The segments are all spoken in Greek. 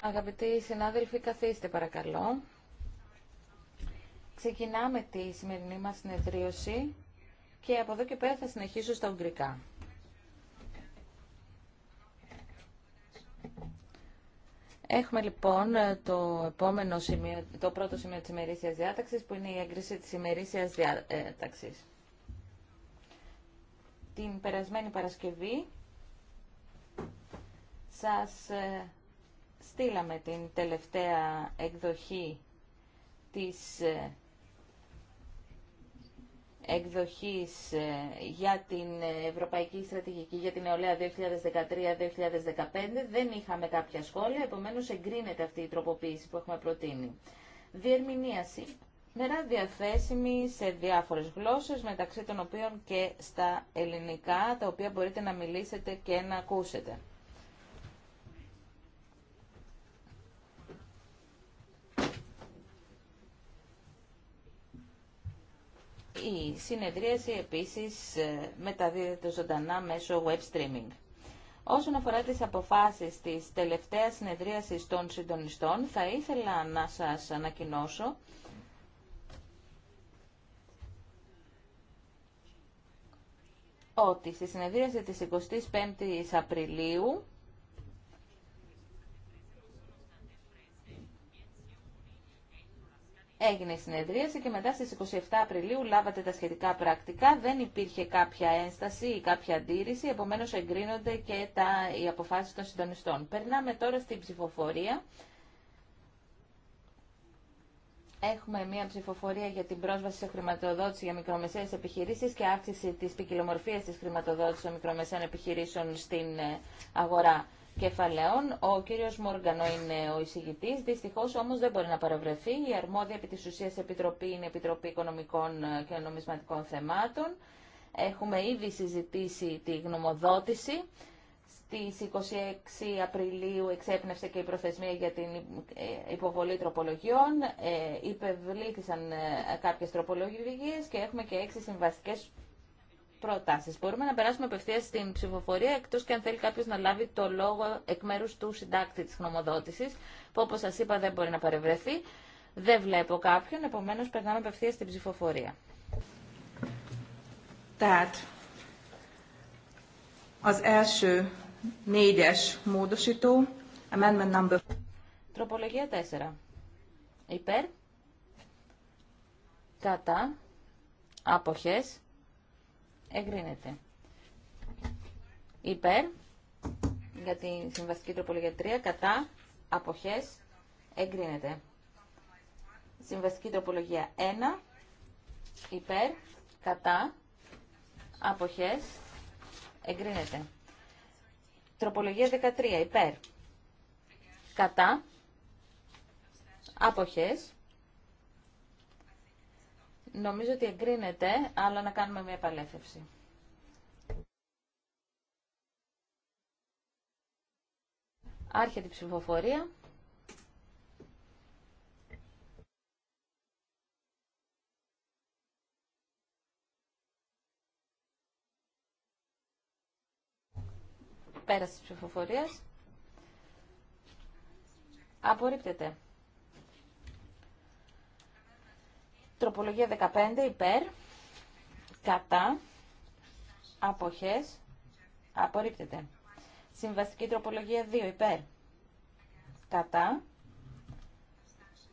Αγαπητοί συνάδελφοι, καθίστε παρακαλώ. Ξεκινάμε τη σημερινή μας συνεδρίωση και από εδώ και πέρα θα συνεχίσω στα ουγγρικά. Έχουμε λοιπόν το, επόμενο σημείο, το πρώτο σημείο της ημερήσιας διάταξης που είναι η έγκριση της ημερήσιας ε, διάταξης. Την περασμένη Παρασκευή σας ε, στείλαμε την τελευταία εκδοχή της ε, εκδοχής ε, για την Ευρωπαϊκή Στρατηγική για την Νεολαία 2013-2015. Δεν είχαμε κάποια σχόλια, επομένως εγκρίνεται αυτή η τροποποίηση που έχουμε προτείνει. Διερμηνίαση. Μερά διαθέσιμη σε διάφορες γλώσσες, μεταξύ των οποίων και στα ελληνικά, τα οποία μπορείτε να μιλήσετε και να ακούσετε. Η συνεδρίαση επίσης ε, μεταδίδεται ζωντανά μέσω web streaming. Όσον αφορά τις αποφάσεις της τελευταίας συνεδρίασης των συντονιστών, θα ήθελα να σας ανακοινώσω ότι στη συνεδρίαση της 25ης Απριλίου Έγινε η συνεδρίαση και μετά στις 27 Απριλίου λάβατε τα σχετικά πρακτικά. Δεν υπήρχε κάποια ένσταση ή κάποια αντίρρηση, επομένως εγκρίνονται και τα, οι αποφάσεις των συντονιστών. Περνάμε τώρα στην ψηφοφορία. Έχουμε μια ψηφοφορία για την πρόσβαση σε χρηματοδότηση για μικρομεσαίες επιχειρήσεις και αύξηση της ποικιλομορφίας της χρηματοδότησης των μικρομεσαίων επιχειρήσεων στην ε, αγορά κεφαλαίων. Ο κύριος Μόργανο είναι ο εισηγητής, δυστυχώς όμως δεν μπορεί να παραβρεθεί. Η αρμόδια επί της ουσίας επιτροπή είναι η Επιτροπή Οικονομικών και Νομισματικών Θεμάτων. Έχουμε ήδη συζητήσει τη γνωμοδότηση. Στις 26 Απριλίου εξέπνευσε και η προθεσμία για την υποβολή τροπολογιών. Ε, υπευλήθησαν ε, κάποιες τροπολογίες και έχουμε και έξι συμβαστικές προτάσεις. Μπορούμε να περάσουμε απευθεία στην ψηφοφορία, εκτός και αν θέλει κάποιος να λάβει το λόγο εκ μέρους του συντάκτη της χνομοδότησης, που όπως σας είπα δεν μπορεί να παρευρεθεί. Δεν βλέπω κάποιον, επομένως περνάμε απευθεία στην ψηφοφορία. amendment number... Τροπολογία 4. Υπέρ. Κατά. Άποχες εγκρίνεται. Υπέρ, για τη συμβαστική τροπολογία 3, κατά, αποχές, εγκρίνεται. Συμβαστική τροπολογία 1, υπέρ, κατά, αποχές, εγκρίνεται. Τροπολογία 13, υπέρ, κατά, αποχές, Νομίζω ότι εγκρίνεται, αλλά να κάνουμε μια επαλήθευση. Άρχεται η ψηφοφορία. Πέραση τη ψηφοφορία. Απορρίπτεται. Τροπολογία 15 υπέρ, κατά, αποχές, απορρίπτεται. Συμβαστική τροπολογία 2 υπέρ, κατά,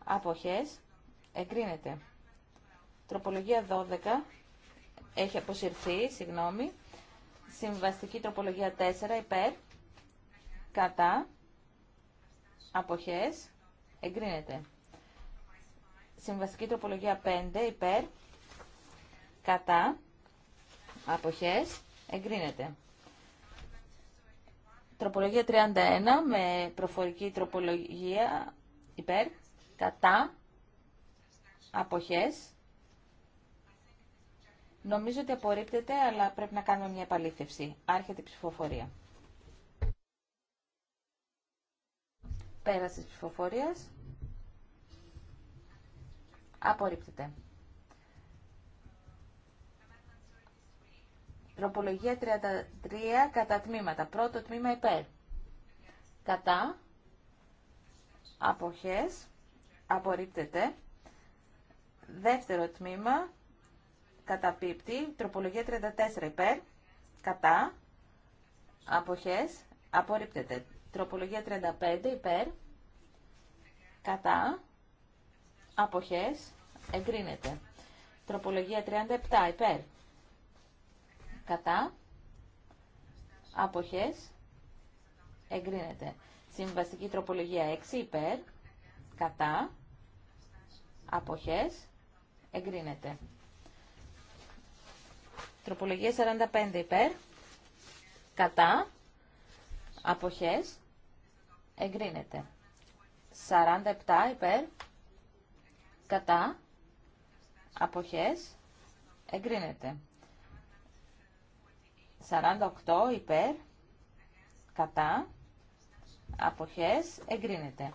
αποχές, εγκρίνεται. Τροπολογία 12 έχει αποσυρθεί, συγγνώμη. Συμβαστική τροπολογία 4 υπέρ, κατά, αποχές, εγκρίνεται. Συμβαστική τροπολογία 5 υπέρ κατά αποχές εγκρίνεται. Τροπολογία 31 με προφορική τροπολογία υπέρ κατά αποχές. Νομίζω ότι απορρίπτεται, αλλά πρέπει να κάνουμε μια επαλήθευση. Άρχεται η ψηφοφορία. Πέραση ψηφοφορίας. Απορρίπτεται. Τροπολογία 33 κατά τμήματα. Πρώτο τμήμα υπέρ. Κατά. Αποχές. Απορρίπτεται. Δεύτερο τμήμα. Καταπίπτει. Τροπολογία 34 υπέρ. Κατά. Αποχές. Απορρίπτεται. Τροπολογία 35 υπέρ. Κατά. Αποχές. Εγκρίνεται. Τροπολογία 37 υπέρ. Κατά. Αποχές. Εγκρίνεται. Συμβαστική τροπολογία 6 υπέρ. Κατά. Αποχές. Εγκρίνεται. Τροπολογία 45 υπέρ. Κατά. Αποχές. Εγκρίνεται. 47 υπέρ. Κατά αποχές, εγκρίνεται. 48 υπέρ, κατά, αποχές, εγκρίνεται.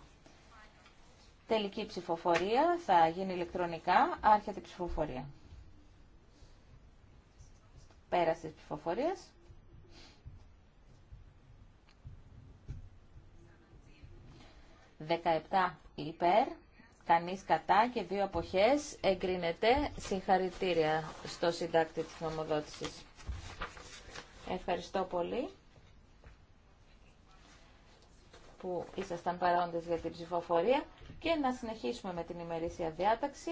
Τελική ψηφοφορία θα γίνει ηλεκτρονικά, άρχεται η ψηφοφορία. Πέρασε της ψηφοφορίας. 17 υπέρ, κανείς κατά και δύο αποχές εγκρίνεται συγχαρητήρια στο συντάκτη της νομοδότησης. Ευχαριστώ πολύ που ήσασταν παρόντες για την ψηφοφορία και να συνεχίσουμε με την ημερήσια διάταξη.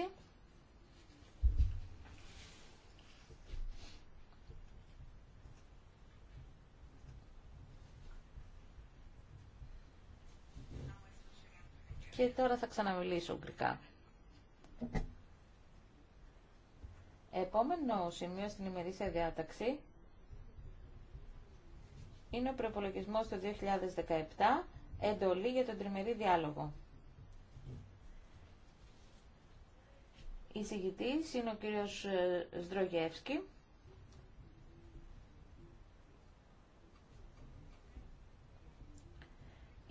Και τώρα θα ξαναμιλήσω γκρικά. Επόμενο σημείο στην ημερήσια διάταξη είναι ο προπολογισμό του 2017, εντολή για τον τριμερή διάλογο. Η συγητής είναι ο κύριος ε, Σδρογεύσκη.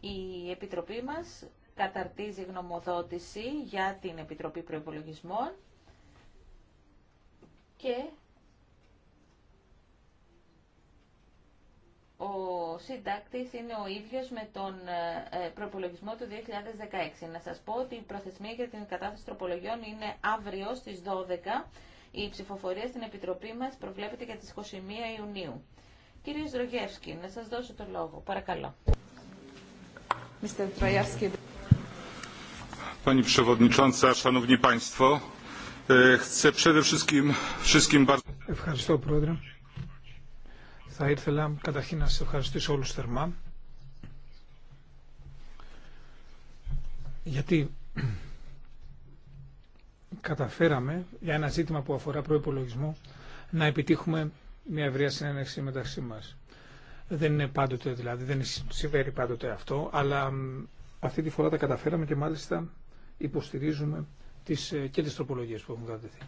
Η Επιτροπή μας καταρτίζει γνωμοδότηση για την Επιτροπή Προϋπολογισμών και ο συντάκτης είναι ο ίδιος με τον ε, προπολογισμό του 2016. Να σας πω ότι η προθεσμία για την κατάθεση τροπολογιών είναι αύριο στις 12. Η ψηφοφορία στην Επιτροπή μας προβλέπεται για τις 21 Ιουνίου. Κύριε Ζρογεύσκη, να σας δώσω το λόγο. Παρακαλώ. Pani Przewodnicząca, Szanowni e, Ευχαριστώ, Πρόεδρε. Θα ήθελα καταρχήν να σα ευχαριστήσω όλους θερμά γιατί καταφέραμε για ένα ζήτημα που αφορά προϋπολογισμό να επιτύχουμε μια ευρεία συνένεξη μεταξύ μας. Δεν είναι πάντοτε δηλαδή, δεν συμβαίνει πάντοτε αυτό, αλλά αυτή τη φορά τα καταφέραμε και μάλιστα υποστηρίζουμε τις, ε, και τις τροπολογίες που έχουν κατατεθεί.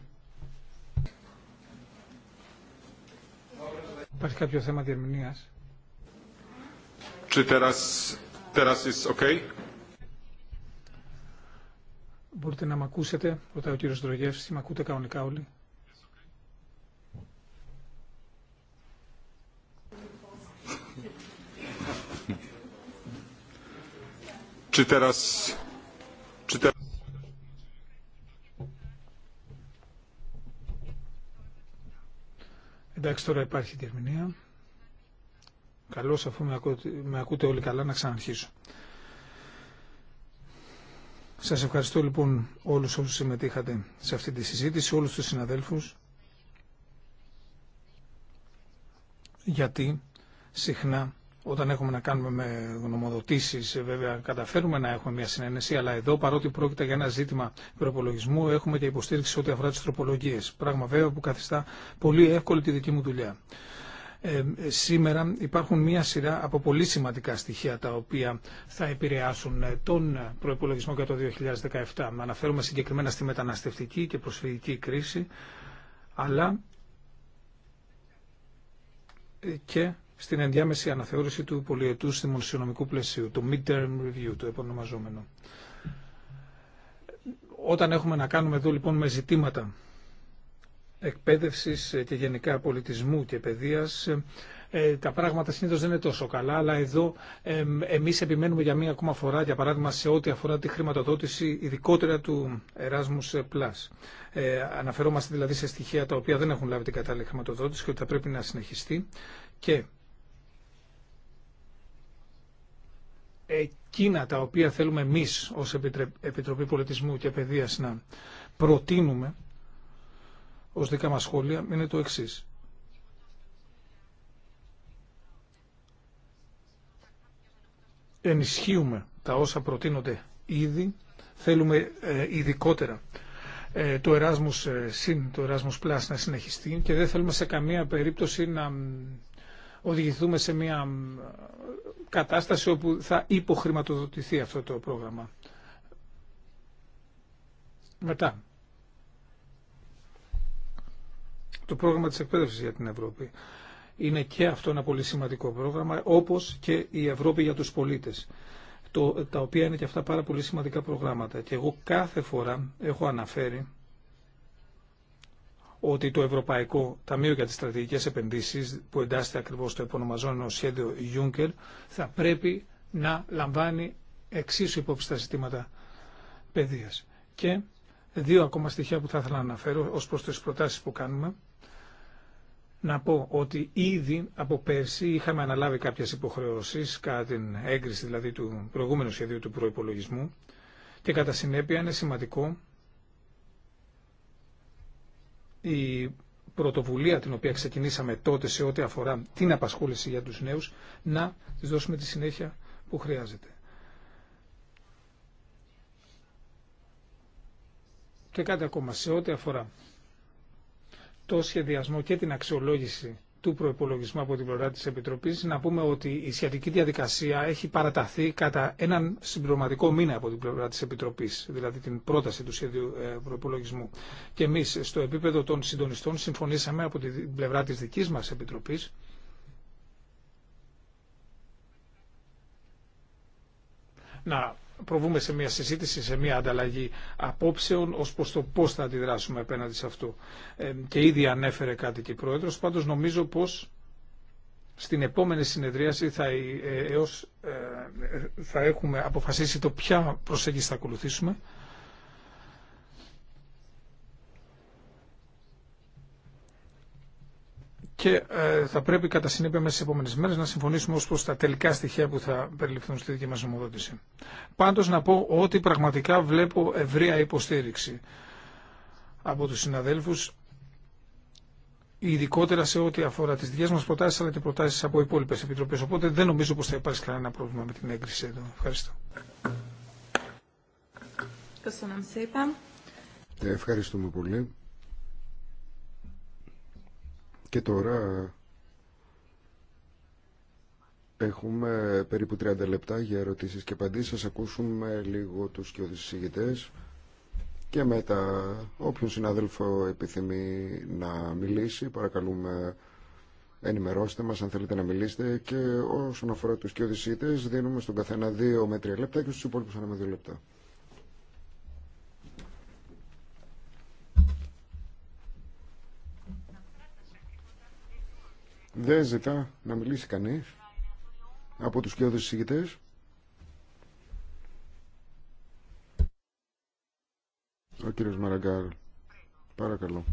Υπάρχει κάποιο θέμα διερμηνίας. Okay? Μπορείτε να μ' ακούσετε, ρωτάει ο κύριος Δρογεύση, μ' ακούτε κανονικά όλοι. Τι teraz, czy teraz... Εντάξει, τώρα υπάρχει διερμηνία. Καλώς, αφού με ακούτε, με ακούτε όλοι καλά, να ξαναρχίσω. Σας ευχαριστώ λοιπόν όλους όσους συμμετείχατε σε αυτή τη συζήτηση, όλους τους συναδέλφους, γιατί συχνά όταν έχουμε να κάνουμε με γνωμοδοτήσεις ε, βέβαια καταφέρουμε να έχουμε μια συνένεση αλλά εδώ παρότι πρόκειται για ένα ζήτημα προπολογισμού έχουμε και υποστήριξη ό,τι αφορά τις τροπολογίες πράγμα βέβαια που καθιστά πολύ εύκολη τη δική μου δουλειά. Ε, σήμερα υπάρχουν μία σειρά από πολύ σημαντικά στοιχεία τα οποία θα επηρεάσουν ε, τον προπολογισμό για το 2017. Αναφέρουμε συγκεκριμένα στη μεταναστευτική και προσφυγική κρίση αλλά ε, και στην ενδιάμεση αναθεώρηση του πολιετού δημοσιονομικού πλαισίου, το Mid-Term review, το επωνομαζόμενο. Όταν έχουμε να κάνουμε εδώ λοιπόν με ζητήματα εκπαίδευσης και γενικά πολιτισμού και παιδείας, ε, τα πράγματα συνήθω δεν είναι τόσο καλά, αλλά εδώ εμείς επιμένουμε για μία ακόμα φορά, για παράδειγμα σε ό,τι αφορά τη χρηματοδότηση ειδικότερα του Erasmus Plus. Ε, αναφερόμαστε δηλαδή σε στοιχεία τα οποία δεν έχουν λάβει την κατάλληλη χρηματοδότηση και ότι θα πρέπει να συνεχιστεί και εκείνα τα οποία θέλουμε εμείς ως Επιτροπή Πολιτισμού και Παιδείας να προτείνουμε ως δικά μας σχόλια είναι το εξής. Ενισχύουμε τα όσα προτείνονται ήδη, θέλουμε ε, ειδικότερα ε, το Erasmus ε, συν το Erasmus Plus να συνεχιστεί και δεν θέλουμε σε καμία περίπτωση να οδηγηθούμε σε μια κατάσταση όπου θα υποχρηματοδοτηθεί αυτό το πρόγραμμα. Μετά. Το πρόγραμμα της εκπαίδευσης για την Ευρώπη. Είναι και αυτό ένα πολύ σημαντικό πρόγραμμα, όπως και η Ευρώπη για τους πολίτες, το, τα οποία είναι και αυτά πάρα πολύ σημαντικά προγράμματα. Και εγώ κάθε φορά έχω αναφέρει ότι το Ευρωπαϊκό Ταμείο για τις Στρατηγικές Επενδύσεις που εντάσσεται ακριβώς στο επωνομαζόμενο σχέδιο Juncker θα πρέπει να λαμβάνει εξίσου υπόψη τα ζητήματα παιδείας. Και δύο ακόμα στοιχεία που θα ήθελα να αναφέρω ως προς τις προτάσεις που κάνουμε. Να πω ότι ήδη από πέρσι είχαμε αναλάβει κάποιες υποχρεώσεις κατά την έγκριση δηλαδή του προηγούμενου σχεδίου του προϋπολογισμού και κατά συνέπεια είναι σημαντικό η πρωτοβουλία την οποία ξεκινήσαμε τότε σε ό,τι αφορά την απασχόληση για τους νέους να τις δώσουμε τη συνέχεια που χρειάζεται. Και κάτι ακόμα σε ό,τι αφορά το σχεδιασμό και την αξιολόγηση του προπολογισμού από την πλευρά τη Επιτροπή, να πούμε ότι η σχετική διαδικασία έχει παραταθεί κατά έναν συμπληρωματικό μήνα από την πλευρά τη Επιτροπή, δηλαδή την πρόταση του σχεδίου ε, προπολογισμού. Και εμεί, στο επίπεδο των συντονιστών, συμφωνήσαμε από την πλευρά τη δική μα Επιτροπή να προβούμε σε μια συζήτηση, σε μια ανταλλαγή απόψεων ως προς το πώς θα αντιδράσουμε απέναντι σε αυτό. Ε, και ήδη ανέφερε κάτι και η Πρόεδρος, πάντως νομίζω πως στην επόμενη συνεδρίαση θα, ε, έως, ε, θα έχουμε αποφασίσει το ποια προσέγγιση θα ακολουθήσουμε και ε, θα πρέπει κατά συνέπεια μέσα στι επόμενε μέρε να συμφωνήσουμε ω προ τα τελικά στοιχεία που θα περιληφθούν στη δική μα νομοδότηση. Πάντω να πω ότι πραγματικά βλέπω ευρεία υποστήριξη από του συναδέλφου, ειδικότερα σε ό,τι αφορά τι δικέ μα προτάσει αλλά και προτάσει από υπόλοιπε επιτροπέ. Οπότε δεν νομίζω πω θα υπάρξει κανένα πρόβλημα με την έγκριση εδώ. Ευχαριστώ. Ευχαριστούμε πολύ. Και τώρα έχουμε περίπου 30 λεπτά για ερωτήσεις και απαντήσεις. Σας ακούσουμε λίγο τους και και μετά όποιον συνάδελφο επιθυμεί να μιλήσει παρακαλούμε ενημερώστε μας αν θέλετε να μιλήσετε και όσον αφορά τους και δίνουμε στον καθένα 2 με 3 λεπτά και στους υπόλοιπους ένα με δύο λεπτά. Δεν ζητά να μιλήσει κανείς από τους κοιόδους εισηγητές. Ο κύριος Μαραγκάρ, παρακαλώ.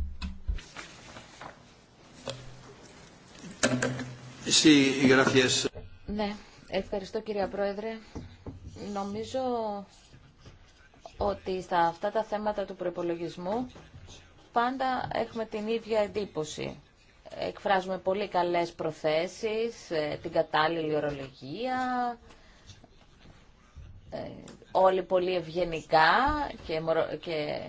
Ναι, ευχαριστώ κυρία Πρόεδρε. Νομίζω ότι στα αυτά τα θέματα του προπολογισμού πάντα έχουμε την ίδια εντύπωση εκφράζουμε πολύ καλές προθέσεις, ε, την κατάλληλη ορολογία, ε, όλοι πολύ ευγενικά και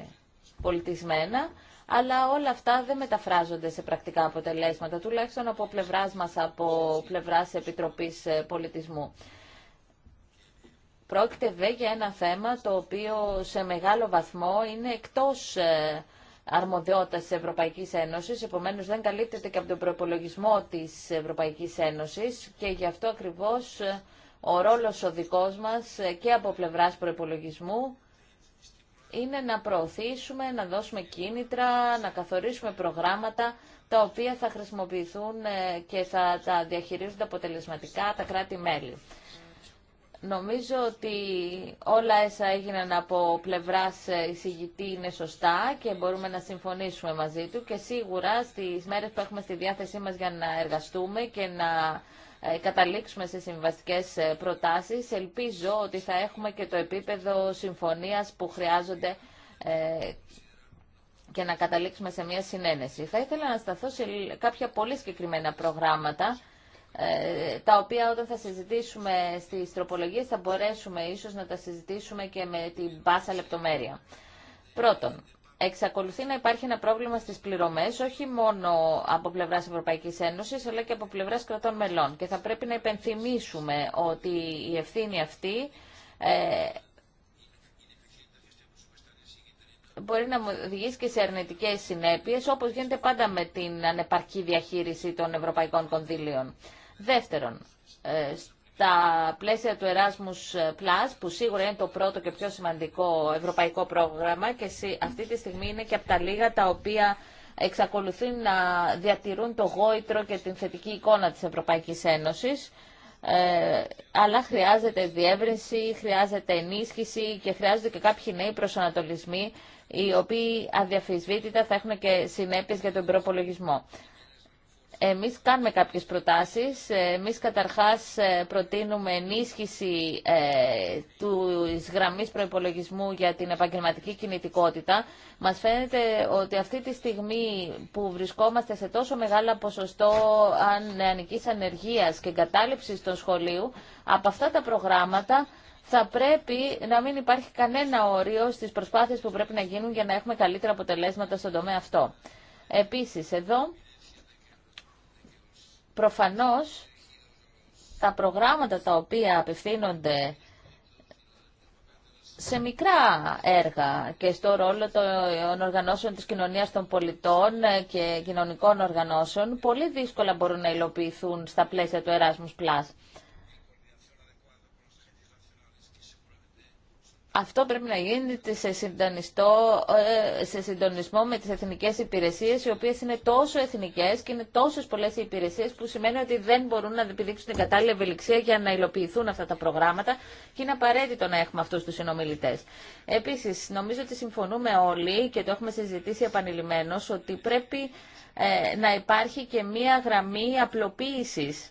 πολιτισμένα, αλλά όλα αυτά δεν μεταφράζονται σε πρακτικά αποτελέσματα, τουλάχιστον από πλευράς μας, από πλευράς Επιτροπής ε, Πολιτισμού. Πρόκειται βέβαια, για ένα θέμα το οποίο σε μεγάλο βαθμό είναι εκτός Αρμοδιότητα τη Ευρωπαϊκής Ένωσης, επομένως δεν καλύπτεται και από τον προπολογισμό της Ευρωπαϊκής Ένωσης και γι' αυτό ακριβώς ε, ο ρόλος ο δικό μας ε, και από πλευρά προπολογισμού είναι να προωθήσουμε, να δώσουμε κίνητρα, να καθορίσουμε προγράμματα τα οποία θα χρησιμοποιηθούν ε, και θα τα διαχειρίζονται αποτελεσματικά τα κράτη-μέλη. Νομίζω ότι όλα έσα έγιναν από πλευράς ε, εισηγητή είναι σωστά και μπορούμε να συμφωνήσουμε μαζί του και σίγουρα στις μέρες που έχουμε στη διάθεσή μας για να εργαστούμε και να ε, καταλήξουμε σε συμβαστικές ε, προτάσεις, ελπίζω ότι θα έχουμε και το επίπεδο συμφωνίας που χρειάζονται και να καταλήξουμε σε μια συνένεση. Θα ήθελα να σταθώ σε κάποια πολύ συγκεκριμένα προγράμματα ε, τα οποία όταν θα συζητήσουμε στις τροπολογίες θα μπορέσουμε ίσως να τα συζητήσουμε και με την πάσα λεπτομέρεια. Πρώτον, εξακολουθεί να υπάρχει ένα πρόβλημα στις πληρωμές, όχι μόνο από πλευράς Ευρωπαϊκής Ένωσης, αλλά και από πλευράς κρατών μελών. Και θα πρέπει να υπενθυμίσουμε ότι η ευθύνη αυτή ε, μπορεί να οδηγήσει και σε αρνητικές συνέπειες, όπως γίνεται πάντα με την ανεπαρκή διαχείριση των ευρωπαϊκών κονδύλιων. Δεύτερον, ε, στα πλαίσια του Erasmus Plus, που σίγουρα είναι το πρώτο και πιο σημαντικό ευρωπαϊκό πρόγραμμα και αυτή τη στιγμή είναι και από τα λίγα τα οποία εξακολουθούν να διατηρούν το γόητρο και την θετική εικόνα της Ευρωπαϊκής Ένωσης. Ε, αλλά χρειάζεται διεύρυνση, χρειάζεται ενίσχυση και χρειάζονται και κάποιοι νέοι προσανατολισμοί οι οποίοι αδιαφυσβήτητα θα έχουν και συνέπειες για τον προπολογισμό. Εμείς κάνουμε κάποιες προτάσεις. Εμείς καταρχάς ε, προτείνουμε ενίσχυση ε, του γραμμής προϋπολογισμού για την επαγγελματική κινητικότητα. Μας φαίνεται ότι αυτή τη στιγμή που βρισκόμαστε σε τόσο μεγάλο ποσοστό αν νεανικής ανεργίας και εγκατάλειψης των σχολείου, από αυτά τα προγράμματα θα πρέπει να μην υπάρχει κανένα όριο στις προσπάθειες που πρέπει να γίνουν για να έχουμε καλύτερα αποτελέσματα στον τομέα αυτό. Επίσης, εδώ Προφανώς τα προγράμματα τα οποία απευθύνονται σε μικρά έργα και στο ρόλο των οργανώσεων της κοινωνίας των πολιτών και κοινωνικών οργανώσεων πολύ δύσκολα μπορούν να υλοποιηθούν στα πλαίσια του Erasmus+. Αυτό πρέπει να γίνεται σε, συντονιστό, ε, σε συντονισμό με τις εθνικές υπηρεσίες, οι οποίες είναι τόσο εθνικές και είναι τόσες πολλές οι υπηρεσίες που σημαίνει ότι δεν μπορούν να επιδείξουν την κατάλληλη ευελιξία για να υλοποιηθούν αυτά τα προγράμματα και είναι απαραίτητο να έχουμε αυτούς τους συνομιλητές. Επίσης, νομίζω ότι συμφωνούμε όλοι και το έχουμε συζητήσει επανειλημμένως ότι πρέπει ε, να υπάρχει και μία γραμμή απλοποίησης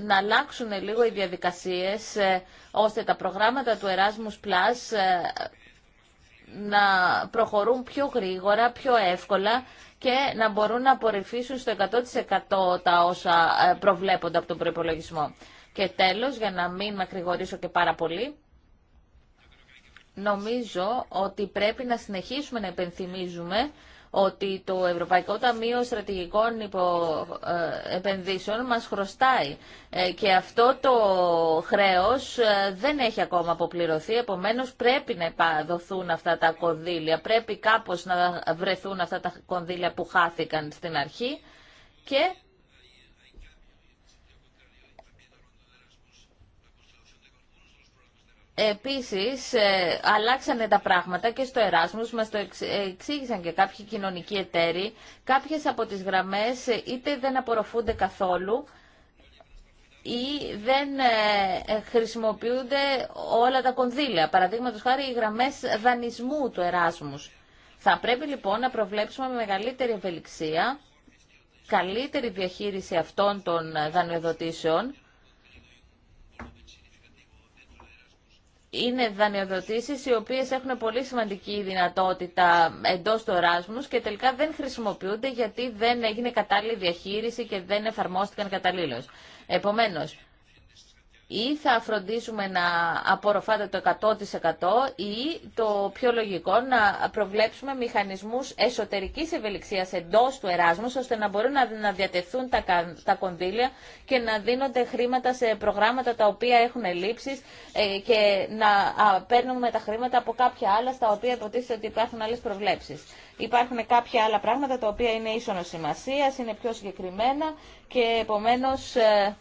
να αλλάξουν λίγο οι διαδικασίες ε, ώστε τα προγράμματα του Erasmus Plus ε, να προχωρούν πιο γρήγορα, πιο εύκολα και να μπορούν να απορριφήσουν στο 100% τα όσα ε, προβλέπονται από τον προϋπολογισμό. Και τέλος, για να μην μακρηγορήσω και πάρα πολύ, νομίζω ότι πρέπει να συνεχίσουμε να επενθυμίζουμε ότι το Ευρωπαϊκό Ταμείο Στρατηγικών ε, Επενδύσεων μας χρωστάει ε, και αυτό το χρέος ε, δεν έχει ακόμα αποπληρωθεί, επομένως πρέπει να δοθούν αυτά τα κονδύλια, πρέπει κάπως να βρεθούν αυτά τα κονδύλια που χάθηκαν στην αρχή και Επίσης, ε, αλλάξανε τα πράγματα και στο Εράσμους, μας το εξήγησαν και κάποιοι κοινωνικοί εταίροι. Κάποιες από τις γραμμές ε, είτε δεν απορροφούνται καθόλου ή δεν ε, χρησιμοποιούνται όλα τα κονδύλια. Παραδείγματο χάρη οι γραμμές δανεισμού του Εράσμους. Θα πρέπει λοιπόν να προβλέψουμε με μεγαλύτερη ευελιξία, καλύτερη διαχείριση αυτών των δανειοδοτήσεων είναι δανειοδοτήσει, οι οποίες έχουν πολύ σημαντική δυνατότητα εντός του ράσμους και τελικά δεν χρησιμοποιούνται γιατί δεν έγινε κατάλληλη διαχείριση και δεν εφαρμόστηκαν καταλήλω. Επομένω. Ή θα φροντίσουμε να απορροφάτε το 100% ή το πιο λογικό να προβλέψουμε μηχανισμούς εσωτερικής ευελιξίας εντός του Εράσμους ώστε να μπορούν να διατεθούν τα κονδύλια και να δίνονται χρήματα σε προγράμματα τα οποία έχουν ελλείψεις ε, και να παίρνουμε τα χρήματα από κάποια άλλα στα οποία υποτίθεται ότι υπάρχουν άλλες προβλέψεις. Υπάρχουν κάποια άλλα πράγματα τα οποία είναι ίσονος σημασίας, είναι πιο συγκεκριμένα και επομένως ε,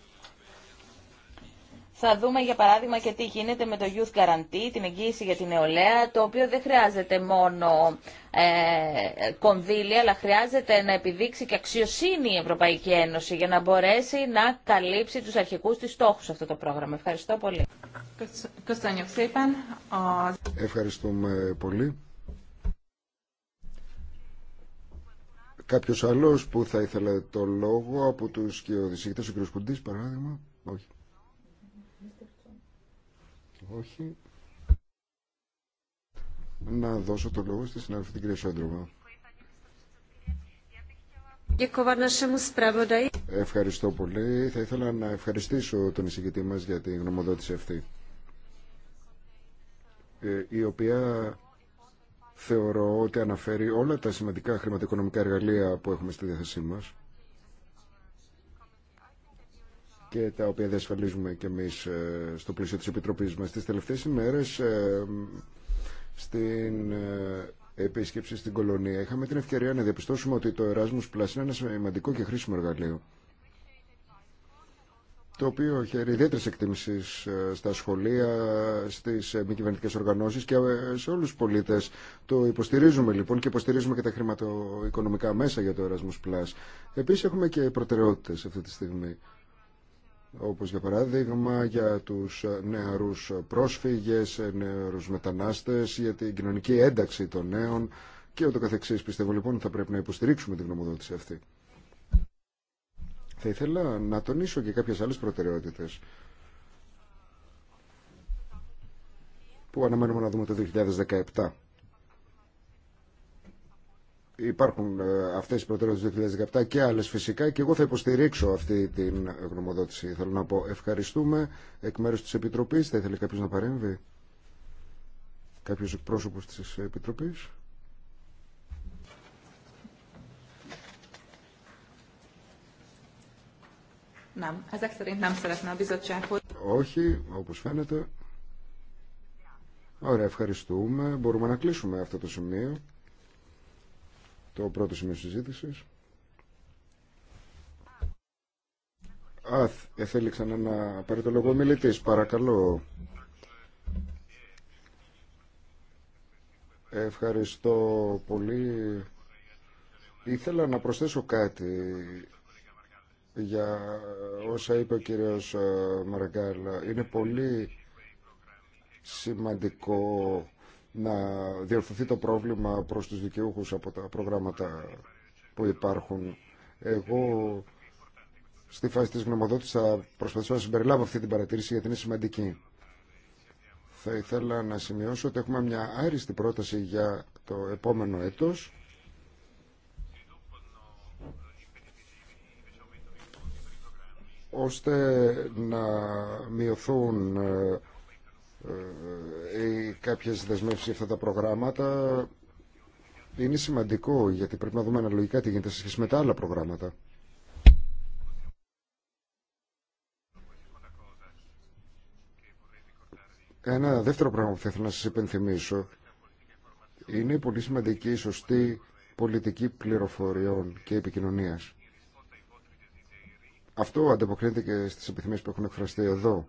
θα δούμε για παράδειγμα και τι γίνεται με το Youth Guarantee, την εγγύηση για την νεολαία, το οποίο δεν χρειάζεται μόνο ε, κονδύλια, αλλά χρειάζεται να επιδείξει και αξιοσύνη η Ευρωπαϊκή Ένωση για να μπορέσει να καλύψει τους αρχικούς της στόχους αυτό το πρόγραμμα. Ευχαριστώ πολύ. Ευχαριστούμε πολύ. Κάποιος άλλος που θα ήθελε το λόγο από τους και ο ο κ. Κουντής, παράδειγμα. Όχι. Όχι. Να δώσω το λόγο στη συνάδελφη την κυρία Σόντροβα. Ευχαριστώ πολύ. Θα ήθελα να ευχαριστήσω τον εισηγητή μας για την γνωμοδότηση αυτή, ε, η οποία θεωρώ ότι αναφέρει όλα τα σημαντικά χρηματοοικονομικά εργαλεία που έχουμε στη διάθεσή μας και τα οποία διασφαλίζουμε και εμείς ε, στο πλαίσιο της Επιτροπής μας. Τις τελευταίες ημέρες ε, στην ε, επίσκεψη στην Κολονία είχαμε την ευκαιρία να διαπιστώσουμε ότι το Erasmus Plus είναι ένα σημαντικό και χρήσιμο εργαλείο το οποίο χαίρει ιδιαίτερη εκτίμηση στα σχολεία, στι μη κυβερνητικέ οργανώσει και σε όλου του πολίτε. Το υποστηρίζουμε λοιπόν και υποστηρίζουμε και τα χρηματοοικονομικά μέσα για το Erasmus Plus. Επίση έχουμε και προτεραιότητε αυτή τη στιγμή όπως για παράδειγμα για τους νεαρούς πρόσφυγες, νεαρούς μετανάστες, για την κοινωνική ένταξη των νέων και ούτω καθεξής. Πιστεύω λοιπόν ότι θα πρέπει να υποστηρίξουμε την γνωμοδότηση αυτή. Θα ήθελα να τονίσω και κάποιες άλλες προτεραιότητες που αναμένουμε να δούμε το 2017 υπάρχουν ε, αυτές οι προτεραιότητε 2017 και άλλε φυσικά και εγώ θα υποστηρίξω αυτή την γνωμοδότηση. Θέλω να πω ευχαριστούμε εκ μέρους τη Επιτροπή. Θα ήθελε κάποιο να παρέμβει. Κάποιος εκπρόσωπο τη επιτροπή. Όχι, όπως φαίνεται. Ωραία, ευχαριστούμε. Μπορούμε να κλείσουμε αυτό το σημείο το πρώτο σημείο συζήτησης. Α, ε, θέλει ξανά να πάρει το λόγο ο Παρακαλώ. Ευχαριστώ πολύ. Ήθελα να προσθέσω κάτι για όσα είπε ο κύριος ε, Μαραγκάλα. Είναι πολύ σημαντικό να διορθωθεί το πρόβλημα προς τους δικαιούχους από τα προγράμματα που υπάρχουν. Εγώ στη φάση της γνωμοδότησης θα προσπαθήσω να συμπεριλάβω αυτή την παρατήρηση γιατί είναι σημαντική. Θα ήθελα να σημειώσω ότι έχουμε μια άριστη πρόταση για το επόμενο έτος. ώστε να μειωθούν ε, ή ε, ε, ε, κάποιες δεσμεύσεις για αυτά τα προγράμματα είναι σημαντικό γιατί πρέπει να δούμε αναλογικά τι γίνεται σε σχέση με τα άλλα προγράμματα. Ένα δεύτερο πράγμα που θα ήθελα να σας υπενθυμίσω είναι η πολύ σημαντική σωστή πολιτική πληροφοριών και επικοινωνίας. Αυτό αντεποκρίνεται και στις επιθυμίες που έχουν εκφραστεί εδώ.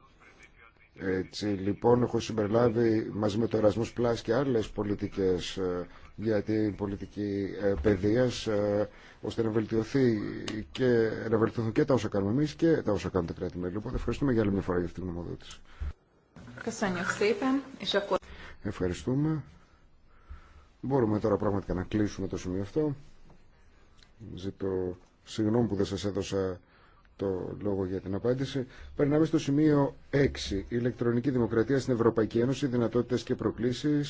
Έτσι λοιπόν έχω συμπεριλάβει μαζί με το Erasmus Plus και άλλες πολιτικές ε, για την πολιτική ε, παιδείας ε, ώστε να βελτιωθεί και να βελτιωθούν και τα όσα κάνουμε εμείς και τα όσα κάνουν τα κράτη-μέλη. Οπότε ευχαριστούμε για άλλη μια φορά για αυτή την ομοδότηση. Ευχαριστούμε. Μπορούμε τώρα πραγματικά να κλείσουμε το σημείο αυτό. Ζητώ συγγνώμη που δεν σας έδωσα το λόγο για την απάντηση. Περνάμε στο σημείο 6. Η Ηλεκτρονική δημοκρατία στην Ευρωπαϊκή Ένωση, δυνατότητε και προκλήσει.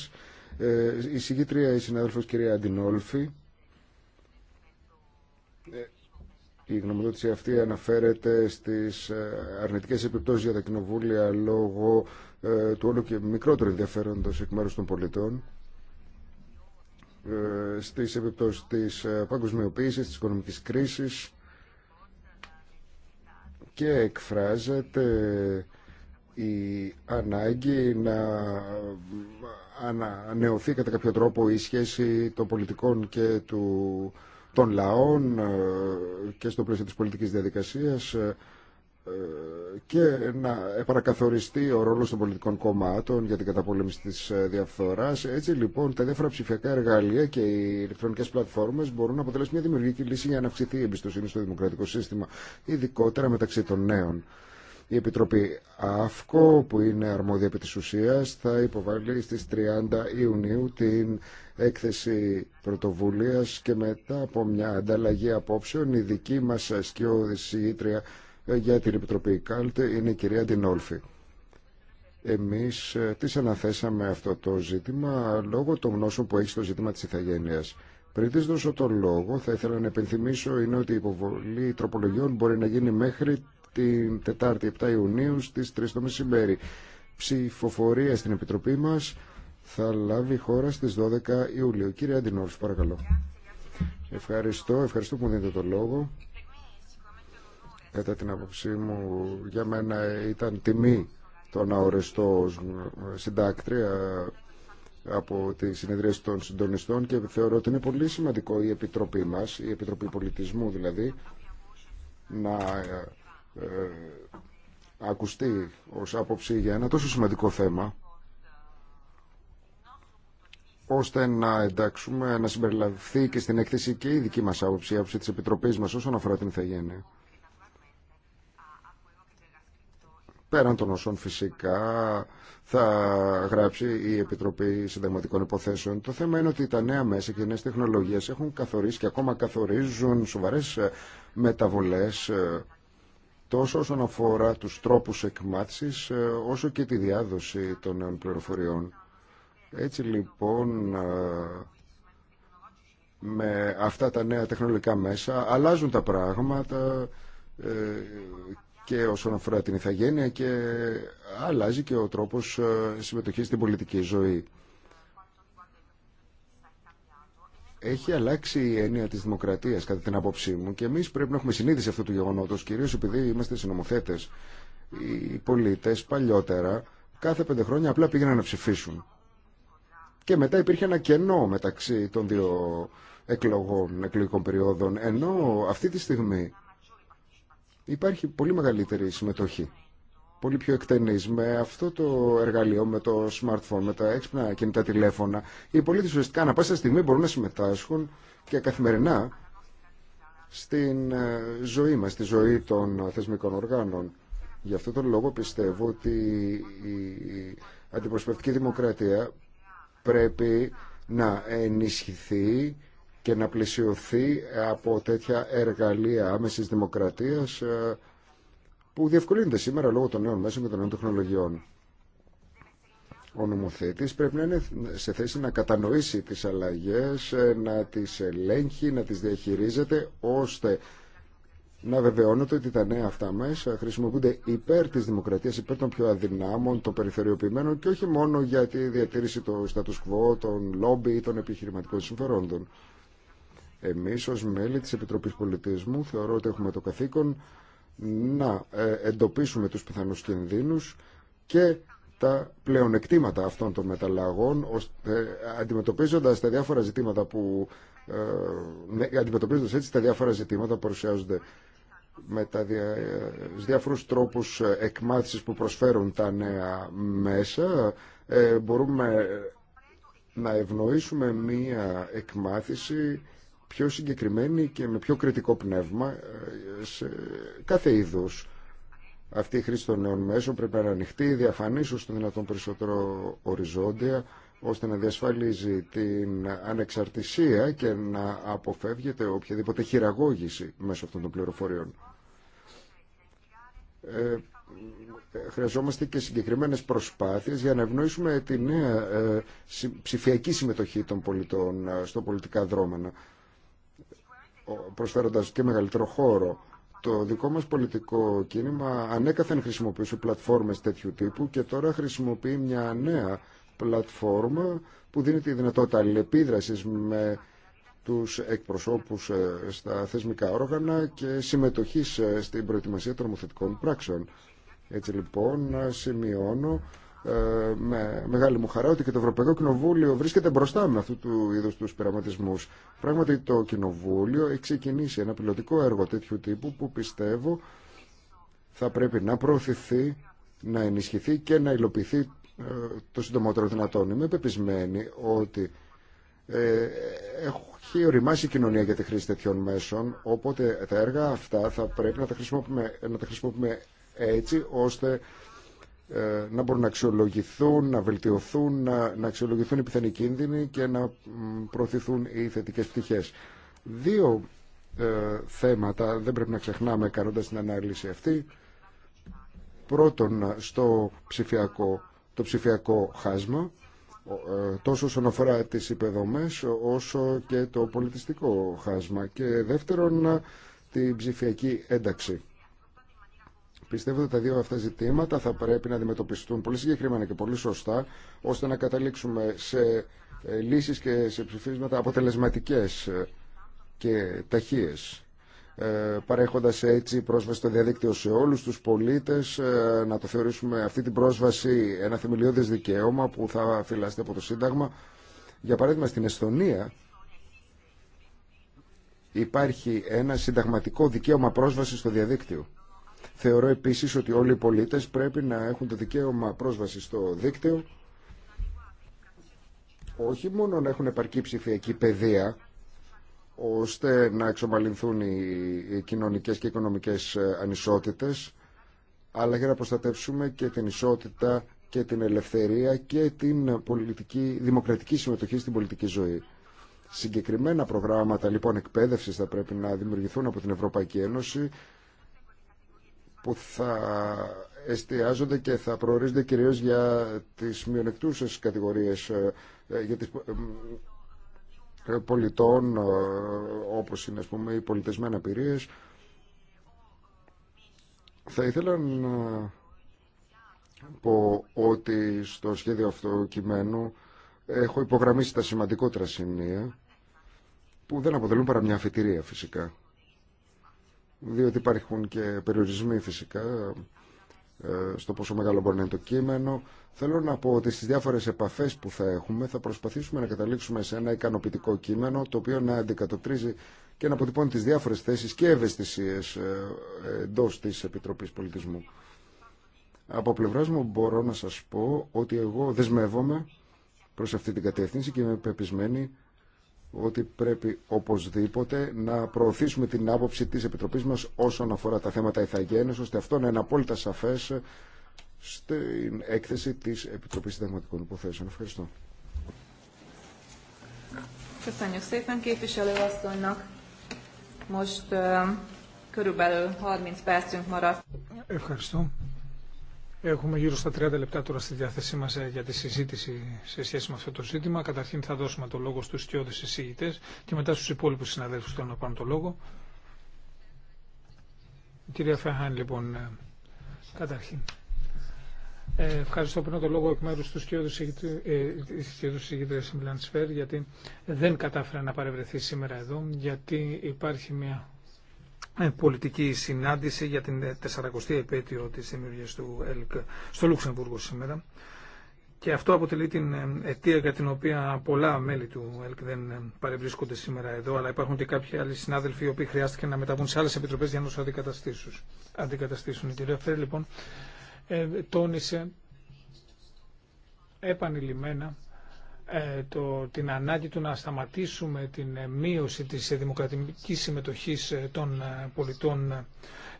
Ε, η συγκήτρια, η συνάδελφο κυρία Αντινόλφη. Ε, η γνωμοδότηση αυτή αναφέρεται στις ε, αρνητικέ επιπτώσει για τα κοινοβούλια λόγω ε, του όλο και μικρότερου ενδιαφέροντο εκ μέρου των πολιτών στις επιπτώσεις της παγκοσμιοποίησης, της οικονομικής κρίσης και εκφράζεται η ανάγκη να ανανεωθεί κατά κάποιο τρόπο η σχέση των πολιτικών και του, των λαών ε, και στο πλαίσιο της πολιτικής διαδικασίας ε, και να επανακαθοριστεί ο ρόλος των πολιτικών κομμάτων για την καταπολέμηση της ε, διαφθοράς. Έτσι λοιπόν τα διάφορα ψηφιακά εργαλεία και οι ηλεκτρονικές πλατφόρμες μπορούν να αποτελέσουν μια δημιουργική λύση για να αυξηθεί η εμπιστοσύνη στο δημοκρατικό σύστημα, ειδικότερα μεταξύ των νέων. Η Επιτροπή ΑΦΚΟ, που είναι αρμόδια επί της ουσίας, θα υποβάλει στις 30 Ιουνίου την έκθεση πρωτοβουλίας και μετά από μια ανταλλαγή απόψεων η δική μας σκιώδηση ε, για την Επιτροπή Κάλτε είναι η κυρία Ντινόλφη. Εμείς ε, της αναθέσαμε αυτό το ζήτημα λόγω των γνώσεων που έχει στο ζήτημα της ηθαγένειας. Πριν της δώσω το λόγο, θα ήθελα να επενθυμίσω είναι ότι η υποβολή τροπολογιών μπορεί να γίνει μέχρι την Τετάρτη 7 Ιουνίου στις 3 το μεσημέρι. Ψηφοφορία στην Επιτροπή μας θα λάβει χώρα στις 12 Ιουλίου. Κύριε Αντινόρφη, παρακαλώ. Ευχαριστώ, ευχαριστώ που μου δίνετε το λόγο. Κατά την άποψή μου, για μένα ήταν τιμή το να οριστώ συντάκτρια από τη συνεδρία των συντονιστών και θεωρώ ότι είναι πολύ σημαντικό η Επιτροπή μας, η Επιτροπή Πολιτισμού δηλαδή, να ε, ε ακουστεί ως άποψη για ένα τόσο σημαντικό θέμα ώστε να εντάξουμε, να συμπεριλαβηθεί και στην έκθεση και η δική μας άποψη, η άποψη της Επιτροπής μας όσον αφορά την Ιθαγένεια. πέραν των όσων φυσικά θα γράψει η Επιτροπή Συνταγματικών Υποθέσεων. Το θέμα είναι ότι τα νέα μέσα και οι νέες τεχνολογίες έχουν καθορίσει και ακόμα καθορίζουν σοβαρές ε, μεταβολές ε, τόσο όσον αφορά τους τρόπους εκμάθησης ε, όσο και τη διάδοση των νέων πληροφοριών. Έτσι λοιπόν με αυτά τα νέα τεχνολογικά μέσα αλλάζουν τα πράγματα και όσον αφορά την ηθαγένεια και αλλάζει και ο τρόπος ε, συμμετοχής στην πολιτική ζωή. Έχει αλλάξει η έννοια της δημοκρατίας κατά την απόψή μου και εμείς πρέπει να έχουμε συνείδηση αυτού του γεγονότος, κυρίως επειδή είμαστε συνομοθέτες. Οι πολίτες παλιότερα κάθε πέντε χρόνια απλά πήγαιναν να ψηφίσουν. Και μετά υπήρχε ένα κενό μεταξύ των δύο εκλογών, εκλογικών περιόδων, ενώ αυτή τη στιγμή υπάρχει πολύ μεγαλύτερη συμμετοχή. Πολύ πιο εκτενή. με αυτό το εργαλείο, με το smartphone, με τα έξυπνα κινητά τηλέφωνα. Οι πολίτε ουσιαστικά ανά πάσα στιγμή μπορούν να συμμετάσχουν και καθημερινά στην ε, ζωή μας, στη ζωή των θεσμικών οργάνων. Γι' αυτό τον λόγο πιστεύω ότι η αντιπροσωπευτική δημοκρατία πρέπει να ενισχυθεί και να πλησιωθεί από τέτοια εργαλεία άμεσης δημοκρατίας ε, που διευκολύνεται σήμερα λόγω των νέων μέσων και των νέων τεχνολογιών. Ο νομοθέτης πρέπει να είναι σε θέση να κατανοήσει τις αλλαγές, ε, να τις ελέγχει, να τις διαχειρίζεται, ώστε να βεβαιώνεται ότι τα νέα αυτά μέσα χρησιμοποιούνται υπέρ της δημοκρατίας, υπέρ των πιο αδυνάμων, των περιθωριοποιημένων και όχι μόνο για τη διατήρηση του status quo, των λόμπι ή των επιχειρηματικών συμφερόντων. Εμείς ως μέλη της Επιτροπής Πολιτισμού θεωρώ ότι έχουμε το καθήκον να ε, εντοπίσουμε τους πιθανούς κινδύνους και τα πλεονεκτήματα αυτών των μεταλλαγών, ώστε, αντιμετωπίζοντας τα διάφορα ζητήματα που ε, ναι, έτσι τα διάφορα ζητήματα που παρουσιάζονται με τα δια, ε, διάφορους τρόπους ε, εκμάθησης που προσφέρουν τα νέα μέσα μπορούμε να ευνοήσουμε μία εκμάθηση πιο συγκεκριμένη και με πιο κριτικό πνεύμα ε, σε κάθε είδους αυτή η χρήση των νέων μέσων πρέπει να ανοιχτεί διαφανεί όσο δυνατόν περισσότερο οριζόντια, ώστε να διασφαλίζει την ανεξαρτησία και να αποφεύγεται οποιαδήποτε χειραγώγηση μέσω αυτών των πληροφοριών. Ε, χρειαζόμαστε και συγκεκριμένες προσπάθειες για να ευνοήσουμε τη νέα ε, ψηφιακή συμμετοχή των πολιτών στο πολιτικά δρόμενα προσφέροντας και μεγαλύτερο χώρο. Το δικό μας πολιτικό κίνημα ανέκαθεν χρησιμοποιούσε πλατφόρμες τέτοιου τύπου και τώρα χρησιμοποιεί μια νέα πλατφόρμα που δίνει τη δυνατότητα αλληλεπίδρασης με τους εκπροσώπους ε, στα θεσμικά όργανα και συμμετοχής ε, στην προετοιμασία των πράξεων. Έτσι λοιπόν ε, σημειώνω ε, με μεγάλη μου χαρά ότι και το Ευρωπαϊκό Κοινοβούλιο βρίσκεται μπροστά με αυτού του είδου του πειραματισμού. Πράγματι, το Κοινοβούλιο έχει ξεκινήσει ένα πιλωτικό έργο τέτοιου τύπου που πιστεύω θα πρέπει να προωθηθεί, να ενισχυθεί και να υλοποιηθεί ε, το συντομότερο δυνατόν. Είμαι πεπισμένη ότι ε, έχει οριμάσει η κοινωνία για τη χρήση τέτοιων μέσων, οπότε τα έργα αυτά θα πρέπει να τα να τα χρησιμοποιούμε έτσι ώστε ε, να μπορούν να αξιολογηθούν, να βελτιωθούν, να, αξιολογηθούν οι πιθανοί κίνδυνοι και να προωθηθούν οι θετικές πτυχές. Δύο ε, θέματα δεν πρέπει να ξεχνάμε κάνοντας την ανάλυση αυτή. Πρώτον, στο ψηφιακό, το ψηφιακό χάσμα, ε, τόσο όσον αφορά τις υπεδομές, όσο και το πολιτιστικό χάσμα. Και δεύτερον, την ψηφιακή ένταξη Πιστεύω ότι τα δύο αυτά ζητήματα θα πρέπει να αντιμετωπιστούν πολύ συγκεκριμένα και πολύ σωστά, ώστε να καταλήξουμε σε ε, λύσεις και σε ψηφίσματα αποτελεσματικές ε, και ταχείες ε, παρέχοντας έτσι πρόσβαση στο διαδίκτυο σε όλους τους πολίτες να το θεωρήσουμε αυτή την πρόσβαση ένα θεμελιώδες δικαίωμα που θα φυλάσσεται από το Σύνταγμα για παράδειγμα στην Εστονία υπάρχει ένα συνταγματικό δικαίωμα πρόσβαση στο διαδίκτυο Θεωρώ επίσης ότι όλοι οι πολίτες πρέπει να έχουν το δικαίωμα πρόσβαση στο δίκτυο όχι μόνο να έχουν επαρκή ψηφιακή παιδεία ώστε να εξομαλυνθούν οι κοινωνικές και οικονομικές ε, ανισότητες αλλά για να προστατεύσουμε και την ισότητα και την ελευθερία και την πολιτική, δημοκρατική συμμετοχή στην πολιτική ζωή. Συγκεκριμένα προγράμματα λοιπόν εκπαίδευση θα πρέπει να δημιουργηθούν από την Ευρωπαϊκή Ένωση που θα εστιάζονται και θα προορίζονται κυρίως για τις μειονεκτούσες κατηγορίες ε, για τις ε, πολιτών ε, όπως είναι ας πούμε οι πολιτές με θα ήθελα να πω ότι στο σχέδιο αυτό κειμένου έχω υπογραμμίσει τα σημαντικότερα σημεία που δεν αποτελούν παρά μια αφετηρία φυσικά διότι υπάρχουν και περιορισμοί φυσικά ε, στο πόσο μεγάλο μπορεί να είναι το κείμενο. Θέλω να πω ότι στις διάφορες επαφές που θα έχουμε θα προσπαθήσουμε να καταλήξουμε σε ένα ικανοποιητικό κείμενο το οποίο να αντικατοπτρίζει και να αποτυπώνει τις διάφορες θέσεις και ευαισθησίες ε, εντό της Επιτροπής Πολιτισμού. Από πλευράς μου μπορώ να σας πω ότι εγώ δεσμεύομαι προς αυτή την κατεύθυνση και είμαι πεπισμένη ότι πρέπει οπωσδήποτε να προωθήσουμε την άποψη της Επιτροπής μας όσον αφορά τα θέματα ηθαγένειας, ώστε αυτό να είναι απόλυτα σαφές στην έκθεση της Επιτροπής Συνταγματικών Υποθέσεων. Ευχαριστώ. Ευχαριστώ. Έχουμε γύρω στα 30 λεπτά τώρα στη διάθεσή μα ε, για τη συζήτηση σε σχέση με αυτό το ζήτημα. Καταρχήν θα δώσουμε το λόγο στους σκιώδες εισηγητέ και μετά στους υπόλοιπου συναδέλφους που θέλουν να πάρουν το λόγο. κυρία Φεχάν, λοιπόν, ε, καταρχήν. Ε, ευχαριστώ πριν το λόγο εκ μέρου του σκιώδου συγκεκριτή Σφαίρ, γιατί δεν κατάφερα να παρευρεθεί σήμερα εδώ γιατί υπάρχει μια ε, πολιτική συνάντηση για την 40η ε, επέτειο της δημιουργία του ΕΛΚ στο Λουξεμβούργο σήμερα. Και αυτό αποτελεί την ε, αιτία για την οποία πολλά μέλη του ΕΛΚ δεν παρευρίσκονται σήμερα εδώ, αλλά υπάρχουν και κάποιοι άλλοι συνάδελφοι οι οποίοι χρειάστηκαν να μεταβούν σε άλλε επιτροπέ για να του αντικαταστήσουν. Η κυρία Φέρ, λοιπόν, τόνισε επανειλημμένα ε, το, την ανάγκη του να σταματήσουμε την μείωση της δημοκρατικής συμμετοχής ε, των ε, πολιτών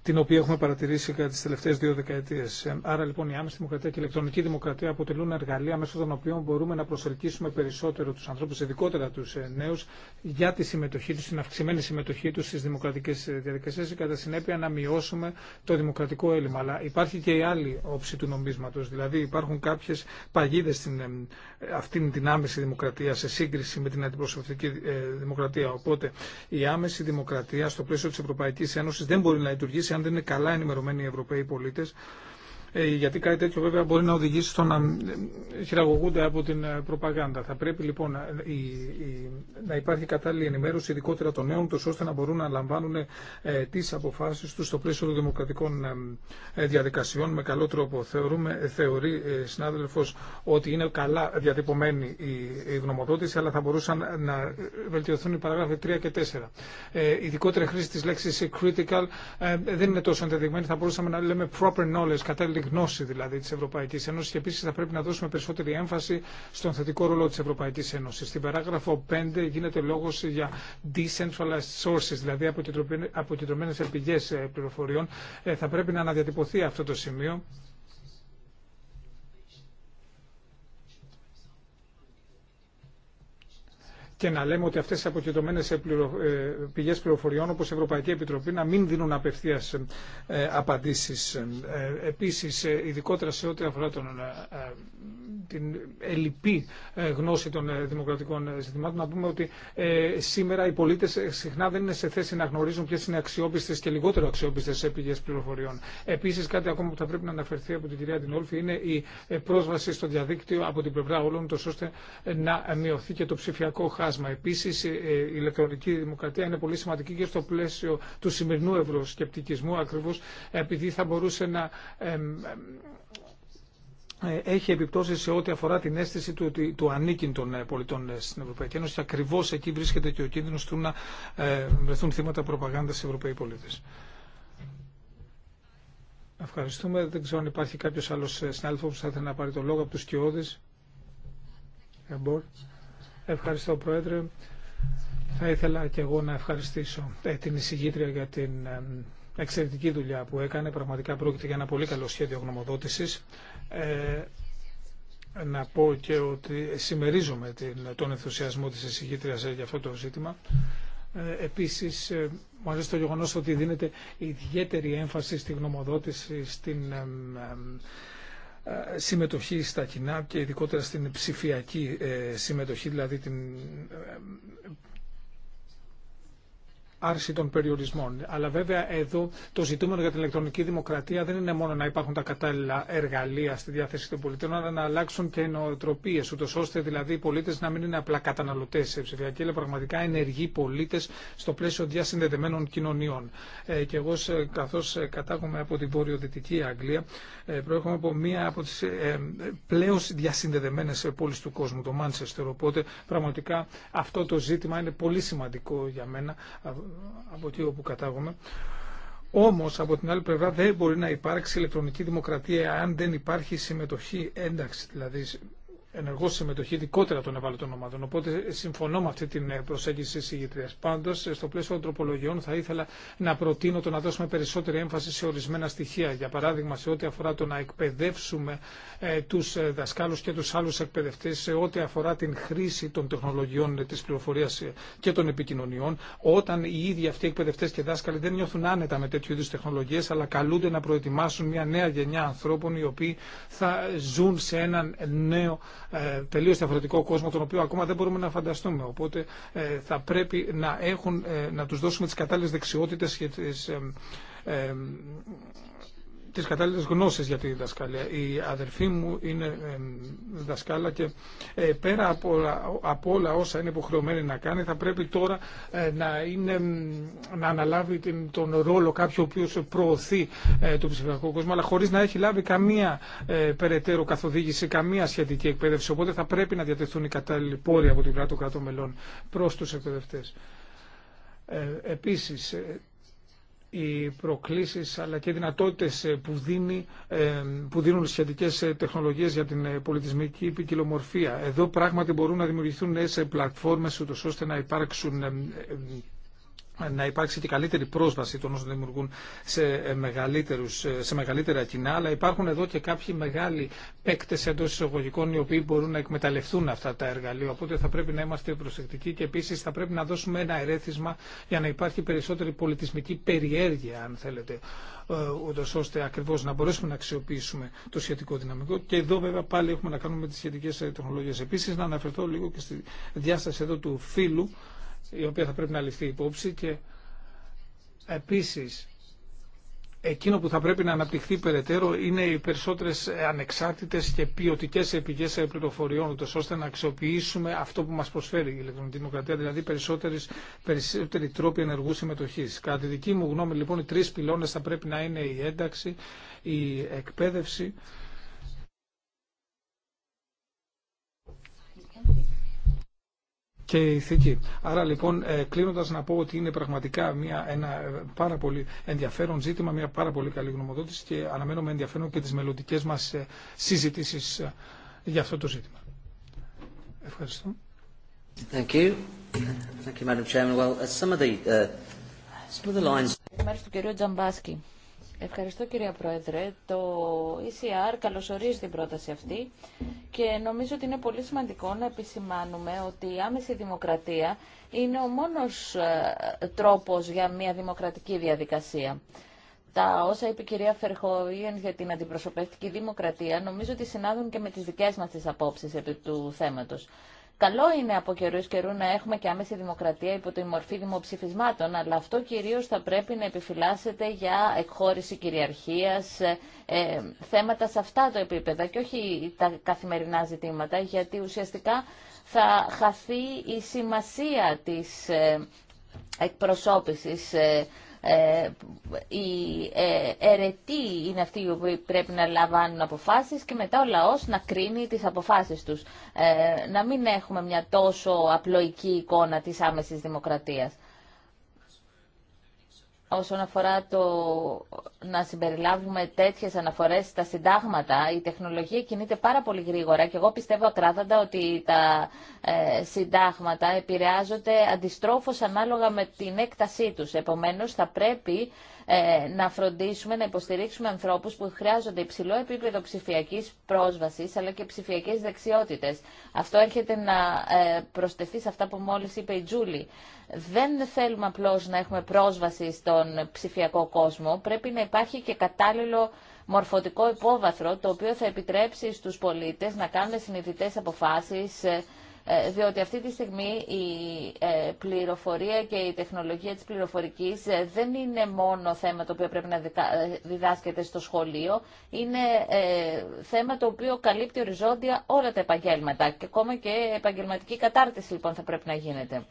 την οποία έχουμε παρατηρήσει κατά τι τελευταίε δύο δεκαετίε. Ε, άρα λοιπόν η άμεση δημοκρατία και η ηλεκτρονική δημοκρατία αποτελούν εργαλεία μέσω των οποίων μπορούμε να προσελκύσουμε περισσότερο του ανθρώπου, ειδικότερα του ε, νέου, για τη συμμετοχή του, την αυξημένη συμμετοχή του στι δημοκρατικέ ε, διαδικασίε και κατά συνέπεια να μειώσουμε το δημοκρατικό έλλειμμα. Αλλά υπάρχει και η άλλη όψη του νομίσματο. Δηλαδή υπάρχουν κάποιε παγίδε στην αυτήν την άμεση δημοκρατία σε σύγκριση με την αντιπροσωπευτική δημοκρατία. Οπότε η άμεση δημοκρατία στο πλαίσιο τη Ευρωπαϊκή Ένωση δεν μπορεί να λειτουργήσει αν δεν είναι καλά ενημερωμένοι οι Ευρωπαίοι πολίτες ε, γιατί κάτι τέτοιο βέβαια μπορεί να οδηγήσει στο να ε, χειραγωγούνται από την ε, προπαγάνδα. Θα πρέπει λοιπόν να υπάρχει κατάλληλη ενημέρωση, ειδικότερα των νέων, τους, ώστε να μπορούν να λαμβάνουν τις αποφάσεις τους στο πλαίσιο των δημοκρατικών διαδικασιών με καλό τρόπο. Θεωρούμε, θεωρεί συνάδελφος ότι είναι καλά διατυπωμένη η γνωμοδότηση, αλλά θα μπορούσαν να βελτιωθούν οι παράγραφοι 3 και 4. Ειδικότερα χρήση της λέξης critical δεν είναι τόσο ενδεδειγμένη, θα μπορούσαμε να λέμε proper knowledge, κατάλληλη γνώση δηλαδή τη Ευρωπαϊκή Ένωση και επίση θα πρέπει να δώσουμε περισσότερη έμφαση στον θετικό ρόλο τη Ευρωπαϊκή Ένωση. Στην παράγραφο 5 γίνεται λόγο για decentralized sources, δηλαδή αποκεντρωμένε πηγέ ε, πληροφοριών. Ε, θα πρέπει να αναδιατυπωθεί αυτό το σημείο και να λέμε ότι αυτές οι αποκεντρωμένες ε, ε, πηγές πληροφοριών όπως η Ευρωπαϊκή Επιτροπή να μην δίνουν απευθείας ε, απαντήσεις. Επίσης, ειδικότερα σε ό,τι αφορά τον την ελλειπή ε, γνώση των ε, δημοκρατικών ζητημάτων. Ε, να πούμε ότι σήμερα οι πολίτε συχνά δεν είναι σε θέση να γνωρίζουν ποιε είναι αξιόπιστε και λιγότερο αξιόπιστε πηγέ πληροφοριών. Επίση, κάτι ακόμα που θα πρέπει να αναφερθεί από την κυρία Τινόλφη είναι η πρόσβαση στο διαδίκτυο από την πλευρά όλων, ώστε να μειωθεί και το ψηφιακό χάσμα. Επίση, η ηλεκτρονική δημοκρατία είναι πολύ σημαντική και στο πλαίσιο του σημερινού ευρωσκεπτικισμού, ακριβώ επειδή θα μπορούσε να ε, έχει επιπτώσει σε ό,τι αφορά την αίσθηση του, του ανήκειν των ε, πολιτών ε, στην Ευρωπαϊκή Ένωση. Ακριβώ εκεί βρίσκεται και ο κίνδυνο του να βρεθούν θύματα προπαγάνδα οι Ευρωπαίοι πολίτε. Ευχαριστούμε. Δεν ξέρω αν υπάρχει κάποιο άλλο συνάδελφο που θα ήθελε να πάρει το λόγο από του Κιώδη. Ευχαριστώ, Πρόεδρε. Θα ήθελα και εγώ να ευχαριστήσω την εισηγήτρια για την εξαιρετική δουλειά που έκανε. Πραγματικά πρόκειται για ένα πολύ καλό σχέδιο γνωμοδότηση. Ε, να πω και ότι συμμερίζομαι τον ενθουσιασμό της εισηγήτριας ε, για αυτό το ζήτημα. Ε, επίσης, ε, μου αρέσει το γεγονός ότι δίνεται ιδιαίτερη έμφαση στη γνωμοδότηση, στην συμμετοχή στα κοινά και ειδικότερα στην ψηφιακή συμμετοχή, δηλαδή την άρση των περιορισμών. Αλλά βέβαια εδώ το ζητούμενο για την ηλεκτρονική δημοκρατία δεν είναι μόνο να υπάρχουν τα κατάλληλα εργαλεία στη διάθεση των πολιτών, αλλά να αλλάξουν και νοοτροπίε, ούτω ώστε δηλαδή οι πολίτε να μην είναι απλά καταναλωτέ σε ψηφιακή, αλλά πραγματικά ενεργοί πολίτε στο πλαίσιο διασυνδεδεμένων κοινωνιών. Ε, και εγώ, καθώ ε, κατάγομαι από την βορειοδυτική Αγγλία, ε, προέρχομαι από μία από τι ε, ε, πλέον διασυνδεδεμένε πόλει του κόσμου, το Μάντσεστερ. Οπότε πραγματικά αυτό το ζήτημα είναι πολύ σημαντικό για μένα από εκεί όπου κατάγομαι. Όμω, από την άλλη πλευρά, δεν μπορεί να υπάρξει ηλεκτρονική δημοκρατία αν δεν υπάρχει συμμετοχή, ένταξη δηλαδή ενεργό συμμετοχή ειδικότερα των ευάλωτων ομάδων. Οπότε συμφωνώ με αυτή την ε, προσέγγιση τη ηγετρία. Πάντω, ε, στο πλαίσιο των τροπολογιών θα ήθελα να προτείνω το να δώσουμε περισσότερη έμφαση σε ορισμένα στοιχεία. Για παράδειγμα, σε ό,τι αφορά το να εκπαιδεύσουμε ε, του ε, δασκάλου και του άλλου εκπαιδευτέ, σε ό,τι αφορά την χρήση των τεχνολογιών τη πληροφορία και των επικοινωνιών, όταν οι ίδιοι αυτοί εκπαιδευτέ και δάσκαλοι δεν νιώθουν άνετα με τέτοιου είδου τεχνολογίε, αλλά καλούνται να προετοιμάσουν μια νέα γενιά ανθρώπων οι οποίοι θα ζουν σε έναν νέο ε, τελείως διαφορετικό κόσμο τον οποίο ακόμα δεν μπορούμε να φανταστούμε. Οπότε ε, θα πρέπει να, έχουν, ε, να τους δώσουμε τις κατάλληλες δεξιότητες και τις τις κατάλληλε γνώσει για τη διδασκαλία. Η αδερφή μου είναι δασκάλα και ε, πέρα από όλα, όσα είναι υποχρεωμένη να κάνει θα πρέπει τώρα ε, να, είναι, να αναλάβει τον ρόλο κάποιου ο οποίος προωθεί ε, τον ψηφιακό κόσμο αλλά χωρίς να έχει λάβει καμία περαιτέρω καθοδήγηση, καμία σχετική εκπαίδευση. Οπότε θα πρέπει να διατεθούν οι κατάλληλοι πόροι από την πλάτη των κρατών μελών προς τους εκπαιδευτές. Επίσης, οι προκλήσεις αλλά και οι δυνατότητες ε, που, δίνει, ε, που δίνουν σχετικές ε, τεχνολογίες για την πολιτισμική ποικιλομορφία. Εδώ πράγματι μπορούν να δημιουργηθούν νέες πλατφόρμες ώστε να υπάρξουν να υπάρξει και καλύτερη πρόσβαση των όσων δημιουργούν σε, ε, μεγαλύτερους, ε, σε μεγαλύτερα κοινά, αλλά υπάρχουν εδώ και κάποιοι μεγάλοι παίκτε εντό εισαγωγικών οι οποίοι μπορούν να εκμεταλλευτούν αυτά τα εργαλεία. Οπότε θα πρέπει να είμαστε προσεκτικοί και επίση θα πρέπει να δώσουμε ένα ερέθισμα για να υπάρχει περισσότερη πολιτισμική περιέργεια, αν θέλετε, ε, ούτω ώστε ακριβώ να μπορέσουμε να αξιοποιήσουμε το σχετικό δυναμικό. Και εδώ βέβαια πάλι έχουμε να κάνουμε τι σχετικέ τεχνολογίε. Επίση, να αναφερθώ λίγο και στη διάσταση εδώ του φίλου η οποία θα πρέπει να ληφθεί υπόψη και επίσης Εκείνο που θα πρέπει να αναπτυχθεί περαιτέρω είναι οι περισσότερες ανεξάρτητες και ποιοτικέ πηγές πληροφοριών, ούτως ώστε να αξιοποιήσουμε αυτό που μας προσφέρει η ηλεκτρονική δημοκρατία, δηλαδή περισσότερες, περισσότεροι τρόποι ενεργού συμμετοχή. Κατά τη δική μου γνώμη, λοιπόν, οι τρεις πυλώνες θα πρέπει να είναι η ένταξη, η εκπαίδευση και Άρα λοιπόν ε, κλείνοντας να πω ότι είναι πραγματικά μια, ένα ε, πάρα πολύ ενδιαφέρον ζήτημα, μια πάρα πολύ καλή γνωμοδότηση και αναμένω με ενδιαφέρον και τις μελλοντικέ μας ε, συζητήσεις για αυτό το ζήτημα. Ευχαριστώ. Thank you. Thank you, Madam Chairman. Well, some of the, uh, some of the lines... Ευχαριστώ κυρία Πρόεδρε. Το ECR καλωσορίζει την πρόταση αυτή και νομίζω ότι είναι πολύ σημαντικό να επισημάνουμε ότι η άμεση δημοκρατία είναι ο μόνος ε, τρόπος για μια δημοκρατική διαδικασία. Τα όσα είπε η κυρία Φερχόιεν για την αντιπροσωπευτική δημοκρατία νομίζω ότι συνάδουν και με τις δικές μας τις απόψεις του θέματος. Καλό είναι από καιρού καιρού να έχουμε και άμεση δημοκρατία υπό τη μορφή δημοψηφισμάτων, αλλά αυτό κυρίω θα πρέπει να επιφυλάσσεται για εκχώρηση κυριαρχία, ε, ε, θέματα σε αυτά το επίπεδα και όχι τα καθημερινά ζητήματα, γιατί ουσιαστικά θα χαθεί η σημασία της ε, εκπροσώπησης ε, οι ε, ε, αιρετοί είναι αυτοί που πρέπει να λαμβάνουν αποφάσεις και μετά ο λαός να κρίνει τις αποφάσεις τους. Ε, να μην έχουμε μια τόσο απλοϊκή εικόνα της άμεσης δημοκρατίας όσον αφορά το να συμπεριλάβουμε τέτοιες αναφορές στα συντάγματα. Η τεχνολογία κινείται πάρα πολύ γρήγορα και εγώ πιστεύω ακράδαντα ότι τα ε, συντάγματα επηρεάζονται αντιστρόφως ανάλογα με την έκτασή τους. Επομένως θα πρέπει ε, να φροντίσουμε να υποστηρίξουμε ανθρώπους που χρειάζονται υψηλό επίπεδο ψηφιακή πρόσβασης αλλά και ψηφιακέ δεξιότητε. Αυτό έρχεται να ε, προσθεθεί σε αυτά που μόλις είπε η Τζούλη. Δεν θέλουμε απλώς να έχουμε πρόσβαση στον ψηφιακό κόσμο. Πρέπει να υπάρχει και κατάλληλο μορφωτικό υπόβαθρο το οποίο θα επιτρέψει στους πολίτες να κάνουν συνειδητές αποφάσεις ε, ε, διότι αυτή τη στιγμή η ε, πληροφορία και η τεχνολογία της πληροφορικής ε, δεν είναι μόνο θέμα το οποίο πρέπει να διδάσκεται στο σχολείο, είναι θέμα το οποίο καλύπτει οριζόντια όλα τα επαγγέλματα και ακόμα και επαγγελματική κατάρτιση λοιπόν θα πρέπει να γίνεται.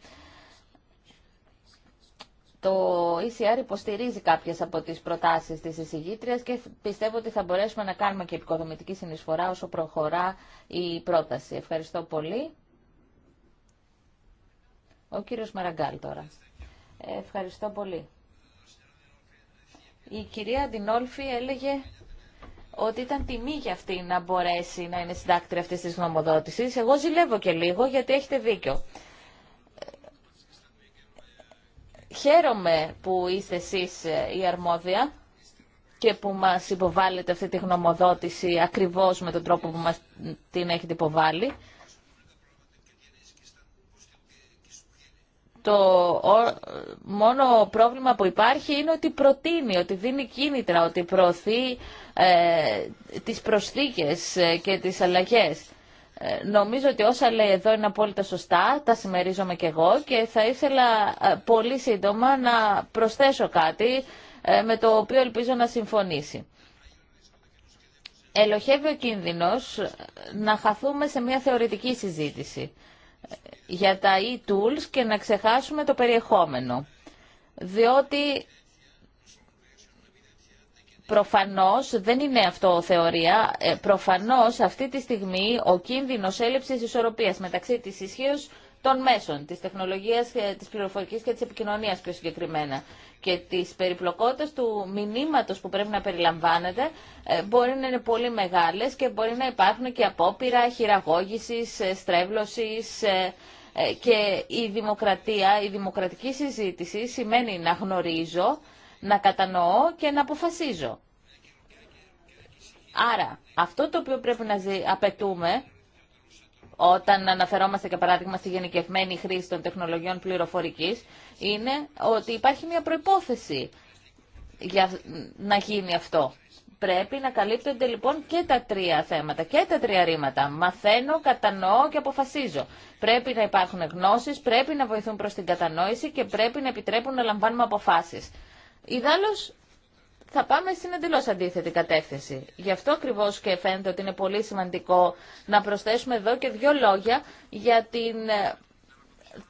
Το ECR υποστηρίζει κάποιες από τις προτάσεις της εισηγήτριας και πιστεύω ότι θα μπορέσουμε να κάνουμε και επικοδομητική συνεισφορά όσο προχωρά η πρόταση. Ευχαριστώ πολύ. Ο κύριος Μαραγκάλ τώρα. Ευχαριστώ πολύ. Η κυρία Αντινόλφη έλεγε ότι ήταν τιμή για αυτή να μπορέσει να είναι συντάκτρια αυτής της γνωμοδότησης. Εγώ ζηλεύω και λίγο γιατί έχετε δίκιο. Χαίρομαι που είστε εσείς ε, η αρμόδια και που μας υποβάλλετε αυτή τη γνωμοδότηση ακριβώς με τον τρόπο που μας την έχετε υποβάλει. το μόνο πρόβλημα που υπάρχει είναι ότι προτείνει, ότι δίνει κίνητρα, ότι προωθεί ε, τις προσθήκες ε, και τις αλλαγές. Ε, νομίζω ότι όσα λέει εδώ είναι απόλυτα σωστά, τα συμμερίζομαι και εγώ και θα ήθελα ε, πολύ σύντομα να προσθέσω κάτι με το οποίο ελπίζω να συμφωνήσει. Ελοχεύει ο κίνδυνος να χαθούμε σε μια θεωρητική συζήτηση για τα e-tools και να ξεχάσουμε το περιεχόμενο. Διότι προφανώς, δεν είναι αυτό θεωρία, ε, προφανώς αυτή τη στιγμή ο κίνδυνος έλλειψης ισορροπίας μεταξύ της ισχύω των μέσων, της τεχνολογίας, ε, της πληροφορικής και της επικοινωνίας πιο συγκεκριμένα και της περιπλοκότητας του μηνύματος που πρέπει να περιλαμβάνεται ε, μπορεί να είναι πολύ μεγάλες και μπορεί να υπάρχουν και απόπειρα χειραγώγησης, ε, στρέβλωσης και η δημοκρατία, η δημοκρατική συζήτηση σημαίνει να γνωρίζω, να κατανοώ και να αποφασίζω. Άρα, αυτό το οποίο πρέπει να απαιτούμε όταν αναφερόμαστε για παράδειγμα στη γενικευμένη χρήση των τεχνολογιών πληροφορικής, είναι ότι υπάρχει μια προϋπόθεση για να γίνει αυτό. Πρέπει να καλύπτονται λοιπόν και τα τρία θέματα και τα τρία ρήματα. Μαθαίνω, κατανοώ και αποφασίζω. Πρέπει να υπάρχουν γνώσεις, πρέπει να βοηθούν προς την κατανόηση και πρέπει να επιτρέπουν να λαμβάνουμε αποφάσεις. Ιδάλλως θα πάμε στην εντελώ αντίθετη κατεύθυνση. Γι' αυτό ακριβώ και φαίνεται ότι είναι πολύ σημαντικό να προσθέσουμε εδώ και δύο λόγια για την ε,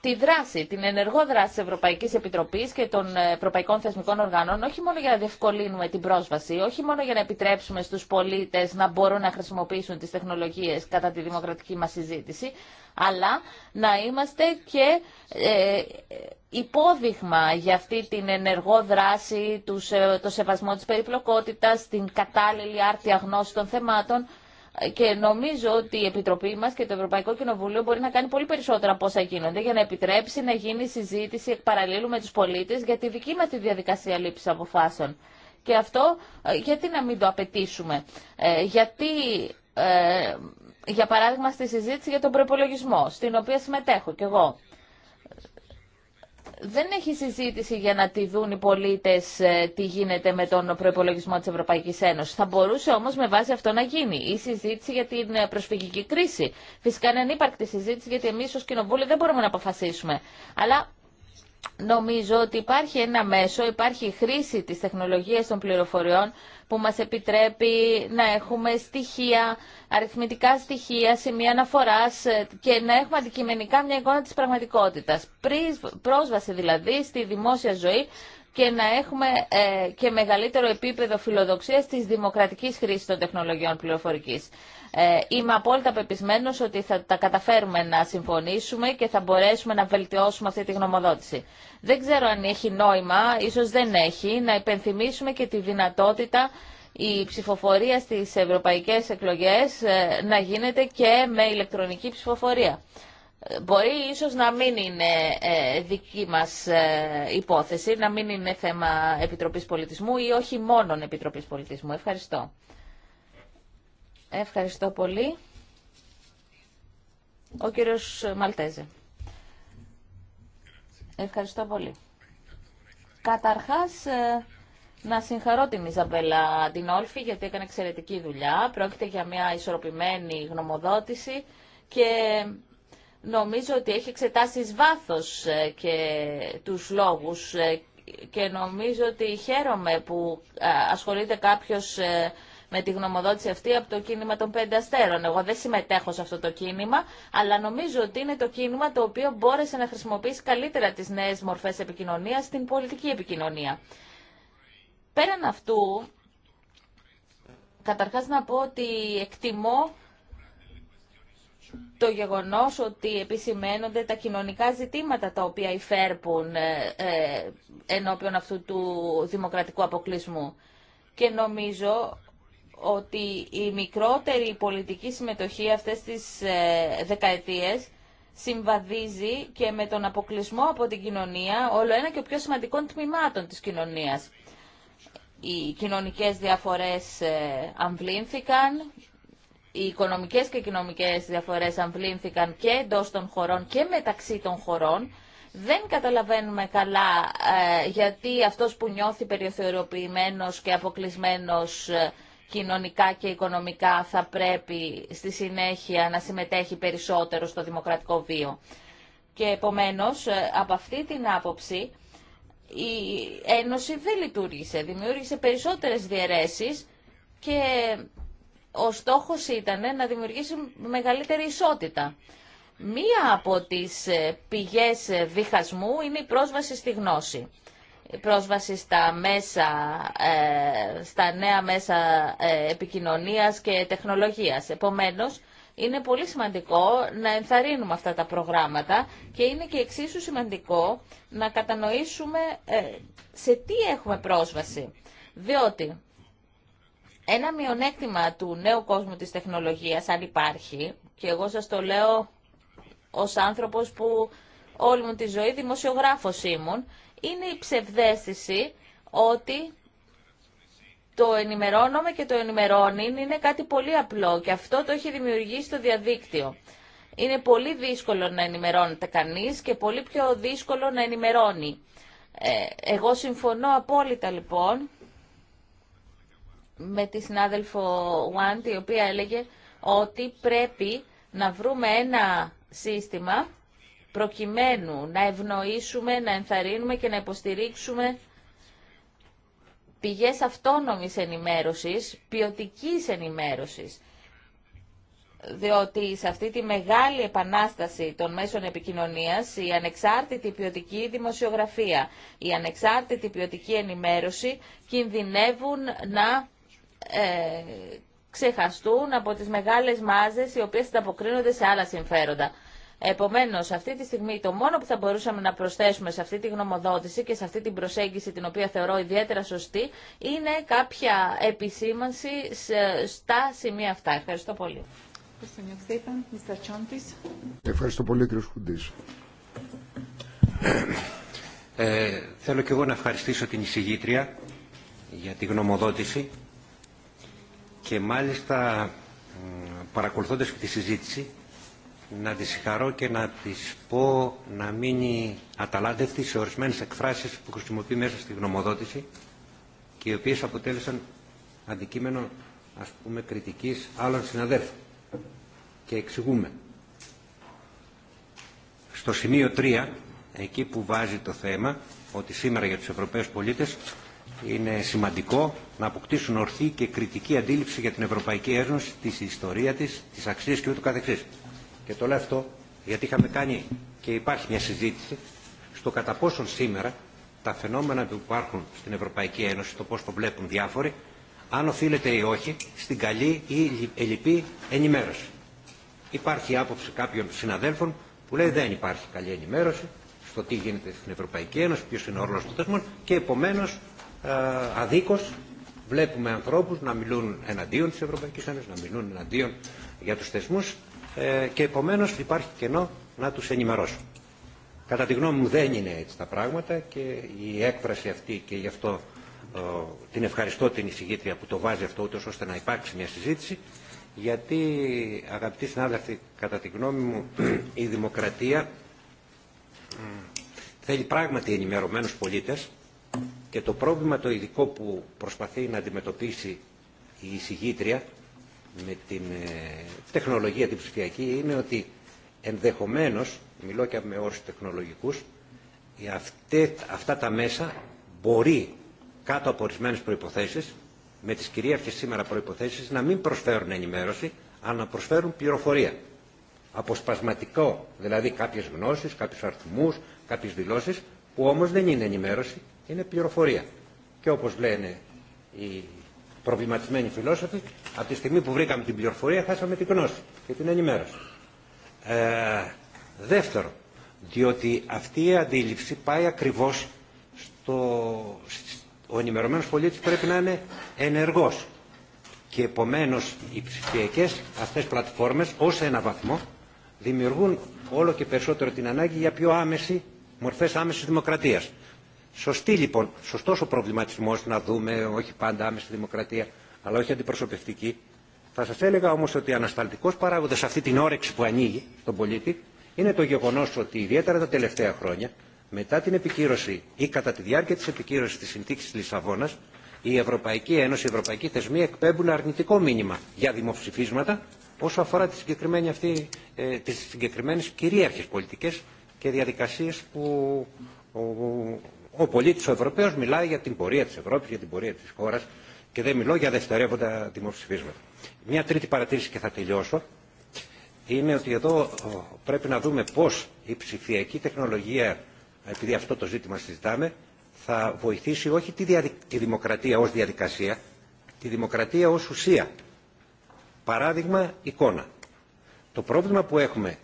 τη δράση, την ενεργό δράση της Ευρωπαϊκής Επιτροπής και των Ευρωπαϊκών Θεσμικών Οργάνων, όχι μόνο για να διευκολύνουμε την πρόσβαση, όχι μόνο για να επιτρέψουμε στους πολίτες να μπορούν να χρησιμοποιήσουν τις τεχνολογίες κατά τη δημοκρατική μα συζήτηση, αλλά να είμαστε και ε, υπόδειγμα για αυτή την ενεργό δράση, ε, το σεβασμό της περιπλοκότητας, την κατάλληλη άρτια γνώση των θεμάτων και νομίζω ότι η Επιτροπή μα και το Ευρωπαϊκό Κοινοβούλιο μπορεί να κάνει πολύ περισσότερα από όσα γίνονται για να επιτρέψει να γίνει συζήτηση εκ παραλλήλου με του πολίτε για τη δική μα τη διαδικασία λήψη αποφάσεων. Και αυτό ε, γιατί να μην το απαιτήσουμε. Ε, γιατί ε, για παράδειγμα στη συζήτηση για τον προπολογισμό, στην οποία συμμετέχω κι εγώ δεν έχει συζήτηση για να τη δουν οι πολίτες ε, τι γίνεται με τον προπολογισμό τη Ευρωπαϊκής Ένωσης. Θα μπορούσε όμως με βάση αυτό να γίνει. Η συζήτηση για την ε, προσφυγική κρίση. Φυσικά είναι ανύπαρκτη συζήτηση γιατί εμείς ως κοινοβούλοι δεν μπορούμε να αποφασίσουμε. Αλλά νομίζω ότι υπάρχει ένα μέσο, υπάρχει χρήση τη τεχνολογία των πληροφοριών που μας επιτρέπει να έχουμε στοιχεία, αριθμητικά στοιχεία, σημεία αναφοράς ε, και να έχουμε αντικειμενικά μια εικόνα της πραγματικότητας. Πρόσβαση δηλαδή στη δημόσια ζωή και να έχουμε ε, και μεγαλύτερο επίπεδο φιλοδοξίας της δημοκρατικής χρήσης των τεχνολογιών πληροφορικής. Ε, είμαι απόλυτα πεπισμένος ότι θα τα καταφέρουμε να συμφωνήσουμε και θα μπορέσουμε να βελτιώσουμε αυτή τη γνωμοδότηση. Δεν ξέρω αν έχει νόημα, ίσως δεν έχει, να υπενθυμίσουμε και τη δυνατότητα η ψηφοφορία στις ευρωπαϊκές εκλογές ε, να γίνεται και με ηλεκτρονική ψηφοφορία. Μπορεί ίσως να μην είναι ε, δική μας ε, υπόθεση, να μην είναι θέμα Επιτροπής Πολιτισμού ή όχι μόνον Επιτροπής Πολιτισμού. Ευχαριστώ. Ευχαριστώ πολύ. Ο κύριος Μαλτέζε. Ευχαριστώ πολύ. Καταρχάς, ε, να συγχαρώ την Ιζαμπέλα την γιατί έκανε εξαιρετική δουλειά. Πρόκειται για μια ισορροπημένη γνωμοδότηση και νομίζω ότι έχει εξετάσει βάθος ε, και τους λόγους ε, και νομίζω ότι χαίρομαι που ε, ασχολείται κάποιος με τη γνωμοδότηση αυτή από το κίνημα των πέντε αστέρων. Εγώ δεν συμμετέχω σε αυτό το κίνημα, αλλά νομίζω ότι είναι το κίνημα το οποίο μπόρεσε να χρησιμοποιήσει καλύτερα τις νέες μορφές επικοινωνίας στην πολιτική επικοινωνία. Πέραν αυτού, καταρχάς να πω ότι εκτιμώ το γεγονός ότι επισημενονται τα κοινωνικά ζητήματα τα οποία υφέρπουν ε, ε, ενώπιον αυτού του δημοκρατικού αποκλεισμού. Και νομίζω ότι η μικρότερη πολιτική συμμετοχή αυτές τις ε, δεκαετίες συμβαδίζει και με τον αποκλεισμό από την κοινωνία όλο ένα και πιο σημαντικών τμήματων της κοινωνίας. Οι κοινωνικές διαφορές αμβλήνθηκαν, οι οικονομικές και κοινωνικές διαφορές αμβλήνθηκαν και εντός των χωρών και μεταξύ των χωρών. Δεν καταλαβαίνουμε καλά ε, γιατί αυτός που νιώθει περιοθεωριοποιημένος και αποκλεισμένος ε, κοινωνικά και οικονομικά θα πρέπει στη συνέχεια να συμμετέχει περισσότερο στο δημοκρατικό βίο. Και επομένως, ε, από αυτή την άποψη, η Ένωση δεν λειτουργήσε. Δημιούργησε περισσότερες διαιρέσεις και ο στόχος ήταν να δημιουργήσει μεγαλύτερη ισότητα. Μία από τις ε, πηγές ε, διχασμού είναι η πρόσβαση στη γνώση. Η πρόσβαση στα, μέσα, ε, στα νέα μέσα επικοινωνίας και τεχνολογίας. Επομένως, είναι πολύ σημαντικό να ενθαρρύνουμε αυτά τα προγράμματα και είναι και εξίσου σημαντικό να κατανοήσουμε σε τι έχουμε πρόσβαση. Διότι ένα μειονέκτημα του νέου κόσμου της τεχνολογίας, αν υπάρχει, και εγώ σας το λέω ως άνθρωπος που όλη μου τη ζωή δημοσιογράφος ήμουν, είναι η ψευδέστηση ότι το ενημερώνομαι και το ενημερώνει είναι κάτι πολύ απλό και αυτό το έχει δημιουργήσει το διαδίκτυο. Είναι πολύ δύσκολο να ενημερώνεται κανείς και πολύ πιο δύσκολο να ενημερώνει. Ε, εγώ συμφωνώ απόλυτα λοιπόν με τη συνάδελφο Ουάντ, η οποία έλεγε ότι πρέπει να βρούμε ένα σύστημα προκειμένου να ευνοήσουμε, να ενθαρρύνουμε και να υποστηρίξουμε πηγές αυτόνομης ενημέρωσης, ποιοτικής ενημέρωσης. Διότι σε αυτή τη μεγάλη επανάσταση των μέσων επικοινωνίας, η ανεξάρτητη ποιοτική δημοσιογραφία, η ανεξάρτητη ποιοτική ενημέρωση κινδυνεύουν να ε, ξεχαστούν από τις μεγάλες μάζες οι οποίες ανταποκρίνονται σε άλλα συμφέροντα. Επομένως, αυτή τη στιγμή το μόνο που θα μπορούσαμε να προσθέσουμε σε αυτή τη γνωμοδότηση και σε αυτή την προσέγγιση την οποία θεωρώ ιδιαίτερα σωστή είναι κάποια επισήμανση στα σημεία αυτά. Ευχαριστώ πολύ. Ευχαριστώ πολύ κύριε Χουντής Ε, θέλω και εγώ να ευχαριστήσω την εισηγήτρια για τη γνωμοδότηση και μάλιστα παρακολουθώντας τη συζήτηση να τη συγχαρώ και να της πω να μείνει αταλάντευτη σε ορισμένες εκφράσεις που χρησιμοποιεί μέσα στη γνωμοδότηση και οι οποίες αποτέλεσαν αντικείμενο ας πούμε κριτικής άλλων συναδέλφων και εξηγούμε στο σημείο 3 εκεί που βάζει το θέμα ότι σήμερα για τους Ευρωπαίους πολίτες είναι σημαντικό να αποκτήσουν ορθή και κριτική αντίληψη για την Ευρωπαϊκή Ένωση, τη ιστορία τη, τι αξίε και ούτω καθεξής. Και το λέω αυτό γιατί είχαμε κάνει και υπάρχει μια συζήτηση στο κατά πόσον σήμερα τα φαινόμενα που υπάρχουν στην Ευρωπαϊκή Ένωση, το πώ το βλέπουν διάφοροι, αν οφείλεται ή όχι στην καλή ή ελλειπή ενημέρωση. Υπάρχει άποψη κάποιων συναδέλφων που λέει δεν υπάρχει καλή ενημέρωση στο τι γίνεται στην Ευρωπαϊκή Ένωση, ποιο είναι ο ρόλο των θεσμών και επομένω ε, αδίκως βλέπουμε ανθρώπους να μιλούν εναντίον της Ευρωπαϊκής Ένωσης, να μιλούν εναντίον για τους θεσμούς ε, και επομένως υπάρχει κενό να τους ενημερώσουν. Κατά τη γνώμη μου δεν είναι έτσι τα πράγματα και η έκφραση αυτή και γι' αυτό ε, την ευχαριστώ την εισηγήτρια που το βάζει αυτό ούτως ώστε να υπάρξει μια συζήτηση γιατί αγαπητοί συνάδελφοι κατά τη γνώμη μου η δημοκρατία θέλει πράγματι ενημερωμένους πολίτες και το πρόβλημα το ειδικό που προσπαθεί να αντιμετωπίσει η εισηγήτρια με την ε, τεχνολογία την ψηφιακή είναι ότι ενδεχομένως, μιλώ και με όρους τεχνολογικούς, αυτά τα μέσα μπορεί κάτω από ορισμένε προϋποθέσεις, με τις κυρίαρχες σήμερα προϋποθέσεις, να μην προσφέρουν ενημέρωση, αλλά να προσφέρουν πληροφορία. Αποσπασματικό, δηλαδή κάποιες γνώσεις, κάποιους αριθμούς, κάποιες δηλώσεις, που όμως δεν είναι ενημέρωση, είναι πληροφορία. Και όπως λένε οι προβληματισμένοι φιλόσοφοι, από τη στιγμή που βρήκαμε την πληροφορία χάσαμε την γνώση και την ενημέρωση. Ε, δεύτερο, διότι αυτή η αντίληψη πάει ακριβώς στο... Ο ενημερωμένος πολίτης πρέπει να είναι ενεργός. Και επομένως οι ψηφιακές αυτές πλατφόρμες ως ένα βαθμό δημιουργούν όλο και περισσότερο την ανάγκη για πιο άμεση, μορφές άμεσης δημοκρατίας. Σωστή λοιπόν, σωστός ο προβληματισμός να δούμε, όχι πάντα άμεση δημοκρατία, αλλά όχι αντιπροσωπευτική. Θα σας έλεγα όμως ότι ανασταλτικός παράγοντας αυτή την όρεξη που ανοίγει στον πολίτη είναι το γεγονός ότι ιδιαίτερα τα τελευταία χρόνια, μετά την επικύρωση ή κατά τη διάρκεια της επικύρωσης της συνθήκης της Λισαβόνας, η Ευρωπαϊκή Ένωση, οι ευρωπαϊκοί θεσμοί εκπέμπουν αρνητικό μήνυμα για δημοψηφίσματα όσο αφορά τις, συγκεκριμένες, αυτή, ε, τις συγκεκριμένες κυρίαρχες πολιτικές και διαδικασίες που ο πολίτη ο Ευρωπαίο μιλάει για την πορεία τη Ευρώπη, για την πορεία τη χώρα και δεν μιλώ για δευτερεύοντα δημοψηφίσματα. Μια τρίτη παρατήρηση και θα τελειώσω είναι ότι εδώ πρέπει να δούμε πώς η ψηφιακή τεχνολογία, επειδή αυτό το ζήτημα συζητάμε, θα βοηθήσει όχι τη, τη δημοκρατία ως διαδικασία, τη δημοκρατία ω ουσία. Παράδειγμα, εικόνα. Το πρόβλημα που έχουμε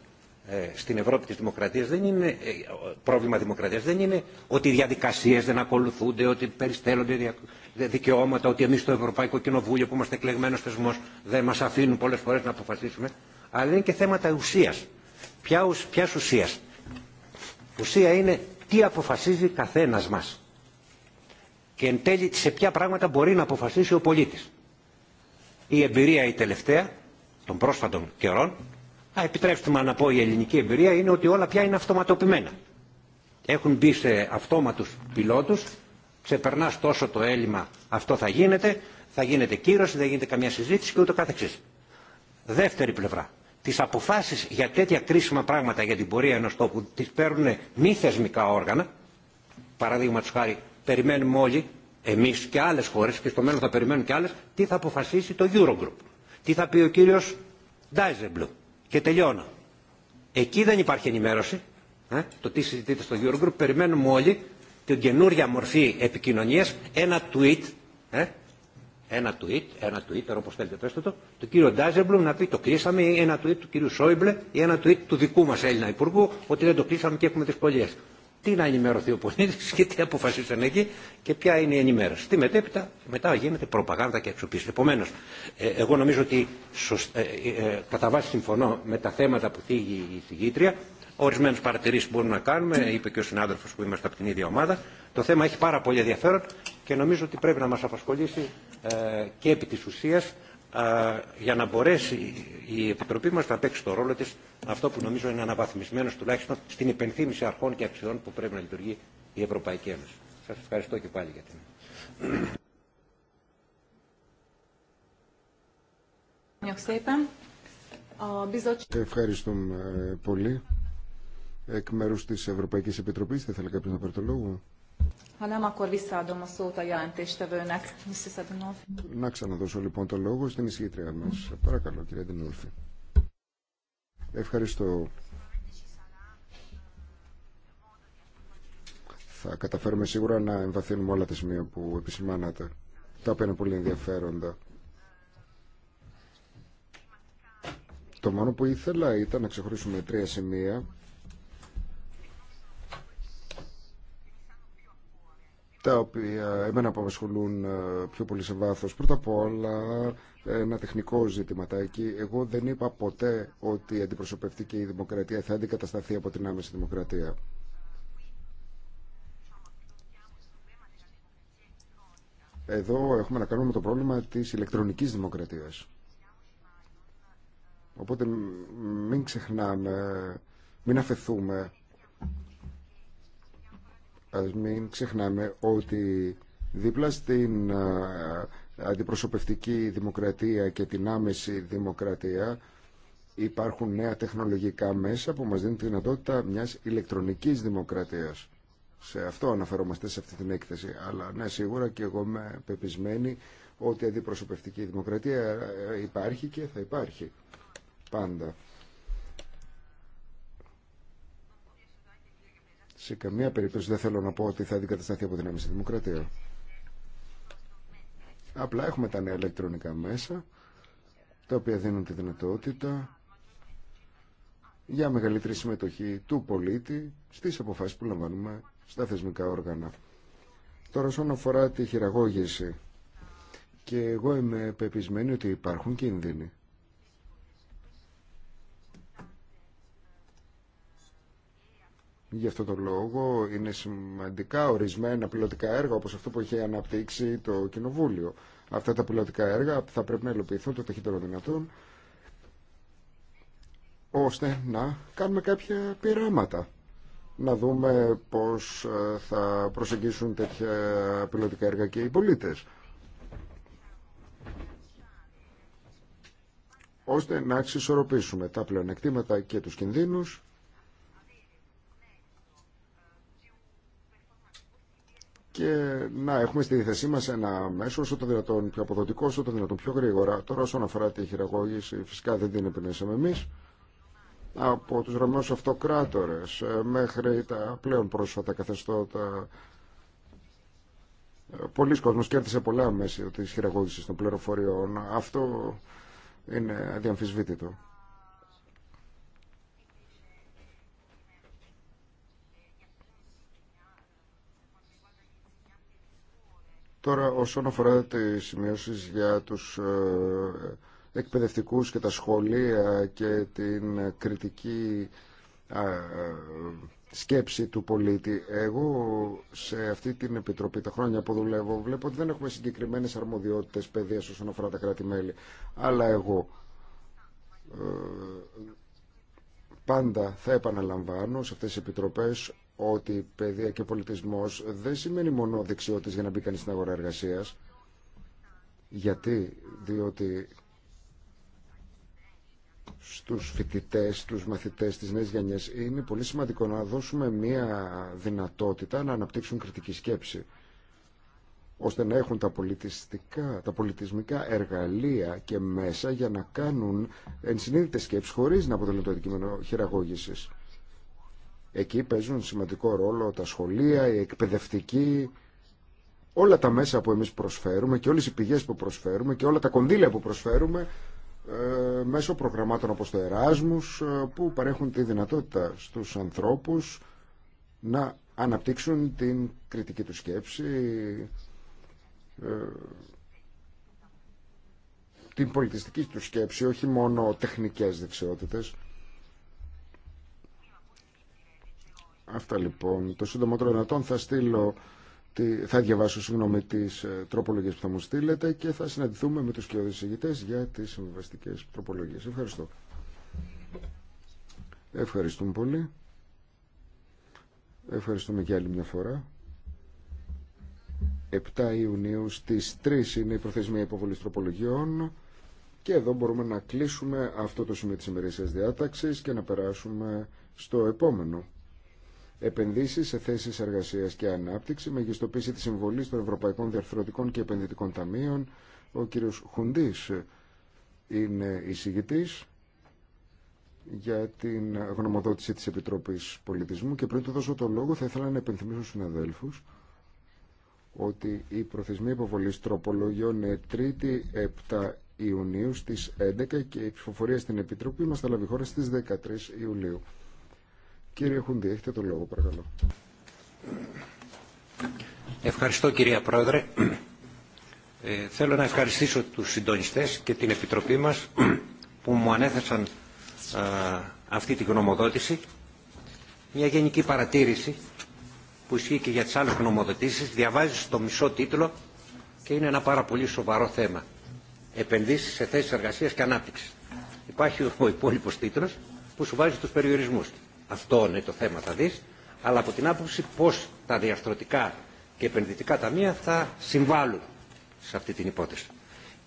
ε, στην Ευρώπη της Δημοκρατίας δεν είναι ε, πρόβλημα δημοκρατίας, δεν είναι ότι οι διαδικασίες δεν ακολουθούνται, ότι περιστέλλονται δικαιώματα, ότι εμείς στο Ευρωπαϊκό Κοινοβούλιο που είμαστε εκλεγμένος θεσμός δεν μας αφήνουν πολλές φορές να αποφασίσουμε, αλλά είναι και θέματα ουσίας. Ποια, ποιας ουσίας. Ουσία είναι τι αποφασίζει καθένας μας και εν τέλει σε ποια πράγματα μπορεί να αποφασίσει ο πολίτης. Η εμπειρία η τελευταία των πρόσφατων καιρών α, επιτρέψτε μου να πω η ελληνική εμπειρία, είναι ότι όλα πια είναι αυτοματοποιημένα. Έχουν μπει σε αυτόματους πιλότους, ξεπερνάς τόσο το έλλειμμα, αυτό θα γίνεται, θα γίνεται κύρωση, δεν γίνεται καμία συζήτηση και ούτω καθεξής. Δεύτερη πλευρά. Τι αποφάσει για τέτοια κρίσιμα πράγματα για την πορεία ενό τόπου τι παίρνουν μη θεσμικά όργανα. του χάρη, περιμένουμε όλοι, εμεί και άλλε χώρε, και στο μέλλον θα περιμένουν και άλλε, τι θα αποφασίσει το Eurogroup. Τι θα πει ο κύριο Ντάιζεμπλου και τελειώνω. Εκεί δεν υπάρχει ενημέρωση. Ε, το τι συζητείτε στο Eurogroup. Περιμένουμε όλοι την καινούρια μορφή επικοινωνίας. Ένα tweet. Ε, ένα tweet, ένα Twitter, όπω θέλετε πέστε το, του κύριου Ντάζεμπλουμ να πει το κλείσαμε ή ένα tweet του κύριου Σόιμπλε ή ένα tweet του δικού μα Έλληνα Υπουργού ότι δεν το κλείσαμε και έχουμε δυσκολίε τι να ενημερωθεί ο πολίτη και τι αποφασίσαν εκεί και ποια είναι η ενημέρωση. Τι μετέπειτα, μετά γίνεται προπαγάνδα και αξιοποίηση. Επομένω, ε, εγώ νομίζω ότι ε, ε, κατά βάση συμφωνώ με τα θέματα που θίγει η συγγήτρια. Ορισμένε παρατηρήσει μπορούμε να κάνουμε, είπε και ο συνάδελφο που είμαστε από την ίδια ομάδα. Το θέμα έχει πάρα πολύ ενδιαφέρον και νομίζω ότι πρέπει να μα απασχολήσει και επί τη ουσία για να μπορέσει η Επιτροπή μας να παίξει το ρόλο της αυτό που νομίζω είναι αναβαθμισμένος τουλάχιστον στην υπενθύμηση αρχών και αξιών που πρέπει να λειτουργεί η Ευρωπαϊκή Ένωση. Σας ευχαριστώ και πάλι για την... Ευχαριστούμε πολύ. Εκ μέρους της Ευρωπαϊκής Επιτροπής θα ήθελα κάποιος να πάρει το λόγο. Να ξαναδώσω λοιπόν το λόγο στην ισχύτρια μας. Παρακαλώ, κύριε Adinolfi. Ευχαριστώ. Θα καταφέρουμε σίγουρα να εμβαθύνουμε όλα τα σημεία που επισημάνατε, τα οποία είναι πολύ ενδιαφέροντα. Το μόνο που ήθελα ήταν να ξεχωρίσουμε τρία σημεία τα οποία εμένα απασχολούν ε, πιο πολύ σε βάθος. Πρώτα απ' όλα ένα τεχνικό ζητηματάκι. Εγώ δεν είπα ποτέ ότι η αντιπροσωπευτική δημοκρατία θα αντικατασταθεί από την άμεση δημοκρατία. Εδώ έχουμε να κάνουμε το πρόβλημα της ηλεκτρονικής δημοκρατίας. Οπότε μην ξεχνάμε, μην αφαιθούμε Ας μην ξεχνάμε ότι δίπλα στην αντιπροσωπευτική δημοκρατία και την άμεση δημοκρατία υπάρχουν νέα τεχνολογικά μέσα που μας δίνουν τη δυνατότητα μιας ηλεκτρονικής δημοκρατίας. Σε αυτό αναφερόμαστε σε αυτή την έκθεση. Αλλά ναι, σίγουρα και εγώ είμαι πεπισμένη ότι αντιπροσωπευτική δημοκρατία ε, υπάρχει και θα υπάρχει πάντα. σε καμία περίπτωση δεν θέλω να πω ότι θα αντικατασταθεί από την στη δημοκρατία. Απλά έχουμε τα νέα ηλεκτρονικά μέσα, τα οποία δίνουν τη δυνατότητα για μεγαλύτερη συμμετοχή του πολίτη στις αποφάσεις που λαμβάνουμε στα θεσμικά όργανα. Τώρα όσον αφορά τη χειραγώγηση, και εγώ είμαι πεπισμένη ότι υπάρχουν κίνδυνοι. Γι' αυτό τον λόγο είναι σημαντικά ορισμένα πιλωτικά έργα όπως αυτό που έχει αναπτύξει το Κοινοβούλιο. Αυτά τα πιλωτικά έργα θα πρέπει να υλοποιηθούν το ταχύτερο δυνατόν ώστε να κάνουμε κάποια πειράματα. Να δούμε πώς ε, θα προσεγγίσουν τέτοια πιλωτικά έργα και οι πολίτες. Ώστε να αξισορροπήσουμε τα πλεονεκτήματα και τους κινδύνους και να έχουμε στη διθεσή μα ένα μέσο όσο το δυνατόν πιο αποδοτικό, όσο το δυνατόν πιο γρήγορα. Τώρα όσον αφορά τη χειραγώγηση, φυσικά δεν την επενέσαμε εμείς, από τους Ρωμαίου αυτοκράτορες ε, μέχρι τα πλέον πρόσφατα καθεστώτα ε, Πολλοί κόσμοι κέρδισε πολλά μέσα τη χειραγώγηση των πληροφοριών. Αυτό είναι αδιαμφισβήτητο. Τώρα όσον αφορά τις σημειώσεις για τους ε, εκπαιδευτικούς και τα σχολεία και την κριτική σκέψη του πολίτη. Εγώ σε αυτή την επιτροπή τα χρόνια που δουλεύω βλέπω ότι δεν έχουμε συγκεκριμένες αρμοδιότητες παιδείας όσον αφορά τα κράτη-μέλη. Αλλά εγώ ε, πάντα θα επαναλαμβάνω σε αυτές τις επιτροπές ότι παιδεία και πολιτισμός δεν σημαίνει μόνο δεξιότητες για να μπει κανείς στην αγορά εργασίας. Γιατί, διότι στους φοιτητές, στους μαθητές της νέας γενιάς είναι πολύ σημαντικό να δώσουμε μια δυνατότητα να αναπτύξουν κριτική σκέψη ώστε να έχουν τα, πολιτιστικά, τα πολιτισμικά εργαλεία και μέσα για να κάνουν ενσυνείδητες σκέψεις χωρίς να αποτελούν το αντικείμενο χειραγώγησης. Εκεί παίζουν σημαντικό ρόλο τα σχολεία, η εκπαιδευτική, όλα τα μέσα που εμείς προσφέρουμε και όλες οι πηγές που προσφέρουμε και όλα τα κονδύλια που προσφέρουμε ε, μέσω προγραμμάτων όπως το Εράσμους ε, που παρέχουν τη δυνατότητα στους ανθρώπους να αναπτύξουν την κριτική του σκέψη, ε, την πολιτιστική του σκέψη, όχι μόνο τεχνικές δεξιότητες. Αυτά λοιπόν. Το σύντομο δυνατόν θα στείλω, θα διαβάσω συγγνώμη τις ε, τροπολογίες που θα μου στείλετε και θα συναντηθούμε με τους και ηγητέ για τις συμβιβαστικέ τροπολογίες. Ευχαριστώ. Ευχαριστούμε πολύ. Ευχαριστούμε και άλλη μια φορά. 7 Ιουνίου στις 3 είναι η προθεσμία υποβολή τροπολογιών και εδώ μπορούμε να κλείσουμε αυτό το σημείο της ημερήσιας διάταξης και να περάσουμε στο επόμενο επενδύσει σε θέσει εργασία και ανάπτυξη, μεγιστοποίηση τη συμβολή των Ευρωπαϊκών Διαρθρωτικών και Επενδυτικών Ταμείων. Ο κ. Χουντή είναι εισηγητή για την γνωμοδότηση της Επιτροπής Πολιτισμού και πριν του δώσω το λόγο θα ήθελα να επενθυμίσω στους συναδέλφους ότι η προθεσμία υποβολής τροπολογιών είναι 3η 7 Ιουνίου στις 11 και η ψηφοφορία στην Επιτροπή μας θα λάβει χώρα στις 13 Ιουλίου. Κύριε Χουντή, έχετε το λόγο, παρακαλώ. Ευχαριστώ κυρία Πρόεδρε. Ε, θέλω να ευχαριστήσω τους συντονιστές και την Επιτροπή μας που μου ανέθεσαν α, αυτή τη γνωμοδότηση. Μια γενική παρατήρηση που ισχύει και για τις άλλες γνωμοδοτήσεις. διαβάζει το μισό τίτλο και είναι ένα πάρα πολύ σοβαρό θέμα. Επενδύσεις σε θέσεις εργασίας και ανάπτυξη. Υπάρχει ο υπόλοιπος τίτλος που σου βάζει τους περιορισμούς του. Αυτό είναι το θέμα θα δεις, αλλά από την άποψη πώς τα διαστρωτικά και επενδυτικά ταμεία θα συμβάλλουν σε αυτή την υπόθεση.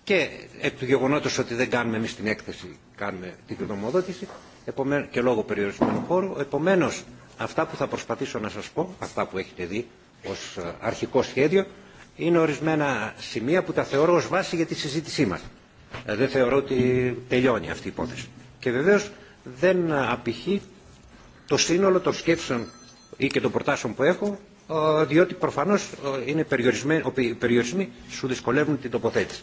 Και εκ του γεγονότος ότι δεν κάνουμε εμείς την έκθεση, κάνουμε την γνωμοδότηση και λόγω περιορισμένου χώρου, επομένως αυτά που θα προσπαθήσω να σας πω, αυτά που έχετε δει ως ε, αρχικό σχέδιο, είναι ορισμένα σημεία που τα θεωρώ ως βάση για τη συζήτησή μας. Ε, δεν θεωρώ ότι τελειώνει αυτή η υπόθεση. Και βεβαίως δεν απηχεί το σύνολο των σκέψεων ή και των προτάσεων που έχω, ε, διότι προφανώς ε, είναι οι περιορισμοί σου δυσκολεύουν την τοποθέτηση.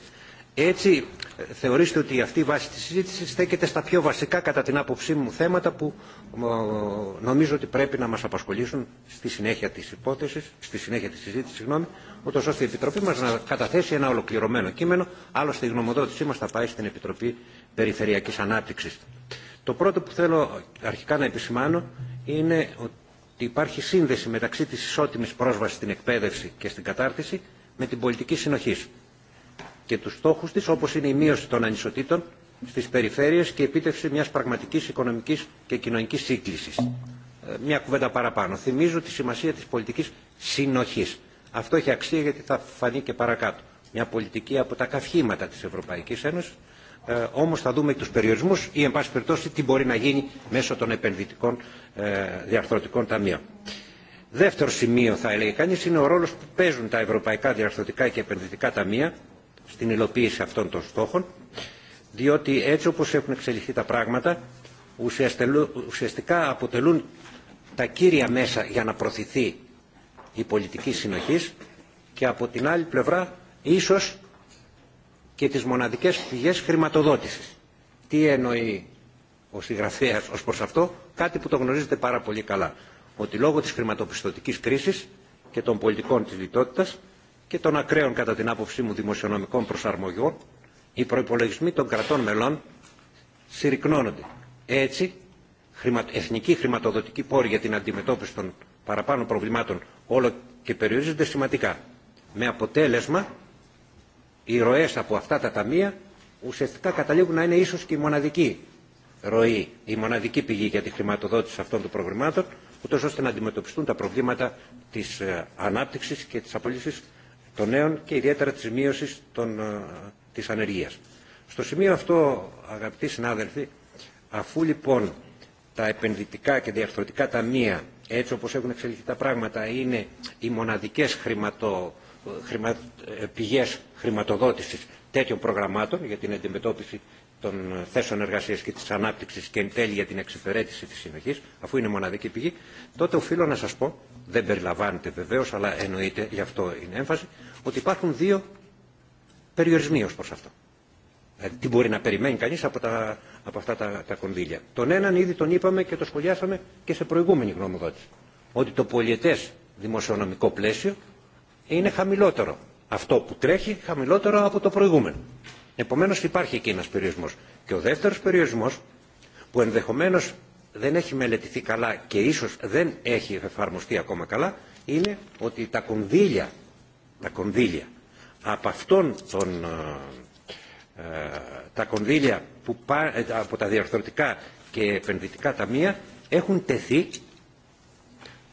Έτσι ε, θεωρήστε ότι αυτή η βάση της συζήτηση στέκεται στα πιο βασικά κατά την άποψή μου θέματα που νομίζω ότι πρέπει να μας απασχολήσουν στη συνέχεια της υπόθεσης, στη συνέχεια της συζήτησης, συγγνώμη, ούτως ώστε η Επιτροπή μας να καταθέσει ένα ολοκληρωμένο κείμενο, άλλωστε η γνωμοδότησή μας θα πάει στην Επιτροπή Περιφερειακής Ανάπτυξης. Το πρώτο που θέλω αρχικά να επισημάνω είναι ότι υπάρχει σύνδεση μεταξύ της ισότιμης πρόσβασης στην εκπαίδευση και στην κατάρτιση με την πολιτική συνοχή και τους στόχους της όπως είναι η μείωση των ανισοτήτων στις περιφέρειες και η επίτευξη μιας πραγματικής οικονομικής και κοινωνικής σύγκλησης. Ε, μια κουβέντα παραπάνω. Θυμίζω τη σημασία της πολιτικής συνοχής. Αυτό έχει αξία γιατί θα φανεί και παρακάτω. Μια πολιτική από τα καυχήματα της Ευρωπαϊκής Ένωσης ε, όμως θα δούμε τους περιορισμούς ή εν πάση περιπτώσει τι μπορεί να γίνει μέσω των επενδυτικών ε, διαρθρωτικών ταμείων. Δεύτερο σημείο θα έλεγε κανείς είναι ο ρόλος που παίζουν τα ευρωπαϊκά διαρθρωτικά και επενδυτικά ταμεία στην υλοποίηση αυτών των στόχων διότι έτσι όπως έχουν εξελιχθεί τα πράγματα ουσιαστικά αποτελούν τα κύρια μέσα για να προωθηθεί η πολιτική συνοχής και από την άλλη πλευρά ίσως και τις μοναδικές πηγές χρηματοδότησης. Τι εννοεί ο συγγραφέας ως προς αυτό, κάτι που το γνωρίζετε πάρα πολύ καλά. Ότι λόγω της χρηματοπιστωτικής κρίσης και των πολιτικών της λιτότητας και των ακραίων κατά την άποψή μου δημοσιονομικών προσαρμογιών, οι προπολογισμοί των κρατών μελών συρρυκνώνονται. Έτσι, εθνική χρηματοδοτική πόρη για την αντιμετώπιση των παραπάνω προβλημάτων όλο και περιορίζονται σημαντικά. Με αποτέλεσμα οι ροές από αυτά τα ταμεία ουσιαστικά καταλήγουν να είναι ίσως και η μοναδική ροή, η μοναδική πηγή για τη χρηματοδότηση αυτών των προγραμμάτων, ούτω ώστε να αντιμετωπιστούν τα προβλήματα της ε, ανάπτυξης και της απολύση των νέων και ιδιαίτερα της μείωσης των, ε, της ανεργίας. Στο σημείο αυτό, αγαπητοί συνάδελφοι, αφού λοιπόν τα επενδυτικά και διαρθρωτικά ταμεία, έτσι όπως έχουν εξελιχθεί τα πράγματα, είναι οι μοναδικές χρηματο ε, πηγές χρηματοδότησης τέτοιων προγραμμάτων για την αντιμετώπιση των θέσεων εργασία και τη ανάπτυξη και εν τέλει για την εξυπηρέτηση τη συνοχή, αφού είναι μοναδική πηγή, τότε οφείλω να σας πω, δεν περιλαμβάνεται βεβαίω, αλλά εννοείται, γι' αυτό είναι έμφαση, ότι υπάρχουν δύο περιορισμοί ως προ αυτό. Ε, τι μπορεί να περιμένει κανείς από, τα, από αυτά τα, τα κονδύλια. Τον έναν ήδη τον είπαμε και το σχολιάσαμε και σε προηγούμενη γνωμοδότηση. Ότι το πολιετέ δημοσιονομικό πλαίσιο είναι χαμηλότερο. Αυτό που τρέχει χαμηλότερο από το προηγούμενο. Επομένω υπάρχει εκεί ένα περιορισμό. Και ο δεύτερο περιορισμό, που ενδεχομένω δεν έχει μελετηθεί καλά και ίσω δεν έχει εφαρμοστεί ακόμα καλά, είναι ότι τα κονδύλια, τα κονδύλια από αυτόν τον, ε, τα κονδύλια που, ε, από τα διαρθρωτικά και επενδυτικά ταμεία έχουν τεθεί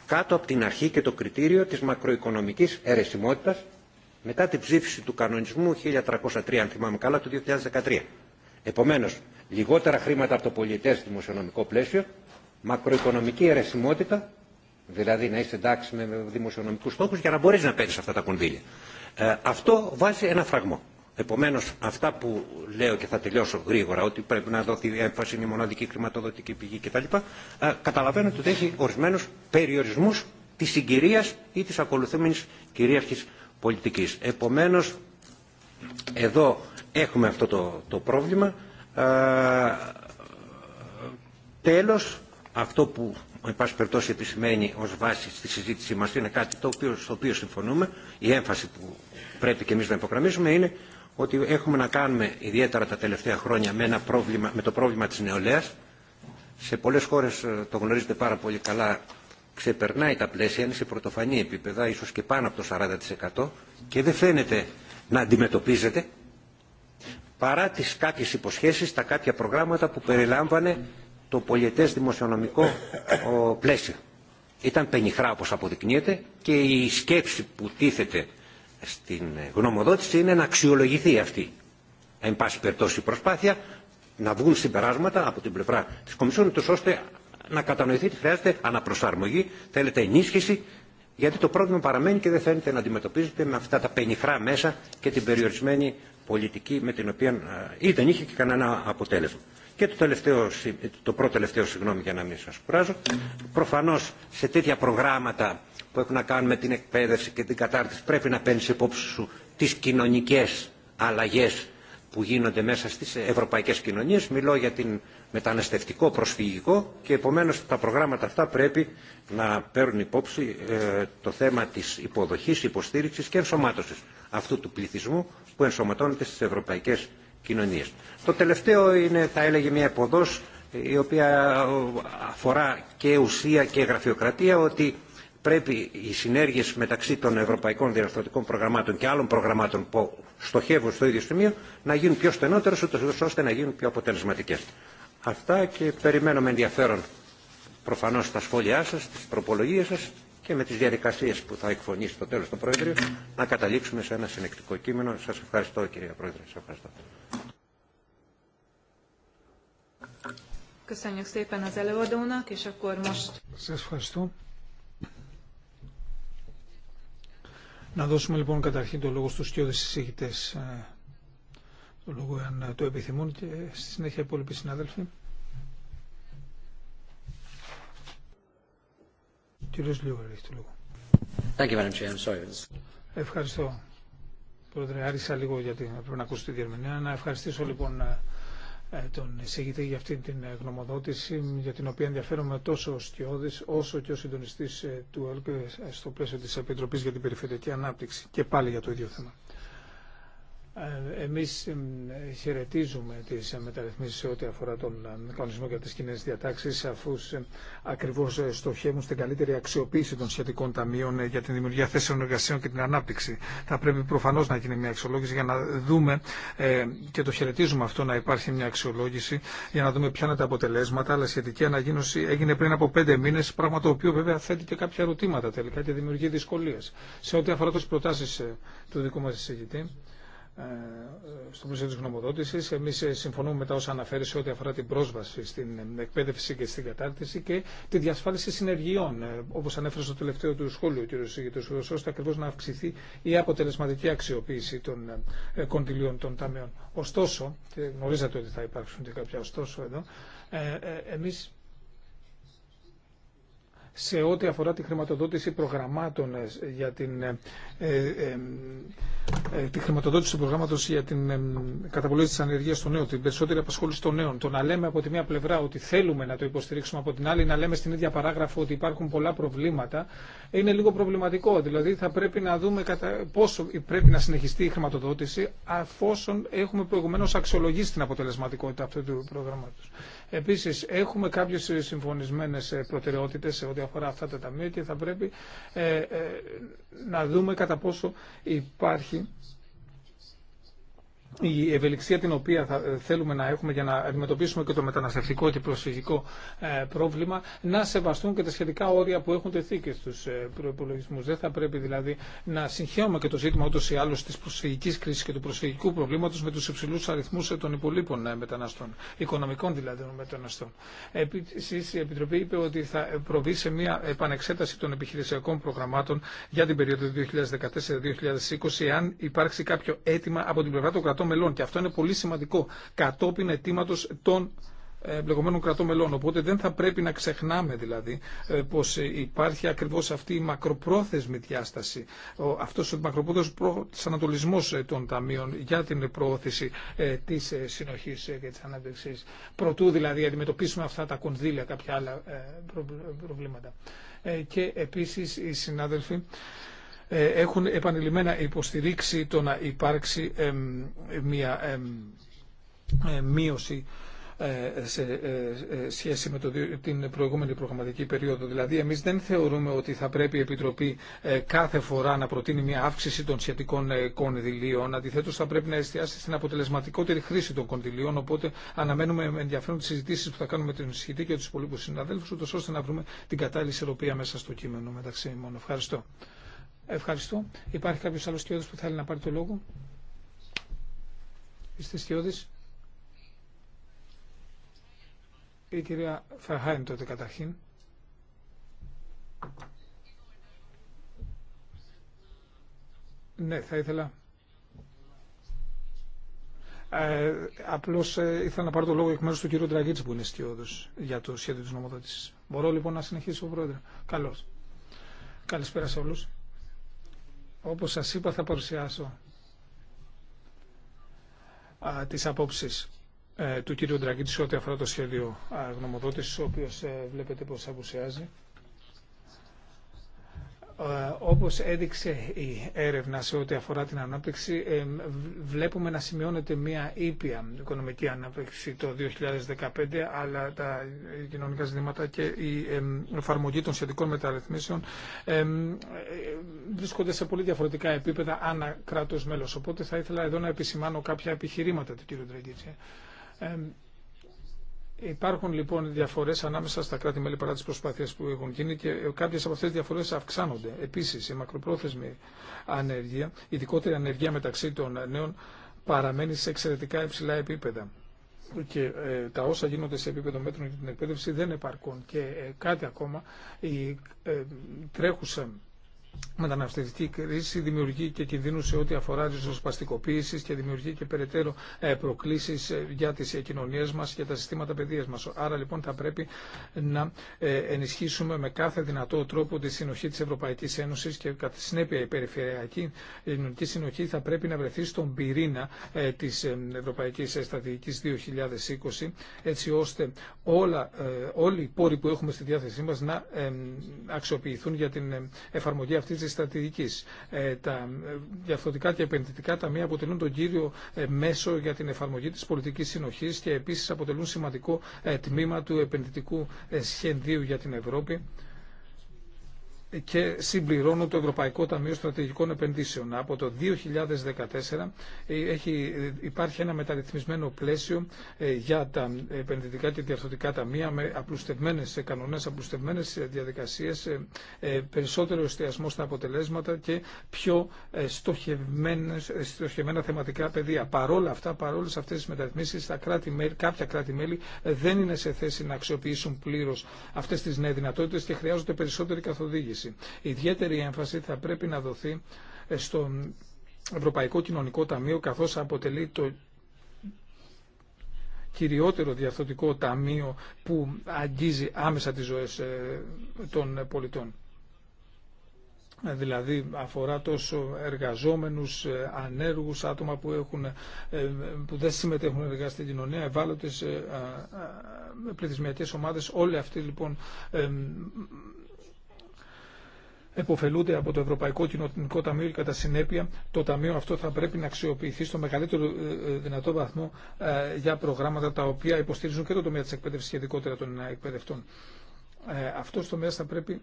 κάτω από την αρχή και το κριτήριο της μακροοικονομικής αιρεσιμότητας μετά την ψήφιση του κανονισμού 1303, αν θυμάμαι καλά, του 2013. Επομένως, λιγότερα χρήματα από το πολιτές δημοσιονομικό πλαίσιο, μακροοικονομική αιρεσιμότητα, δηλαδή να είσαι εντάξει με δημοσιονομικούς στόχους για να μπορείς να παίρνεις αυτά τα κονδύλια. Ε, αυτό βάζει ένα φραγμό. Επομένω, αυτά που λέω και θα τελειώσω γρήγορα, ότι πρέπει να δοθεί έμφαση, είναι η μοναδική χρηματοδοτική πηγή κτλ. Ε, καταλαβαίνω ότι έχει ορισμένου περιορισμού τη συγκυρία ή τη ακολουθούμενη κυρίαρχη πολιτική. Επομένω, εδώ έχουμε αυτό το, το πρόβλημα. Ε, Τέλο, αυτό που εν πάση περιπτώσει επισημαίνει ω βάση στη συζήτησή μα, είναι κάτι το οποίο, στο οποίο συμφωνούμε, η έμφαση που πρέπει και εμεί να υπογραμμίσουμε είναι ότι έχουμε να κάνουμε ιδιαίτερα τα τελευταία χρόνια με, ένα πρόβλημα, με το πρόβλημα της νεολαίας. Σε πολλές χώρες ε, το γνωρίζετε πάρα πολύ καλά ξεπερνάει τα πλαίσια, είναι σε πρωτοφανή επίπεδα, ίσως και πάνω από το 40% και δεν φαίνεται να αντιμετωπίζεται παρά τις κάποιες υποσχέσεις, τα κάποια προγράμματα που περιλάμβανε το πολιετές δημοσιονομικό πλαίσιο. Ήταν πενιχρά όπως αποδεικνύεται και η σκέψη που τίθεται στην γνωμοδότηση είναι να αξιολογηθεί αυτή, εν πάση περιπτώσει, προσπάθεια να βγουν συμπεράσματα από την πλευρά της Κομισιόν, ώστε να κατανοηθεί ότι χρειάζεται αναπροσαρμογή, θέλετε ενίσχυση, γιατί το πρόβλημα παραμένει και δεν φαίνεται να αντιμετωπίζεται με αυτά τα πενιχρά μέσα και την περιορισμένη πολιτική με την οποία ε, ή δεν είχε και κανένα αποτέλεσμα. Και το, τελευταίο, το πρώτο τελευταίο, συγγνώμη για να μην σας κουράζω, προφανώς σε τέτοια προγράμματα που έχουν να κάνουν με την εκπαίδευση και την κατάρτιση. Πρέπει να παίρνει υπόψη σου τις κοινωνικές αλλαγές που γίνονται μέσα στις ευρωπαϊκές κοινωνίες. Μιλώ για την μεταναστευτικό προσφυγικό και επομένως τα προγράμματα αυτά πρέπει να παίρνουν υπόψη ε, το θέμα της υποδοχής, υποστήριξης και ενσωμάτωσης αυτού του πληθυσμού που ενσωματώνεται στις ευρωπαϊκές κοινωνίες. Το τελευταίο είναι, θα έλεγε, μια υποδός η οποία αφορά και ουσία και γραφειοκρατία ότι πρέπει οι συνέργειες μεταξύ των ευρωπαϊκών διαρθρωτικών προγραμμάτων και άλλων προγραμμάτων που στοχεύουν στο ίδιο σημείο να γίνουν πιο στενότερες ώστε να γίνουν πιο αποτελεσματικές. Αυτά και περιμένω με ενδιαφέρον προφανώς τα σχόλιά σας, τις προπολογίες σας και με τις διαδικασίες που θα εκφωνήσει το τέλος το Πρόεδρου να καταλήξουμε σε ένα συνεκτικό κείμενο. Σας ευχαριστώ κυρία Πρόεδρε. Σας ευχαριστώ. Σας ευχαριστώ. Να δώσουμε λοιπόν καταρχήν το λόγο στους κοιόδες συζητητές ε, το λόγο αν το επιθυμούν και στη συνέχεια οι υπόλοιποι συνάδελφοι. Κύριος έχει το λόγο. Ευχαριστώ. Πρόεδρε, άρισα λίγο γιατί πρέπει να ακούσω τη διερμηνία. Να ευχαριστήσω λοιπόν ε, τον εισηγητή για αυτήν την ε, γνωμοδότηση για την οποία ενδιαφέρομαι τόσο ο Στιώδης όσο και ο συντονιστής ε, του ΕΛΚ στο πλαίσιο της Επιτροπής για την Περιφερειακή Ανάπτυξη και πάλι για το ίδιο θέμα. Ε, εμείς χαιρετίζουμε τις μεταρρυθμίσεις σε ό,τι αφορά τον ε, κανονισμό για τις κοινέ διατάξεις αφού ε, ακριβώς στοχεύουν στην καλύτερη αξιοποίηση των σχετικών ταμείων για την δημιουργία θέσεων εργασίων και την ανάπτυξη. Θα πρέπει προφανώς να γίνει μια αξιολόγηση για να δούμε και το χαιρετίζουμε αυτό να υπάρχει μια αξιολόγηση για να δούμε ποια είναι τα αποτελέσματα αλλά σχετική αναγίνωση έγινε πριν από πέντε μήνες πράγμα το οποίο βέβαια θέτει και κάποια ερωτήματα τελικά και δημιουργεί δυσκολίες. Σε ό,τι αφορά τις προτάσεις του δικού μας στο πλαίσιο τη γνωμοδότηση. Εμεί ε, συμφωνούμε με τα όσα αναφέρει σε ό,τι αφορά την πρόσβαση στην ε, εκπαίδευση και στην κατάρτιση και τη διασφάλιση συνεργειών, ε, όπω ανέφερε στο τελευταίο του σχόλιο ο κ. Σιγητή, ώστε ακριβώ να αυξηθεί η αποτελεσματική αξιοποίηση των κοντιλίων των ταμείων. Ωστόσο, και γνωρίζατε ότι θα υπάρξουν και κάποια ωστόσο εδώ, εμεί σε ό,τι αφορά τη χρηματοδότηση προγραμμάτων για την ε, ε, ε, τη χρηματοδότηση του προγράμματο για την καταπολέμηση τη ανεργία των νέων, την περισσότερη απασχόληση των νέων. Το να λέμε από τη μία πλευρά ότι θέλουμε να το υποστηρίξουμε από την άλλη, να λέμε στην ίδια παράγραφο ότι υπάρχουν πολλά προβλήματα, είναι λίγο προβληματικό. Δηλαδή θα πρέπει να δούμε κατά πόσο πρέπει να συνεχιστεί η χρηματοδότηση, αφόσον έχουμε προηγουμένω αξιολογήσει την αποτελεσματικότητα αυτού του προγράμματος. Επίση έχουμε κάποιε συμφωνισμένε προτεραιότητε σε ό,τι αφορά αυτά τα ταμεία και θα πρέπει να δούμε κατά πόσο υπάρχει η ευελιξία την οποία θα ε, θέλουμε να έχουμε για να αντιμετωπίσουμε και το μεταναστευτικό και προσφυγικό ε, πρόβλημα να σεβαστούν και τα σχετικά όρια που έχουν τεθεί και στους ε, προπολογισμού. Δεν θα πρέπει δηλαδή να συγχαίουμε και το ζήτημα ούτω ή άλλω τη προσφυγική κρίση και του προσφυγικού προβλήματο με του υψηλού αριθμού των υπολείπων μεταναστών, οικονομικών δηλαδή μεταναστών. Επίση, η Επιτροπή είπε ότι θα προβεί σε μια επανεξέταση των επιχειρησιακών προγραμμάτων για την περίοδο 2014-2020 αν υπάρξει κάποιο αίτημα από την πλευρά των κρατών μελών και αυτό είναι πολύ σημαντικό κατόπιν αιτήματο των ε, εμπλεγωμένων κρατών μελών. Οπότε δεν θα πρέπει να ξεχνάμε δηλαδή ε, πως υπάρχει ακριβώς αυτή η μακροπρόθεσμη διάσταση, αυτός ο μακροπρόθεσμος ανατολισμός ε, των ταμείων για την προώθηση της συνοχής και της ανάπτυξη Προτού δηλαδή αντιμετωπίσουμε αυτά τα κονδύλια, κάποια άλλα προβλήματα. Και επίσης οι συνάδελφοι ε, έχουν επανειλημμένα υποστηρίξει το να υπάρξει μια ε, μείωση ε, σε σχέση με το, την προηγούμενη προγραμματική περίοδο. Δηλαδή, εμείς δεν θεωρούμε ότι θα πρέπει η Επιτροπή κάθε φορά να προτείνει μια αύξηση των σχετικών κονδυλίων. Αντιθέτως, θα πρέπει να εστιάσει στην αποτελεσματικότερη χρήση των κονδυλίων. Οπότε, αναμένουμε με ενδιαφέρον τις συζητήσεις που θα κάνουμε με την Ισχυτή και τους υπολείπους συναδέλφους, ούτως ώστε να βρούμε την κατάλληλη ισορροπία μέσα στο κείμενο μεταξύ μόνο. Ευχαριστώ. Ευχαριστώ. Υπάρχει κάποιο άλλο σκιώδη που θέλει να πάρει το λόγο. Είστε σκιώδη. Η κυρία Φερχάιν τότε καταρχήν. Ναι, θα ήθελα. Ε, Απλώ ε, ήθελα να πάρω το λόγο εκ μέρου του κυρίου Ντραγκίτση που είναι σκιώδη για το σχέδιο τη νομοδότηση. Μπορώ λοιπόν να συνεχίσω, Πρόεδρε. Καλώ. Καλησπέρα σε όλου όπως σας είπα θα παρουσιάσω α, τις απόψεις ε, του κύριου Ντραγκίτση ό,τι αφορά το σχέδιο γνωμοδότησης, ο οποίος ε, βλέπετε πως απουσιάζει. Ε, όπως έδειξε η έρευνα σε ό,τι αφορά την ανάπτυξη, ε, βλέπουμε να σημειώνεται μία ήπια οικονομική ανάπτυξη το 2015, αλλά τα κοινωνικά ζητήματα και η ε, εφαρμογή των σχετικών μεταρρυθμίσεων βρίσκονται σε πολύ διαφορετικά επίπεδα ανά κράτος μέλος. Οπότε θα ήθελα εδώ να επισημάνω κάποια επιχειρήματα του κ. Ντραγκίτσε Υπάρχουν λοιπόν διαφορέ ανάμεσα στα κράτη-μέλη παρά τι προσπάθειε που έχουν γίνει και κάποιε από αυτέ τι διαφορέ αυξάνονται. Επίση, η μακροπρόθεσμη ανεργία, ειδικότερη ανεργία μεταξύ των νέων, παραμένει σε εξαιρετικά υψηλά επίπεδα. Και ε, τα όσα γίνονται σε επίπεδο μέτρων για την εκπαίδευση δεν επαρκούν. Και ε, κάτι ακόμα, η ε, τρέχουσα μεταναστευτική κρίση δημιουργεί και κινδύνου σε ό,τι αφορά τι και δημιουργεί και περαιτέρω ε, προκλήσει ε, για τι ε, κοινωνίε μα και τα συστήματα παιδεία μα. Άρα λοιπόν θα πρέπει να ενισχύσουμε με κάθε δυνατό τρόπο τη συνοχή τη Ευρωπαϊκή Ένωση και κατά συνέπεια η περιφερειακή κοινωνική συνοχή θα πρέπει να βρεθεί στον πυρήνα τη Ευρωπαϊκή Στρατηγική 2020 έτσι ώστε όλα, όλοι οι πόροι που έχουμε στη διάθεσή μα να αξιοποιηθούν για την εφαρμογή αυτή τη στρατηγική. Ε, τα ε, διαφθορτικά και επενδυτικά ταμεία αποτελούν τον κύριο ε, μέσο για την εφαρμογή τη πολιτική συνοχή και επίση αποτελούν σημαντικό τμήμα του επενδυτικού σχεδίου για την Ευρώπη και συμπληρώνω το Ευρωπαϊκό Ταμείο Στρατηγικών Επενδύσεων. Από το 2014 ε, ε, υπάρχει ένα μεταρρυθμισμένο πλαίσιο ε, για τα επενδυτικά και διαρθρωτικά ταμεία με απλουστευμένες κανονές, απλουστευμένες διαδικασίες, περισσότερο εστιασμό στα αποτελέσματα και πιο στοχευμένα θεματικά πεδία. Παρόλα αυτά, παρόλε αυτέ τι μεταρρυθμίσεις, καποια κάποια κράτη-μέλη δεν είναι σε θέση να αξιοποιήσουν πλήρω αυτέ τι νέε δυνατότητε και χρειάζονται περισσότερη καθοδήγηση. Η ιδιαίτερη έμφαση θα πρέπει να δοθεί ε, στο Ευρωπαϊκό Κοινωνικό Ταμείο καθώς αποτελεί το κυριότερο διαθωτικό ταμείο που αγγίζει άμεσα τις ζωές ε, των πολιτών. Ε, δηλαδή αφορά τόσο εργαζόμενους, ανέργους, άτομα που, έχουν, που δεν συμμετέχουν εργά στην κοινωνία, ευάλωτες πληθυσμιακές ομάδες, όλοι αυτοί λοιπόν εποφελούνται από το Ευρωπαϊκό Κοινοτικό Ταμείο και κατά συνέπεια το Ταμείο αυτό θα πρέπει να αξιοποιηθεί στο μεγαλύτερο ε, ε, δυνατό βαθμό ε, για προγράμματα τα οποία υποστηρίζουν και το τομέα της εκπαίδευσης και ειδικότερα των εκπαιδευτών. Αυτό στο μέσα θα πρέπει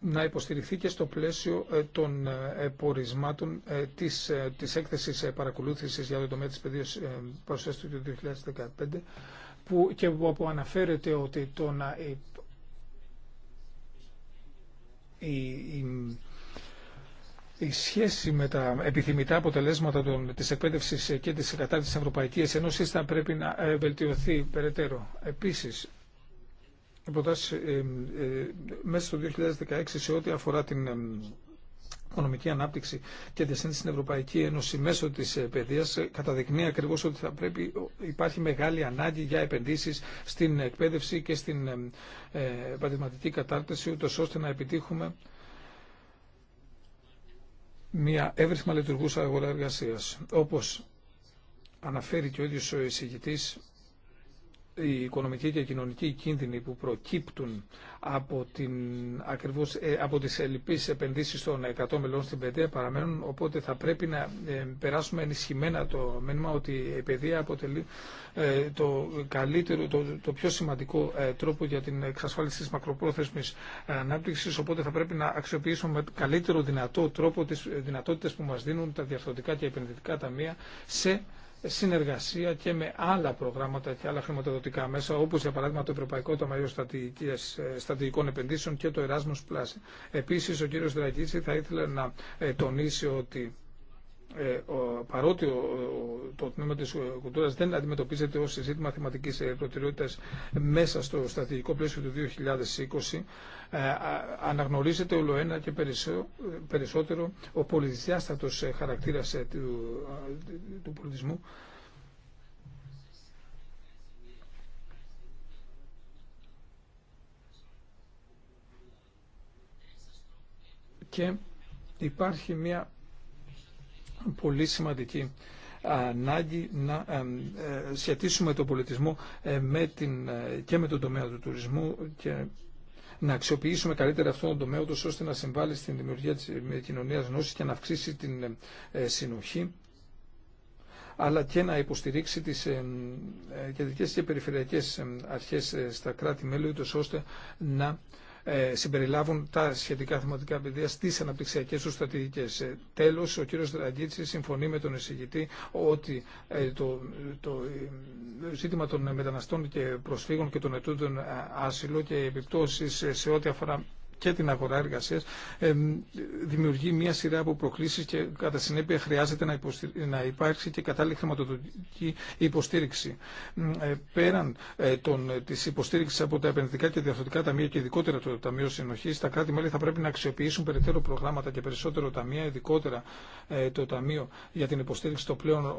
να υποστηριχθεί και στο πλαίσιο των πορισμάτων της, της έκθεσης παρακολούθησης για το τομέα της παιδείας προσθέσεως του 2015 που και που αναφέρεται ότι το να η, η, σχέση με τα επιθυμητά αποτελέσματα των, της εκπαίδευσης και της κατάρτισης Ευρωπαϊκής Ένωσης θα πρέπει να ε, βελτιωθεί περαιτέρω. Επίσης, ε, ε, ε, μέσα στο 2016 σε ό,τι αφορά την οικονομική ανάπτυξη και τη στην Ευρωπαϊκή Ένωση μέσω τη ε, παιδεία ε, καταδεικνύει ακριβώ ότι θα πρέπει, υπάρχει μεγάλη ανάγκη για επενδύσει στην εκπαίδευση και στην ε, επαγγελματική κατάρτιση, ούτω ώστε να επιτύχουμε μια εύρυθμα λειτουργούσα αγορά εργασία. Όπω αναφέρει και ο ίδιο ο εισηγητή, οι οικονομικοί και κοινωνικοί κίνδυνοι που προκύπτουν από, την, ακριβώς, ε, από τις ελλειπείς επενδύσεις των 100 μελών στην παιδεία παραμένουν, οπότε θα πρέπει να ε, περάσουμε ενισχυμένα το μήνυμα ότι η παιδεία αποτελεί ε, το καλύτερο, το, το πιο σημαντικό τρόπο για την εξασφάλιση της μακροπρόθεσμης ανάπτυξης, οπότε θα πρέπει να αξιοποιήσουμε με καλύτερο δυνατό τρόπο τις δυνατότητες που μας δίνουν τα διαφθορτικά και επενδυτικά ταμεία σε συνεργασία και με άλλα προγράμματα και άλλα χρηματοδοτικά μέσα, όπω για παράδειγμα το Ευρωπαϊκό Ταμείο Στατηγικών ε, Επενδύσεων και το Erasmus Plus. Επίση, ο κύριο Δραγίτση θα ήθελε να ε, τονίσει ότι ε, παρότι το τμήμα της κουλτούρας δεν αντιμετωπίζεται ως ζήτημα θεματικής προτεραιότητας μέσα στο στρατηγικό πλαίσιο του 2020, ε, αναγνωρίζεται όλο ένα και περισσότερο ο πολυδιάστατος ε, χαρακτήρας ε, του πολιτισμού και υπάρχει μια πολύ σημαντική ανάγκη να σχετίσουμε τον πολιτισμό με την, και με τον τομέα του τουρισμού και να αξιοποιήσουμε καλύτερα αυτόν τον τομέα, ούτως ώστε να συμβάλλει στην δημιουργία της κοινωνίας γνώσης και να αυξήσει την ε, συνοχή αλλά και να υποστηρίξει τις ε, ε, κεντρικές και περιφερειακές αρχές στα κράτη-μέλη, ώστε να ε, συμπεριλάβουν τα σχετικά θεματικά παιδεία στι αναπτυξιακέ του στρατηγικέ. Ε, Τέλο, ο κύριο Δραγκίτση συμφωνεί με τον εισηγητή ότι ε, το, το ζήτημα των μεταναστών και προσφύγων και των ετούντων άσυλο και επιπτώσει σε ό,τι αφορά και την αγορά εργασία δημιουργεί μία σειρά από προκλήσει και κατά συνέπεια χρειάζεται να, να υπάρξει και κατάλληλη χρηματοδοτική υποστήριξη. Ε, πέραν ε, ε, τη υποστήριξη από τα επενδυτικά και διαφορετικά ταμεία και ειδικότερα το Ταμείο Συνοχή, τα κράτη-μέλη θα πρέπει να αξιοποιήσουν περαιτέρω προγράμματα και περισσότερο ταμεία, ειδικότερα το Ταμείο για την υποστήριξη των πλέον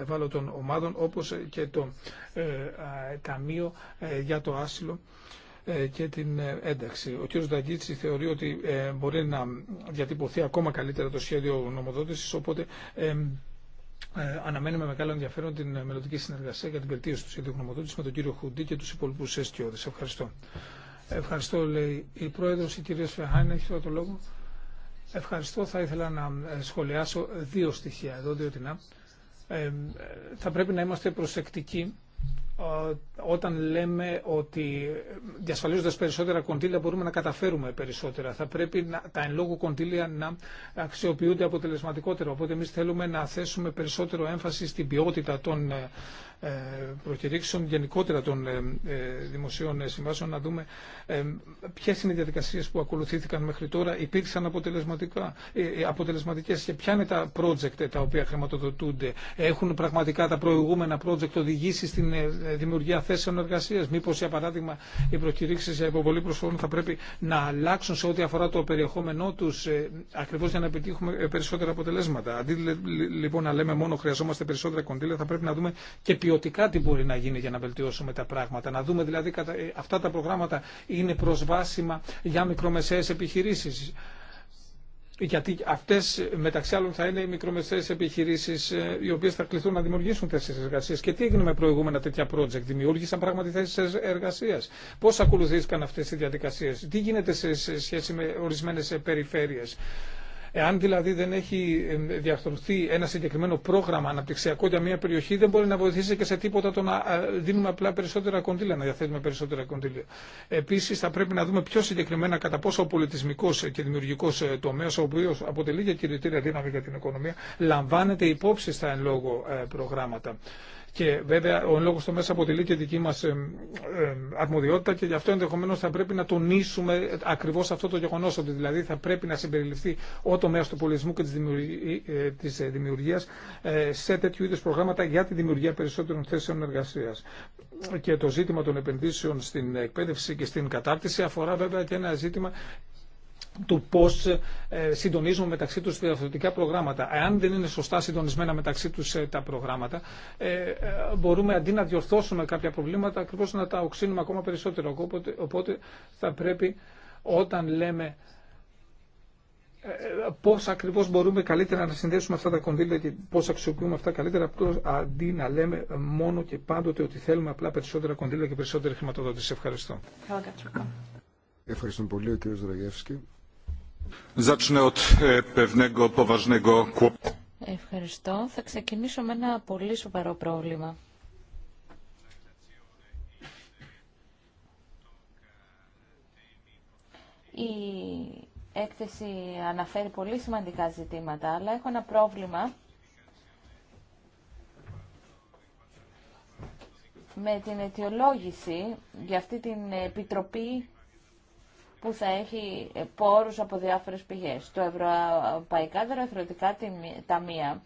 ευάλωτων ομάδων, όπω και το Ταμείο για το Άσυλο ε, και την ε, ένταξη. Ο κ. Δαγκίτση θεωρεί ότι ε, μπορεί να διατυπωθεί ακόμα καλύτερα το σχέδιο νομοδότησης, οπότε αναμένουμε με μεγάλο ενδιαφέρον την μελλοντική συνεργασία για την βελτίωση του σχεδίου γνωμοδότηση με τον κύριο Χουντή και του υπόλοιπου αισιώδε. Ευχαριστώ. Ευχαριστώ, λέει η πρόεδρο, η κυρία Σφεχάιν. έχει τώρα το λόγο. Ευχαριστώ. Θα ήθελα να σχολιάσω δύο στοιχεία εδώ, διότι να. Ε, θα πρέπει να είμαστε προσεκτικοί ε, όταν λέμε ότι διασφαλίζοντας περισσότερα κοντήλια μπορούμε να καταφέρουμε περισσότερα. Θα πρέπει να, τα εν λόγω κοντήλια να αξιοποιούνται αποτελεσματικότερα. Οπότε εμεί θέλουμε να θέσουμε περισσότερο έμφαση στην ποιότητα των ε, ε, προκηρύξεων γενικότερα των ε, ε, δημοσίων συμβάσεων να δούμε ποιε είναι οι διαδικασίε που ακολουθήθηκαν μέχρι τώρα, υπήρξαν αποτελεσματικέ και ποια είναι τα project τα οποία χρηματοδοτούνται. Έχουν πραγματικά τα προηγούμενα project οδηγήσει στην δημιουργία θέσεων εργασία. Μήπω, για παράδειγμα, οι προκηρύξει για υποβολή προσφορών θα πρέπει να αλλάξουν σε ό,τι αφορά το περιεχόμενό του ακριβώ για να επιτύχουμε περισσότερα αποτελέσματα. Αντί λοιπόν να λέμε μόνο χρειαζόμαστε περισσότερα κονδύλια, θα πρέπει να δούμε ποιοτικά κάτι μπορεί να γίνει για να βελτιώσουμε τα πράγματα. Να δούμε δηλαδή ε, αυτά τα προγράμματα είναι προσβάσιμα για μικρομεσαίες επιχειρήσεις. Γιατί αυτέ μεταξύ άλλων θα είναι οι μικρομεσαίε επιχειρήσει ε, οι οποίε θα κληθούν να δημιουργήσουν θέσει εργασία. Και τι έγινε με προηγούμενα τέτοια project, δημιούργησαν πράγματι θέσει εργασία. Πώ ακολουθήθηκαν αυτέ οι διαδικασίε, τι γίνεται σε σχέση με ορισμένε περιφέρειες Εάν δηλαδή δεν έχει ε, διαρθρωθεί ένα συγκεκριμένο πρόγραμμα αναπτυξιακό για μια περιοχή, δεν μπορεί να βοηθήσει και σε τίποτα το να ε, δίνουμε απλά περισσότερα κονδύλια, να διαθέτουμε περισσότερα κονδύλια. Επίση, θα πρέπει να δούμε πιο συγκεκριμένα κατά πόσο ο πολιτισμικό και δημιουργικό ε, τομέα, ο οποίο αποτελεί και κυριτήρια δύναμη για την οικονομία, λαμβάνεται υπόψη στα εν λόγω προγράμματα. Και βέβαια ο λόγο στο μέσα αποτελεί και δική μα αρμοδιότητα και γι' αυτό ενδεχομένω θα πρέπει να τονίσουμε ακριβώ αυτό το γεγονό ότι δηλαδή θα πρέπει να συμπεριληφθεί ο τομέα του πολιτισμού και τη ε, ε, δημιουργία ε, σε τέτοιου είδου προγράμματα για τη δημιουργία περισσότερων θέσεων εργασία. Και το ζήτημα των επενδύσεων στην εκπαίδευση και στην κατάρτιση αφορά βέβαια και ένα ζήτημα του πώ ε, συντονίζουμε μεταξύ του διαφορετικά προγράμματα. Εάν δεν είναι σωστά συντονισμένα μεταξύ του ε, τα προγράμματα, ε, μπορούμε αντί να διορθώσουμε κάποια προβλήματα, ακριβώ να τα οξύνουμε ακόμα περισσότερο. Οπότε, οπότε θα πρέπει όταν λέμε πώ ακριβώ μπορούμε καλύτερα να συνδέσουμε αυτά τα κονδύλια και πώ αξιοποιούμε αυτά καλύτερα αντί να λέμε μόνο και πάντοτε ότι θέλουμε απλά περισσότερα κονδύλια και περισσότερη χρηματοδότηση. Ευχαριστώ. Ευχαριστούμε πολύ, ο e, Ευχαριστώ. Θα ξεκινήσω με ένα πολύ σοβαρό πρόβλημα. Η έκθεση αναφέρει πολύ σημαντικά ζητήματα, αλλά έχω ένα πρόβλημα με την αιτιολόγηση για αυτή την επιτροπή που θα έχει πόρους από διάφορες πηγές. Το Ευρωπαϊκά Δραστηριοτικά Ταμεία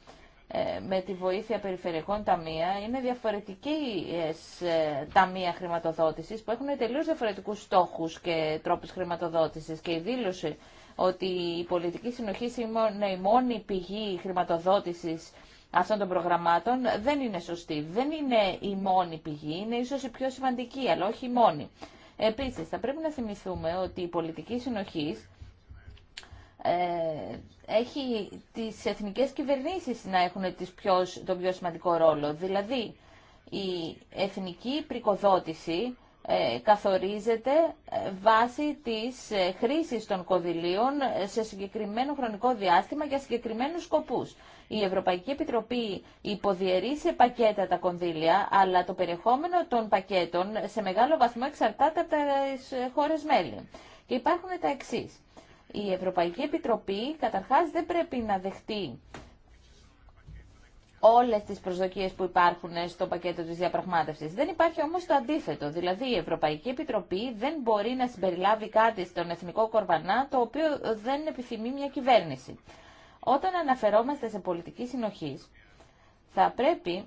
ε, με τη βοήθεια περιφερειακών ταμεία είναι διαφορετικές ε, ταμεία χρηματοδότησης που έχουν τελείως διαφορετικούς στόχους και τρόπους χρηματοδότησης και η δήλωση ότι η πολιτική συνοχή είναι η μόνη πηγή χρηματοδότησης αυτών των προγραμμάτων δεν είναι σωστή. Δεν είναι η μόνη πηγή, είναι ίσως η πιο σημαντική, αλλά όχι η μόνη. Επίσης, θα πρέπει να θυμηθούμε ότι η πολιτική συνοχής ε, έχει τις εθνικές κυβερνήσεις να έχουν τις πιο, τον πιο σημαντικό ρόλο. Δηλαδή, η εθνική πρικοδότηση ε, καθορίζεται ε, βάσει της ε, χρήσης των κονδυλίων ε, σε συγκεκριμένο χρονικό διάστημα για συγκεκριμένους σκοπούς η Ευρωπαϊκή Επιτροπή υποδιαιρεί σε πακέτα τα κονδύλια, αλλά το περιεχόμενο των πακέτων σε μεγάλο βαθμό εξαρτάται από τα ε, χώρες μέλη. Και υπάρχουν τα εξή. Η Ευρωπαϊκή Επιτροπή καταρχάς δεν πρέπει να δεχτεί όλες τις προσδοκίες που υπάρχουν στο πακέτο της διαπραγμάτευσης. Δεν υπάρχει όμως το αντίθετο. Δηλαδή η Ευρωπαϊκή Επιτροπή δεν μπορεί να συμπεριλάβει κάτι στον εθνικό κορβανά το οποίο δεν επιθυμεί μια κυβέρνηση. Όταν αναφερόμαστε σε πολιτική συνοχή, θα πρέπει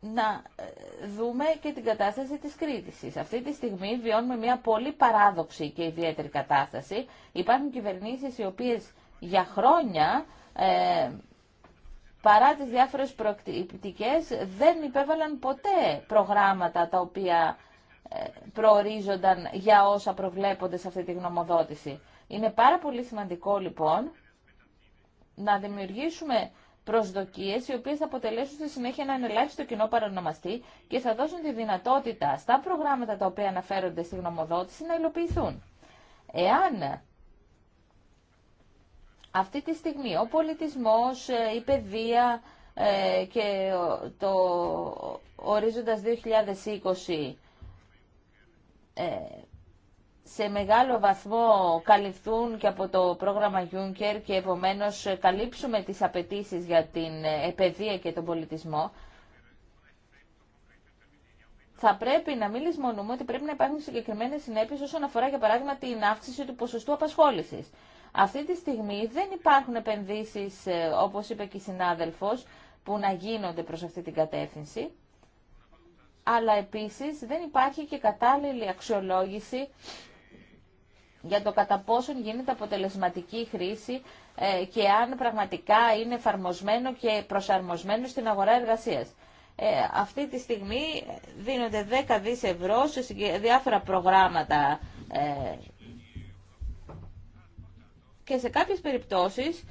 να ε, δούμε και την κατάσταση της κρίτησης. Αυτή τη στιγμή βιώνουμε μια πολύ παράδοξη και ιδιαίτερη κατάσταση. Υπάρχουν κυβερνήσεις οι οποίες για χρόνια, ε, παρά τις διάφορες προεκτικές, δεν υπέβαλαν ποτέ προγράμματα τα οποία ε, προορίζονταν για όσα προβλέπονται σε αυτή τη γνωμοδότηση. Είναι πάρα πολύ σημαντικό λοιπόν να δημιουργήσουμε προσδοκίες οι οποίες θα αποτελέσουν στη συνέχεια έναν ελάχιστο κοινό παρονομαστή και θα δώσουν τη δυνατότητα στα προγράμματα τα οποία αναφέρονται στη γνωμοδότηση να υλοποιηθούν. Εάν αυτή τη στιγμή ο πολιτισμός, ε, η παιδεία ε, και το ορίζοντας 2020 σε μεγάλο βαθμό καλυφθούν και από το πρόγραμμα Juncker και επομένως καλύψουμε τις απαιτήσεις για την επαιδεία και τον πολιτισμό, θα πρέπει να μην λησμονούμε ότι πρέπει να υπάρχουν συγκεκριμένες συνέπειες όσον αφορά, για παράδειγμα, την αύξηση του ποσοστού απασχόλησης. Αυτή τη στιγμή δεν υπάρχουν επενδύσεις, ε, όπω είπε και η συνάδελφο, που να γίνονται προ αυτή την κατεύθυνση. Αλλά επίση δεν υπάρχει και κατάλληλη αξιολόγηση για το κατά πόσον γίνεται αποτελεσματική χρήση ε, και αν πραγματικά είναι εφαρμοσμένο και προσαρμοσμένο στην αγορά εργασίας. Ε, αυτή τη στιγμή ε, δίνονται 10 δις ευρώ σε διάφορα προγράμματα και σε κάποιες περιπτώσεις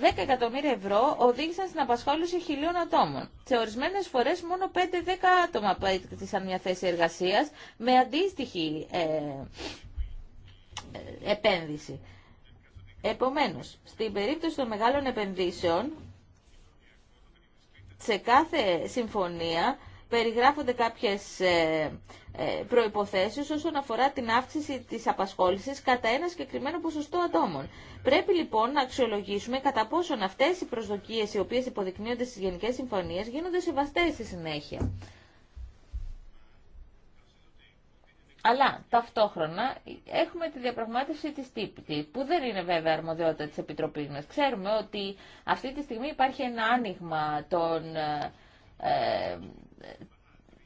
10 εκατομμύρια ευρώ οδήγησαν στην απασχόληση χιλίων ατόμων. Σε ορισμένε φορέ μόνο 5-10 άτομα απέκτησαν μια θέση εργασία με αντίστοιχη ε, επένδυση. Επομένως, στην περίπτωση των μεγάλων επενδύσεων, σε κάθε συμφωνία περιγράφονται κάποιες ε, ε, προϋποθέσεις όσον αφορά την αύξηση της απασχόλησης κατά ένα συγκεκριμένο ποσοστό ατόμων. Πρέπει λοιπόν να αξιολογήσουμε κατά πόσον αυτές οι προσδοκίες οι οποίες υποδεικνύονται στις Γενικές Συμφωνίες γίνονται σεβαστές στη συνέχεια. Αλλά ταυτόχρονα έχουμε τη διαπραγμάτευση της τύπητη, που δεν είναι βέβαια αρμοδιότητα της Επιτροπής μας. Ξέρουμε ότι αυτή τη στιγμή υπάρχει ένα άνοιγμα των ε, ε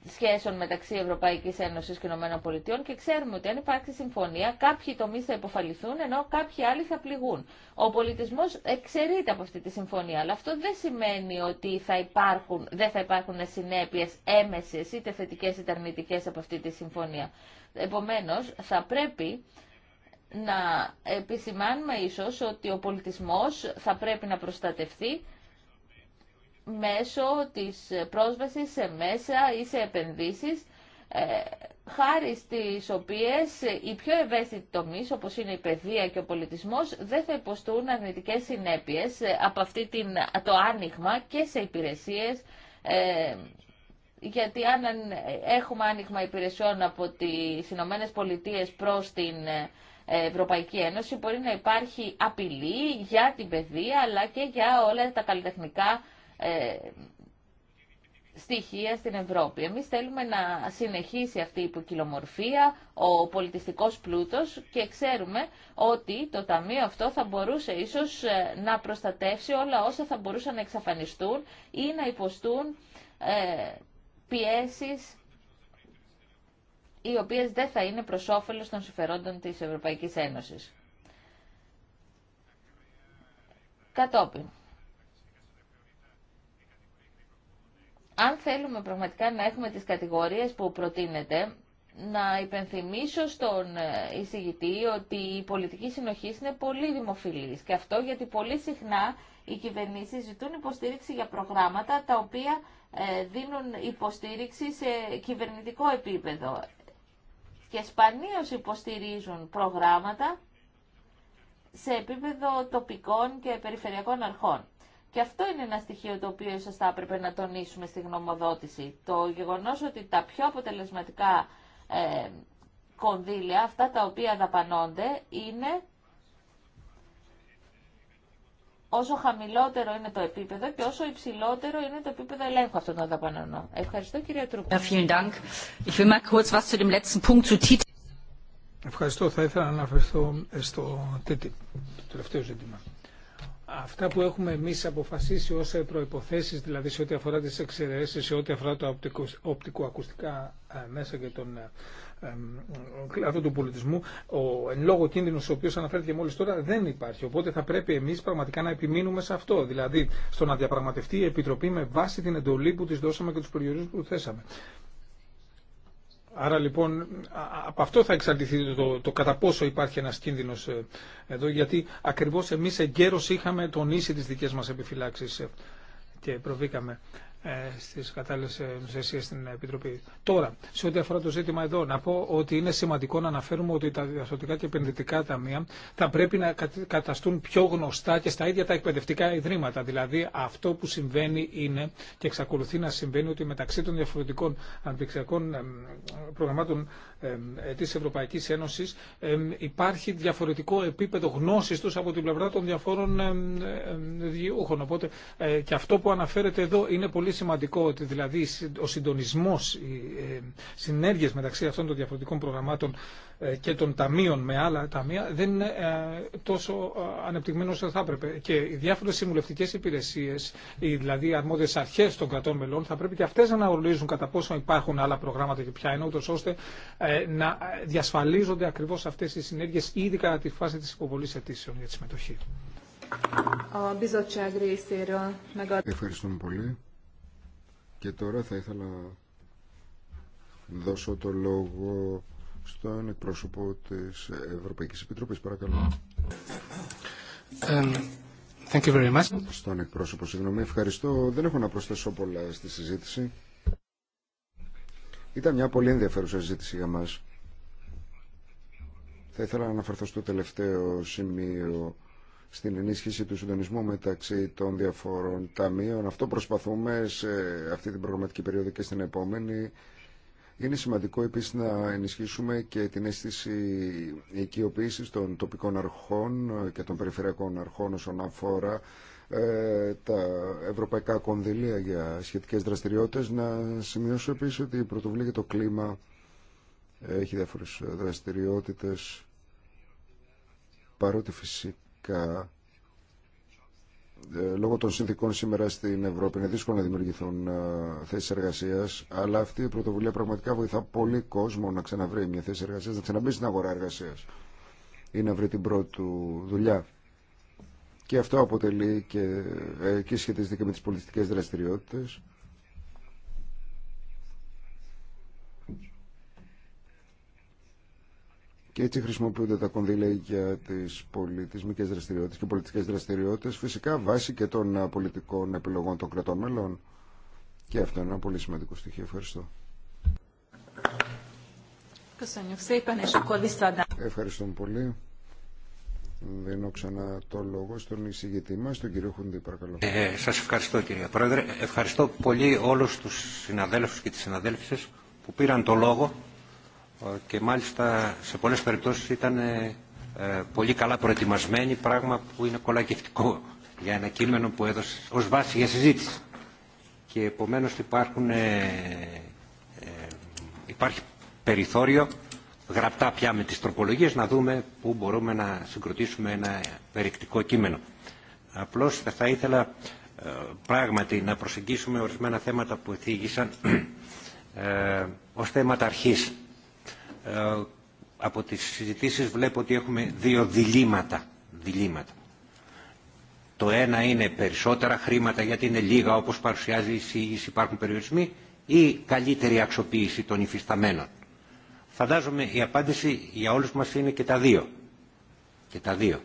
σχέσεων μεταξύ Ευρωπαϊκή Ένωση και ΗΠΑ και ξέρουμε ότι αν υπάρξει συμφωνία, κάποιοι τομείς θα υποφαληθούν ενώ κάποιοι άλλοι θα πληγούν. Ο πολιτισμός εξαιρείται από αυτή τη συμφωνία, αλλά αυτό δεν σημαίνει ότι θα υπάρχουν, δεν θα υπάρχουν συνέπειε έμεσε, είτε θετικές είτε αρνητικές από αυτή τη συμφωνία. Επομένως, θα πρέπει να επισημάνουμε ίσως ότι ο πολιτισμός θα πρέπει να προστατευτεί μέσω της πρόσβασης σε μέσα ή σε επενδύσεις ε, χάρη στις οποίες οι πιο ευαίσθητοι τομείς, όπως είναι η παιδεία και ο πολιτισμός, δεν θα υποστούν αρνητικές συνέπειες ε, από αυτή την, το άνοιγμα και σε υπηρεσίες ε, γιατί αν έχουμε άνοιγμα υπηρεσιών από τις Ηνωμένε Πολιτείες προς την ε, Ευρωπαϊκή Ένωση μπορεί να υπάρχει απειλή για την παιδεία αλλά και για όλα τα καλλιτεχνικά ε, στοιχεία στην Ευρώπη. Εμείς θέλουμε να συνεχίσει αυτή η υποκυλομορφία, ο πολιτιστικός πλούτος και ξέρουμε ότι το Ταμείο αυτό θα μπορούσε ίσως ε, να προστατεύσει όλα όσα θα μπορούσαν να εξαφανιστούν ή να υποστούν πιέσεις οι οποίες δεν θα είναι προς όφελος των συμφερόντων της Ευρωπαϊκής Ένωσης. Κατόπιν. Αν θέλουμε πραγματικά να έχουμε τις κατηγορίες που προτείνεται, να υπενθυμίσω στον ε, εισηγητή ότι η πολιτική συνοχή είναι πολύ δημοφιλής και αυτό γιατί πολύ συχνά οι κυβερνήσεις ζητούν υποστήριξη για προγράμματα τα οποία ε, δίνουν υποστήριξη σε κυβερνητικό επίπεδο και σπανίως υποστηρίζουν προγράμματα σε επίπεδο τοπικών και περιφερειακών αρχών. Και αυτό είναι ένα στοιχείο το οποίο ίσως θα έπρεπε να τονίσουμε στη γνωμοδότηση. Το γεγονός ότι τα πιο αποτελεσματικά ε, κονδύλια, αυτά τα οποία δαπανώνται, είναι όσο χαμηλότερο είναι το επίπεδο και όσο υψηλότερο είναι το επίπεδο ελέγχου αυτών των δαπανών. Ευχαριστώ κυρία Τρούπη. Ευχαριστώ. Θα ήθελα να αναφερθώ στο τελευταίο ζήτημα αυτά που έχουμε εμείς αποφασίσει ως προϋποθέσεις, δηλαδή σε ό,τι αφορά τις εξαιρέσεις, σε ό,τι αφορά τα οπτικοακουστικά ε, μέσα και τον ε, κλάδο του πολιτισμού, ο εν λόγω κίνδυνο ο οποίο αναφέρθηκε μόλι τώρα δεν υπάρχει. Οπότε θα πρέπει εμεί πραγματικά να επιμείνουμε σε αυτό. Δηλαδή στο να διαπραγματευτεί η Επιτροπή με βάση την εντολή που τη δώσαμε και του περιορισμού που θέσαμε. Άρα λοιπόν από αυτό θα εξαρτηθεί το, το κατά πόσο υπάρχει ένας κίνδυνος ε, εδώ γιατί ακριβώς εμείς εγκαίρως είχαμε τονίσει της δικές μας επιφυλάξεις ε, και προβήκαμε. Ε, στι κατάλληλε ουσιασίε ε, στην Επιτροπή. Τώρα, σε ό,τι αφορά το ζήτημα εδώ, να πω ότι είναι σημαντικό να αναφέρουμε ότι τα διαστοτικά και επενδυτικά ταμεία θα πρέπει να καταστούν πιο γνωστά και στα ίδια τα εκπαιδευτικά ιδρύματα. Δηλαδή, αυτό που συμβαίνει είναι και εξακολουθεί να συμβαίνει ότι μεταξύ των διαφορετικών αναπτυξιακών προγραμμάτων ε, της Ευρωπαϊκής Ένωσης υπάρχει διαφορετικό επίπεδο γνώσης τους από την πλευρά των διαφόρων διούχων. Οπότε ε, και αυτό που αναφέρεται εδώ είναι πολύ σημαντικό ότι δηλαδή ο συντονισμός, οι συνέργειες μεταξύ αυτών των διαφορετικών προγραμμάτων ε, και των ταμείων με άλλα ταμεία δεν είναι τόσο ανεπτυγμένο όσο θα έπρεπε. Και οι διάφορε συμβουλευτικέ υπηρεσίε, δηλαδή οι αρμόδιε αρχέ των κρατών μελών, θα πρέπει και αυτέ να ορίζουν κατά πόσο υπάρχουν άλλα προγράμματα και ποια είναι, ώστε να διασφαλίζονται ακριβώς αυτές οι συνέργειες ήδη κατά τη φάση της υποβολής αιτήσεων για τη συμμετοχή. Ευχαριστούμε πολύ. Και τώρα θα ήθελα να δώσω το λόγο στον εκπρόσωπο της Ευρωπαϊκής Επιτροπής. Παρακαλώ. Um, thank you very much. Στον εκπρόσωπο, συγγνώμη. Ευχαριστώ. Δεν έχω να προσθέσω πολλά στη συζήτηση. Ήταν μια πολύ ενδιαφέρουσα συζήτηση για μας. Θα ήθελα να αναφερθώ στο τελευταίο σημείο στην ενίσχυση του συντονισμού μεταξύ των διαφόρων ταμείων. Αυτό προσπαθούμε σε αυτή την προγραμματική περίοδο και στην επόμενη. Είναι σημαντικό επίσης να ενισχύσουμε και την αίσθηση οικειοποίησης των τοπικών αρχών και των περιφερειακών αρχών όσον αφορά ε, τα ευρωπαϊκά κονδυλία για σχετικές δραστηριότητες. Να σημειώσω επίσης ότι η πρωτοβουλία για το κλίμα έχει διάφορες δραστηριότητες παρότι φυσικά ε, λόγω των συνθήκων σήμερα στην Ευρώπη είναι δύσκολο να δημιουργηθούν ε, θέσεις εργασίας αλλά αυτή η πρωτοβουλία πραγματικά βοηθά πολύ κόσμο να ξαναβρει μια θέση εργασίας να ξαναμπεί στην αγορά εργασίας ή να βρει την πρώτη δουλειά και αυτό αποτελεί ε, και, σχετίζεται και με τις πολιτιστικές δραστηριότητες. Και έτσι χρησιμοποιούνται τα κονδύλια για τις πολιτισμικές δραστηριότητες και πολιτικές δραστηριότητες φυσικά βάσει και των ε, πολιτικών επιλογών των κρατών μελών. Και αυτό είναι ένα πολύ σημαντικό στοιχείο. Ευχαριστώ. Ευχαριστώ πολύ. Δίνω ξανά το λόγο στον εισηγητή μα, τον κύριο Χουντή, παρακαλώ. Ε, Σα ευχαριστώ, κύριε Πρόεδρε. Ευχαριστώ πολύ όλου του συναδέλφου και τι συναδέλφισε που πήραν το λόγο ε, και μάλιστα σε πολλές περιπτώσεις ήταν ε, πολύ καλά προετοιμασμένοι, πράγμα που είναι κολακευτικό για ένα κείμενο που έδωσε ως βάση για συζήτηση. Και επομένως ε, ε, υπάρχει περιθώριο γραπτά πια με τις τροπολογίες να δούμε πού μπορούμε να συγκροτήσουμε ένα περιεκτικό κείμενο. Απλώς θα ήθελα ε, πράγματι να προσεγγίσουμε ορισμένα θέματα που εθίγησαν ε, ως θέματα αρχής. Ε, από τις συζητήσεις βλέπω ότι έχουμε δύο διλήμματα. διλήμματα. Το ένα είναι περισσότερα χρήματα γιατί είναι λίγα όπως παρουσιάζει η εισήγηση υπάρχουν περιορισμοί ή καλύτερη αξιοποίηση των υφισταμένων. Φαντάζομαι η απάντηση για όλους μας είναι και τα δύο. Και τα δύο.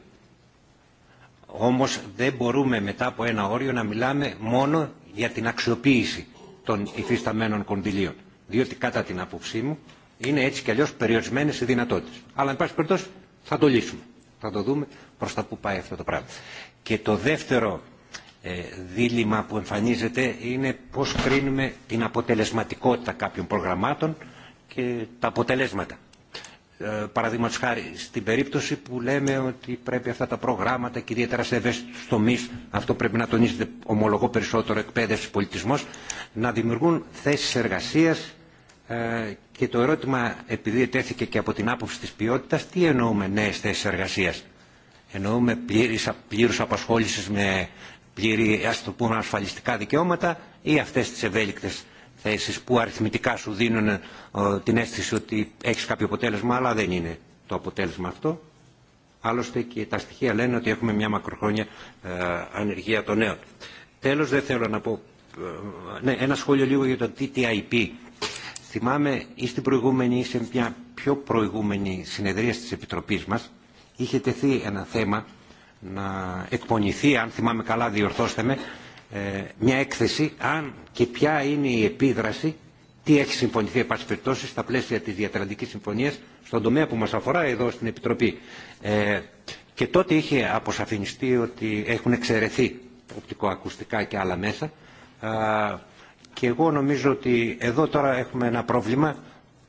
Όμως δεν μπορούμε μετά από ένα όριο να μιλάμε μόνο για την αξιοποίηση των υφισταμένων κονδυλίων. Διότι κατά την άποψή μου είναι έτσι κι αλλιώς περιορισμένες οι δυνατότητες. Αλλά εν πάση περιπτώσει θα το λύσουμε. Θα το δούμε προς τα που πάει αυτό το πράγμα. Και το δεύτερο ε, δίλημα που εμφανίζεται είναι πώς κρίνουμε την αποτελεσματικότητα κάποιων προγραμμάτων και τα αποτελέσματα. Ε, Παραδείγματο χάρη, στην περίπτωση που λέμε ότι πρέπει αυτά τα προγράμματα και ιδιαίτερα σε ευαίσθητου τομεί, αυτό πρέπει να τονίζεται ομολογώ περισσότερο εκπαίδευση, πολιτισμό, να δημιουργούν θέσει εργασία ε, και το ερώτημα, επειδή ετέθηκε και από την άποψη τη ποιότητα, τι εννοούμε νέε θέσει εργασία. Εννοούμε πλήρου απασχόληση με πλήρη, ας το πούμε, ασφαλιστικά δικαιώματα ή αυτές τις θέσει θέσεις που αριθμητικά σου δίνουν ε, την αίσθηση ότι έχεις κάποιο αποτέλεσμα, αλλά δεν είναι το αποτέλεσμα αυτό. Άλλωστε και τα στοιχεία λένε ότι έχουμε μια μακροχρόνια ε, ανεργία των νέων. Τέλος, δεν θέλω να πω... Ε, ναι, ένα σχόλιο λίγο για το TTIP. Θυμάμαι ή στην προηγούμενη ή σε μια πιο προηγούμενη συνεδρία της Επιτροπής μας είχε τεθεί ένα θέμα να εκπονηθεί, αν θυμάμαι καλά διορθώστε με, ε, μια έκθεση αν και ποια είναι η επίδραση, τι έχει συμφωνηθεί επ' περιπτώσει στα πλαίσια της Διατραντικής Συμφωνίας στον τομέα που μας αφορά εδώ στην Επιτροπή. Ε, και τότε είχε αποσαφινιστεί ότι έχουν εξαιρεθεί οπτικοακουστικά και άλλα μέσα και εγώ νομίζω ότι εδώ τώρα έχουμε ένα πρόβλημα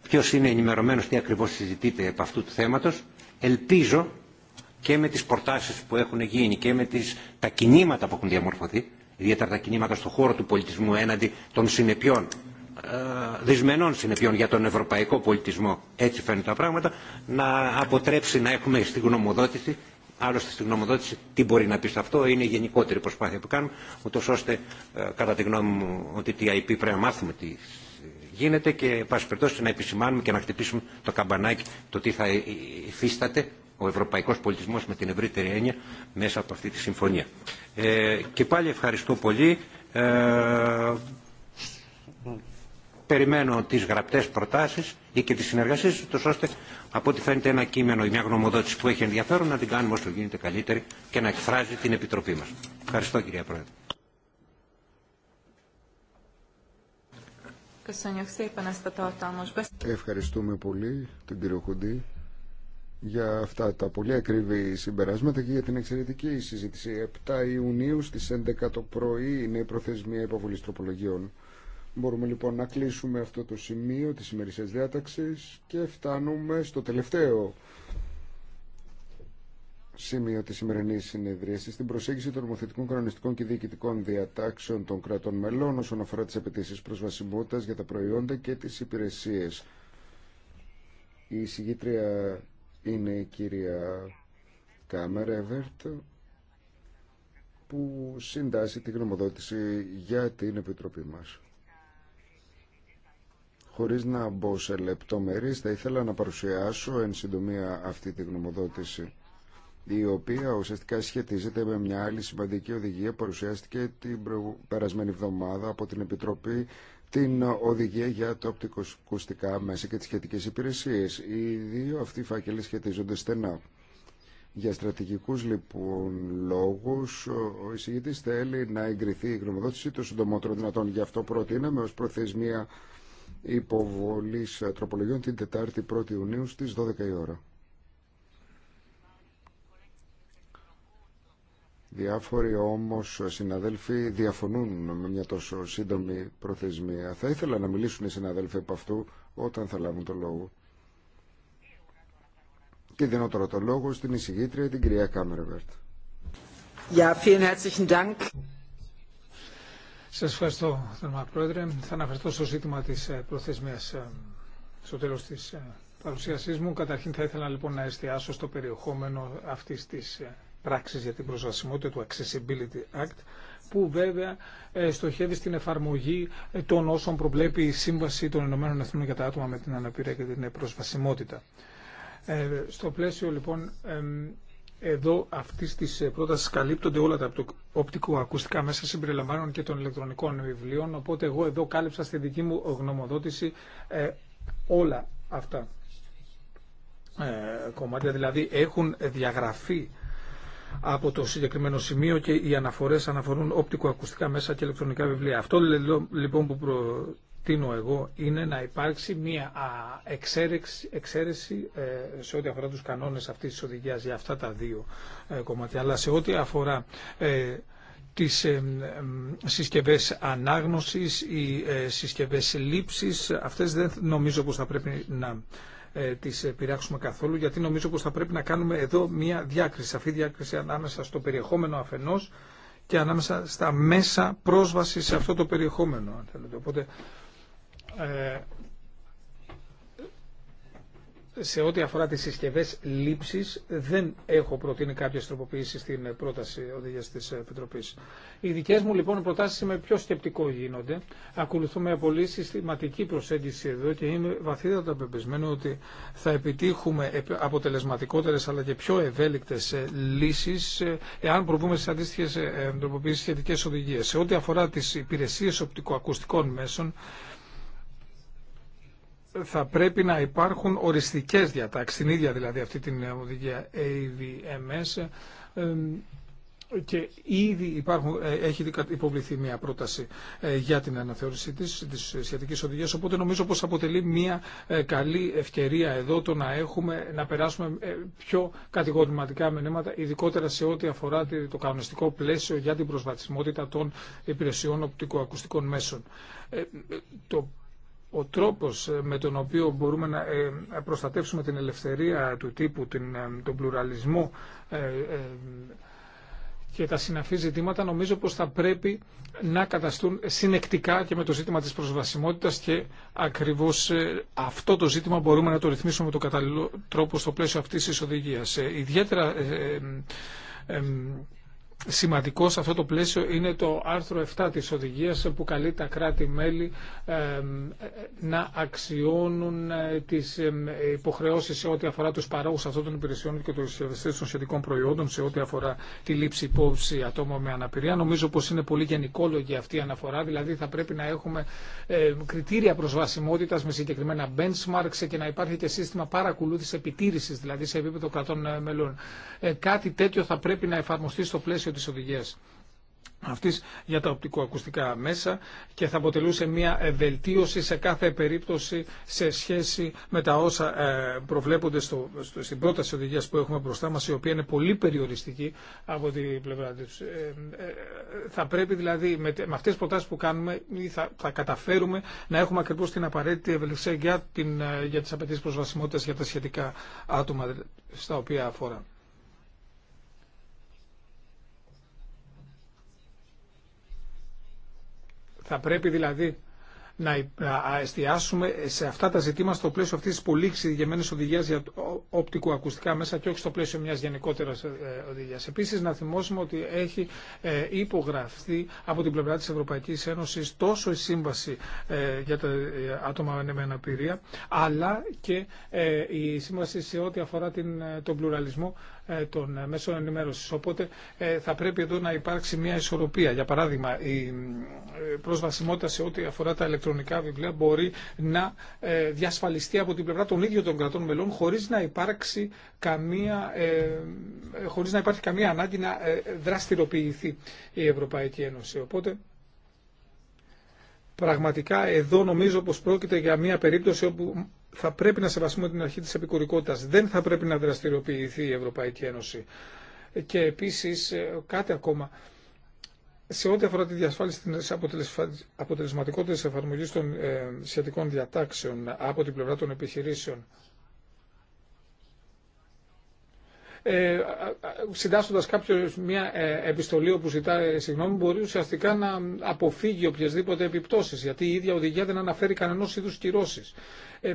ποιος είναι ενημερωμένος, τι ακριβώς συζητείται από αυτού του θέματος. Ελπίζω και με τις προτάσεις που έχουν γίνει και με τις, τα κινήματα που έχουν διαμορφωθεί ιδιαίτερα τα κινήματα στον χώρο του πολιτισμού έναντι των συνεπειών ε, δυσμενών συνεπειών για τον ευρωπαϊκό πολιτισμό έτσι φαίνονται τα πράγματα να αποτρέψει να έχουμε στη γνωμοδότηση άλλωστε στη γνωμοδότηση τι μπορεί να πει σε αυτό είναι η γενικότερη προσπάθεια που κάνουμε ούτω ώστε ε, κατά τη γνώμη μου ότι TIP πρέπει να μάθουμε τι γίνεται και πάση περιπτώσει να επισημάνουμε και να χτυπήσουμε το καμπανάκι το τι θα υφίσταται ο ευρωπαϊκός πολιτισμός με την ευρύτερη έννοια μέσα από αυτή τη συμφωνία. Ε, και πάλι ευχαριστώ πολύ. Ε, περιμένω τις γραπτές προτάσεις ή και τις συνεργασίες τους, ώστε από ό,τι φαίνεται ένα κείμενο ή μια γνωμοδότηση που έχει ενδιαφέρον να την κάνουμε όσο γίνεται καλύτερη και να εκφράζει την Επιτροπή μας. Ευχαριστώ κυρία Πρόεδρε. Ευχαριστούμε πολύ τον κύριο Χουντή για αυτά τα πολύ ακριβή συμπεράσματα και για την εξαιρετική συζήτηση. 7 Ιουνίου στις 11 το πρωί είναι η προθεσμία υποβολή τροπολογιών. Μπορούμε λοιπόν να κλείσουμε αυτό το σημείο της ημερησίας διάταξης και φτάνουμε στο τελευταίο σημείο της σημερινή συνεδρίαση στην προσέγγιση των νομοθετικών, κανονιστικών και διοικητικών διατάξεων των κρατών μελών όσον αφορά τις απαιτήσει προσβασιμότητας για τα προϊόντα και τις υπηρεσίες. Η συγγήτρια είναι η κυρία Κάμερα Εβέρτ που συντάσσει τη γνωμοδότηση για την Επιτροπή μας. Χωρίς να μπω σε λεπτομέρειες θα ήθελα να παρουσιάσω εν συντομία αυτή τη γνωμοδότηση, η οποία ουσιαστικά σχετίζεται με μια άλλη σημαντική οδηγία που παρουσιάστηκε την περασμένη εβδομάδα από την Επιτροπή την οδηγία για τα οπτικοακουστικά μέσα και τις σχετικές υπηρεσίες. Οι δύο αυτοί φάκελοι σχετίζονται στενά. Για στρατηγικούς λοιπόν λόγους, ο εισηγητής θέλει να εγκριθεί η γνωμοδότηση των συντομότερων δυνατών. Γι' αυτό προτείναμε ως προθεσμία υποβολής τροπολογιών την Τετάρτη 1η Ιουνίου στις 12 η ώρα. Διάφοροι όμως συναδέλφοι διαφωνούν με μια τόσο σύντομη προθεσμία. Θα ήθελα να μιλήσουν οι συναδέλφοι από αυτού όταν θα λάβουν το λόγο. Και δίνω τώρα το λόγο στην εισηγήτρια την κυρία Κάμερεβερτ. Ja, vielen herzlichen Dank. Σας ευχαριστώ, θερμά Πρόεδρε. Θα αναφερθώ στο ζήτημα της ε, προθεσμίας ε, στο τέλος της ε, παρουσίασής μου. Καταρχήν θα ήθελα λοιπόν να εστιάσω στο περιεχόμενο αυτής της πράξεις για την προσβασιμότητα του Accessibility Act που βέβαια ε, στοχεύει στην εφαρμογή ε, των όσων προβλέπει η Σύμβαση των Ηνωμένων Εθνών για τα άτομα με την αναπηρία και την προσβασιμότητα. Ε, στο πλαίσιο λοιπόν εδώ αυτή τη πρόταση καλύπτονται όλα τα οπτικοακουστικά μέσα συμπεριλαμβάνων και των ηλεκτρονικών βιβλίων. Οπότε εγώ εδώ κάλυψα στη δική μου γνωμοδότηση όλα αυτά κομμάτια. Δηλαδή έχουν διαγραφεί από το συγκεκριμένο σημείο και οι αναφορές αναφορούν οπτικοακουστικά μέσα και ηλεκτρονικά βιβλία. Αυτό λοιπόν που προτείνω εγώ είναι να υπάρξει μια εξαίρεση ε, σε ό,τι αφορά τους κανόνες αυτής της οδηγίας για αυτά τα δύο ε, κομμάτια. Αλλά σε ό,τι αφορά ε, τις συσκευές ανάγνωσης, ή συσκευές λήψης, αυτές δεν νομίζω πως θα πρέπει να ε, τις πειράξουμε καθόλου γιατί νομίζω πως θα πρέπει να κάνουμε εδώ μια διάκριση, αυτή διάκριση ανάμεσα στο περιεχόμενο αφενός και ανάμεσα στα μέσα πρόσβαση σε αυτό το περιεχόμενο. Αν θέλετε. Οπότε, ε, σε ό,τι αφορά τις συσκευές λήψης δεν έχω προτείνει κάποιες τροποποίησεις στην πρόταση οδηγίας της Επιτροπής. Οι δικέ μου λοιπόν προτάσει με πιο σκεπτικό γίνονται. Ακολουθούμε πολύ συστηματική προσέγγιση εδώ και είμαι βαθύτατα πεπισμένο ότι θα επιτύχουμε αποτελεσματικότερε αλλά και πιο ευέλικτε ε, λύσει ε, εάν προβούμε στι αντίστοιχε εντροποποιήσει ε, σχετικέ οδηγίε. Σε ό,τι αφορά τι υπηρεσίε οπτικοακουστικών μέσων, θα πρέπει να υπάρχουν οριστικές διατάξεις, την ίδια δηλαδή αυτή την οδηγία AVMS, και ήδη υπάρχουν, ε, έχει υποβληθεί μια πρόταση ε, για την αναθεώρησή της, της σχετικής οδηγίας, οπότε νομίζω πως αποτελεί μια ε, καλή ευκαιρία εδώ το να, έχουμε, να περάσουμε πιο κατηγορηματικά μηνύματα, ειδικότερα σε ό,τι αφορά το κανονιστικό πλαίσιο για την προσβατισμότητα των υπηρεσιών οπτικοακουστικών μέσων. Το ο τρόπος με τον οποίο μπορούμε να προστατεύσουμε την ελευθερία του τύπου, τον πλουραλισμό και τα συναφή ζητήματα νομίζω πως θα πρέπει να καταστούν συνεκτικά και με το ζήτημα της προσβασιμότητας και ακριβώς ε, αυτό το ζήτημα μπορούμε να το ρυθμίσουμε με τον κατάλληλο τρόπο στο πλαίσιο αυτής της οδηγίας. Ε, ιδιαίτερα ε, σημαντικό σε αυτό το πλαίσιο είναι το άρθρο 7 της οδηγίας που καλεί τα κράτη-μέλη να αξιώνουν ε, τις υποχρεώσεις σε ό,τι αφορά τους παρόγους αυτών των υπηρεσιών και των συσκευαστές των σχετικών προϊόντων σε ό,τι αφορά τη λήψη υπόψη ατόμων με αναπηρία. Νομίζω πως είναι πολύ γενικόλογη αυτή η αναφορά, δηλαδή θα πρέπει να έχουμε ε, κριτήρια προσβασιμότητας με συγκεκριμένα benchmarks και να υπάρχει και σύστημα παρακολούθηση επιτήρησης, δηλαδή σε επίπεδο κρατών ε, μελών. Κάτι τέτοιο θα πρέπει να εφαρμοστεί στο πλαίσιο της οδηγίας αυτής για τα οπτικοακουστικά μέσα και θα αποτελούσε μια ε, βελτίωση σε κάθε περίπτωση σε σχέση με τα όσα ε, προβλέπονται στο, στην πρόταση οδηγίας που έχουμε μπροστά μας η οποία είναι πολύ περιοριστική από την πλευρά της. Ε, θα πρέπει δηλαδή με, με αυτές τις προτάσεις που κάνουμε θα, θα καταφέρουμε να έχουμε ακριβώς την απαραίτητη ευελιξία για, την, για τις απαιτήσεις προσβασιμότητας για τα σχετικά άτομα στα οποία αφορά. Θα πρέπει δηλαδή να εστιάσουμε σε αυτά τα ζητήματα στο πλαίσιο αυτής της πολύ εξειδικευμένης οδηγίας για οπτικοακουστικά μέσα και όχι στο πλαίσιο μιας γενικότερας ε, ε, οδηγίας. Επίσης να θυμώσουμε ότι έχει ε, υπογραφεί από την πλευρά της Ευρωπαϊκής Ένωσης τόσο η σύμβαση για τα άτομα με αναπηρία αλλά και η σύμβαση σε ό,τι αφορά τον πλουραλισμό ε, των ε, μέσων ενημέρωσης. Οπότε ε, θα πρέπει εδώ να υπάρξει μια ισορροπία. Για παράδειγμα, η προσβασιμότητα σε ό,τι αφορά τα ηλεκτρονικά βιβλία μπορεί να διασφαλιστεί από την πλευρά των ίδιων των κρατών μελών χωρίς να υπάρξει καμία, χωρίς να υπάρχει καμία ανάγκη να δραστηριοποιηθεί η Ευρωπαϊκή Ένωση. Οπότε πραγματικά εδώ νομίζω πως πρόκειται για μια περίπτωση όπου θα πρέπει να σεβαστούμε την αρχή της επικουρικότητας. Δεν θα πρέπει να δραστηριοποιηθεί η Ευρωπαϊκή Ένωση. Και επίσης ε, κάτι ακόμα. Σε ό,τι αφορά τη διασφάλιση της αποτελεσματικότητας εφαρμογής των ε, σχετικών διατάξεων από την πλευρά των επιχειρήσεων, ε, συντάσσοντας κάποιο μια ε, επιστολή όπου ζητάει συγγνώμη μπορεί ουσιαστικά να αποφύγει οποιασδήποτε επιπτώσει, γιατί η ίδια οδηγία δεν αναφέρει κανένα είδου κυρώσει. Ε,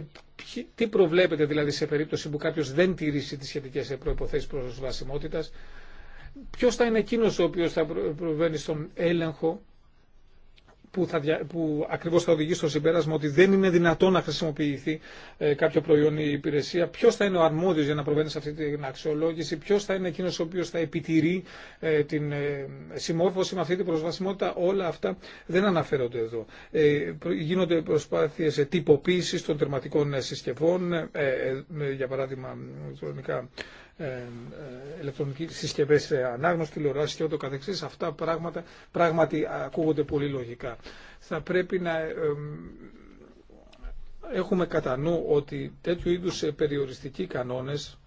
τι προβλέπετε δηλαδή σε περίπτωση που κάποιος δεν τηρήσει τις σχετικές ε, προϋποθέσεις προσβασιμότητας, ποιος θα είναι εκείνος ο οποίος θα προβαίνει στον έλεγχο που, θα, που ακριβώς θα οδηγεί στο συμπέρασμα ότι δεν είναι δυνατόν να χρησιμοποιηθεί ε, κάποιο προϊόν ή υπηρεσία, ποιος θα είναι ο αρμόδιος για να προβαίνει σε αυτή την αξιολόγηση, ποιος θα είναι εκείνος ο οποίος θα επιτηρεί ε, την ε, συμμόρφωση με αυτή την προσβασιμότητα, όλα αυτά δεν αναφέρονται εδώ. Γίνονται προσπάθειες τυποποίησης των τερματικών συσκευών, για παράδειγμα ηλεκτρονικά ε, ηλεκτρονικές συσκευές ε, ανάγνωση, τηλεοράσει και ό,τι καθεξής, αυτά πράγματα πράγματι ακούγονται πολύ λογικά. Θα πρέπει να έχουμε κατά νου ότι τέτοιου είδους ε, περιοριστικοί κανόνες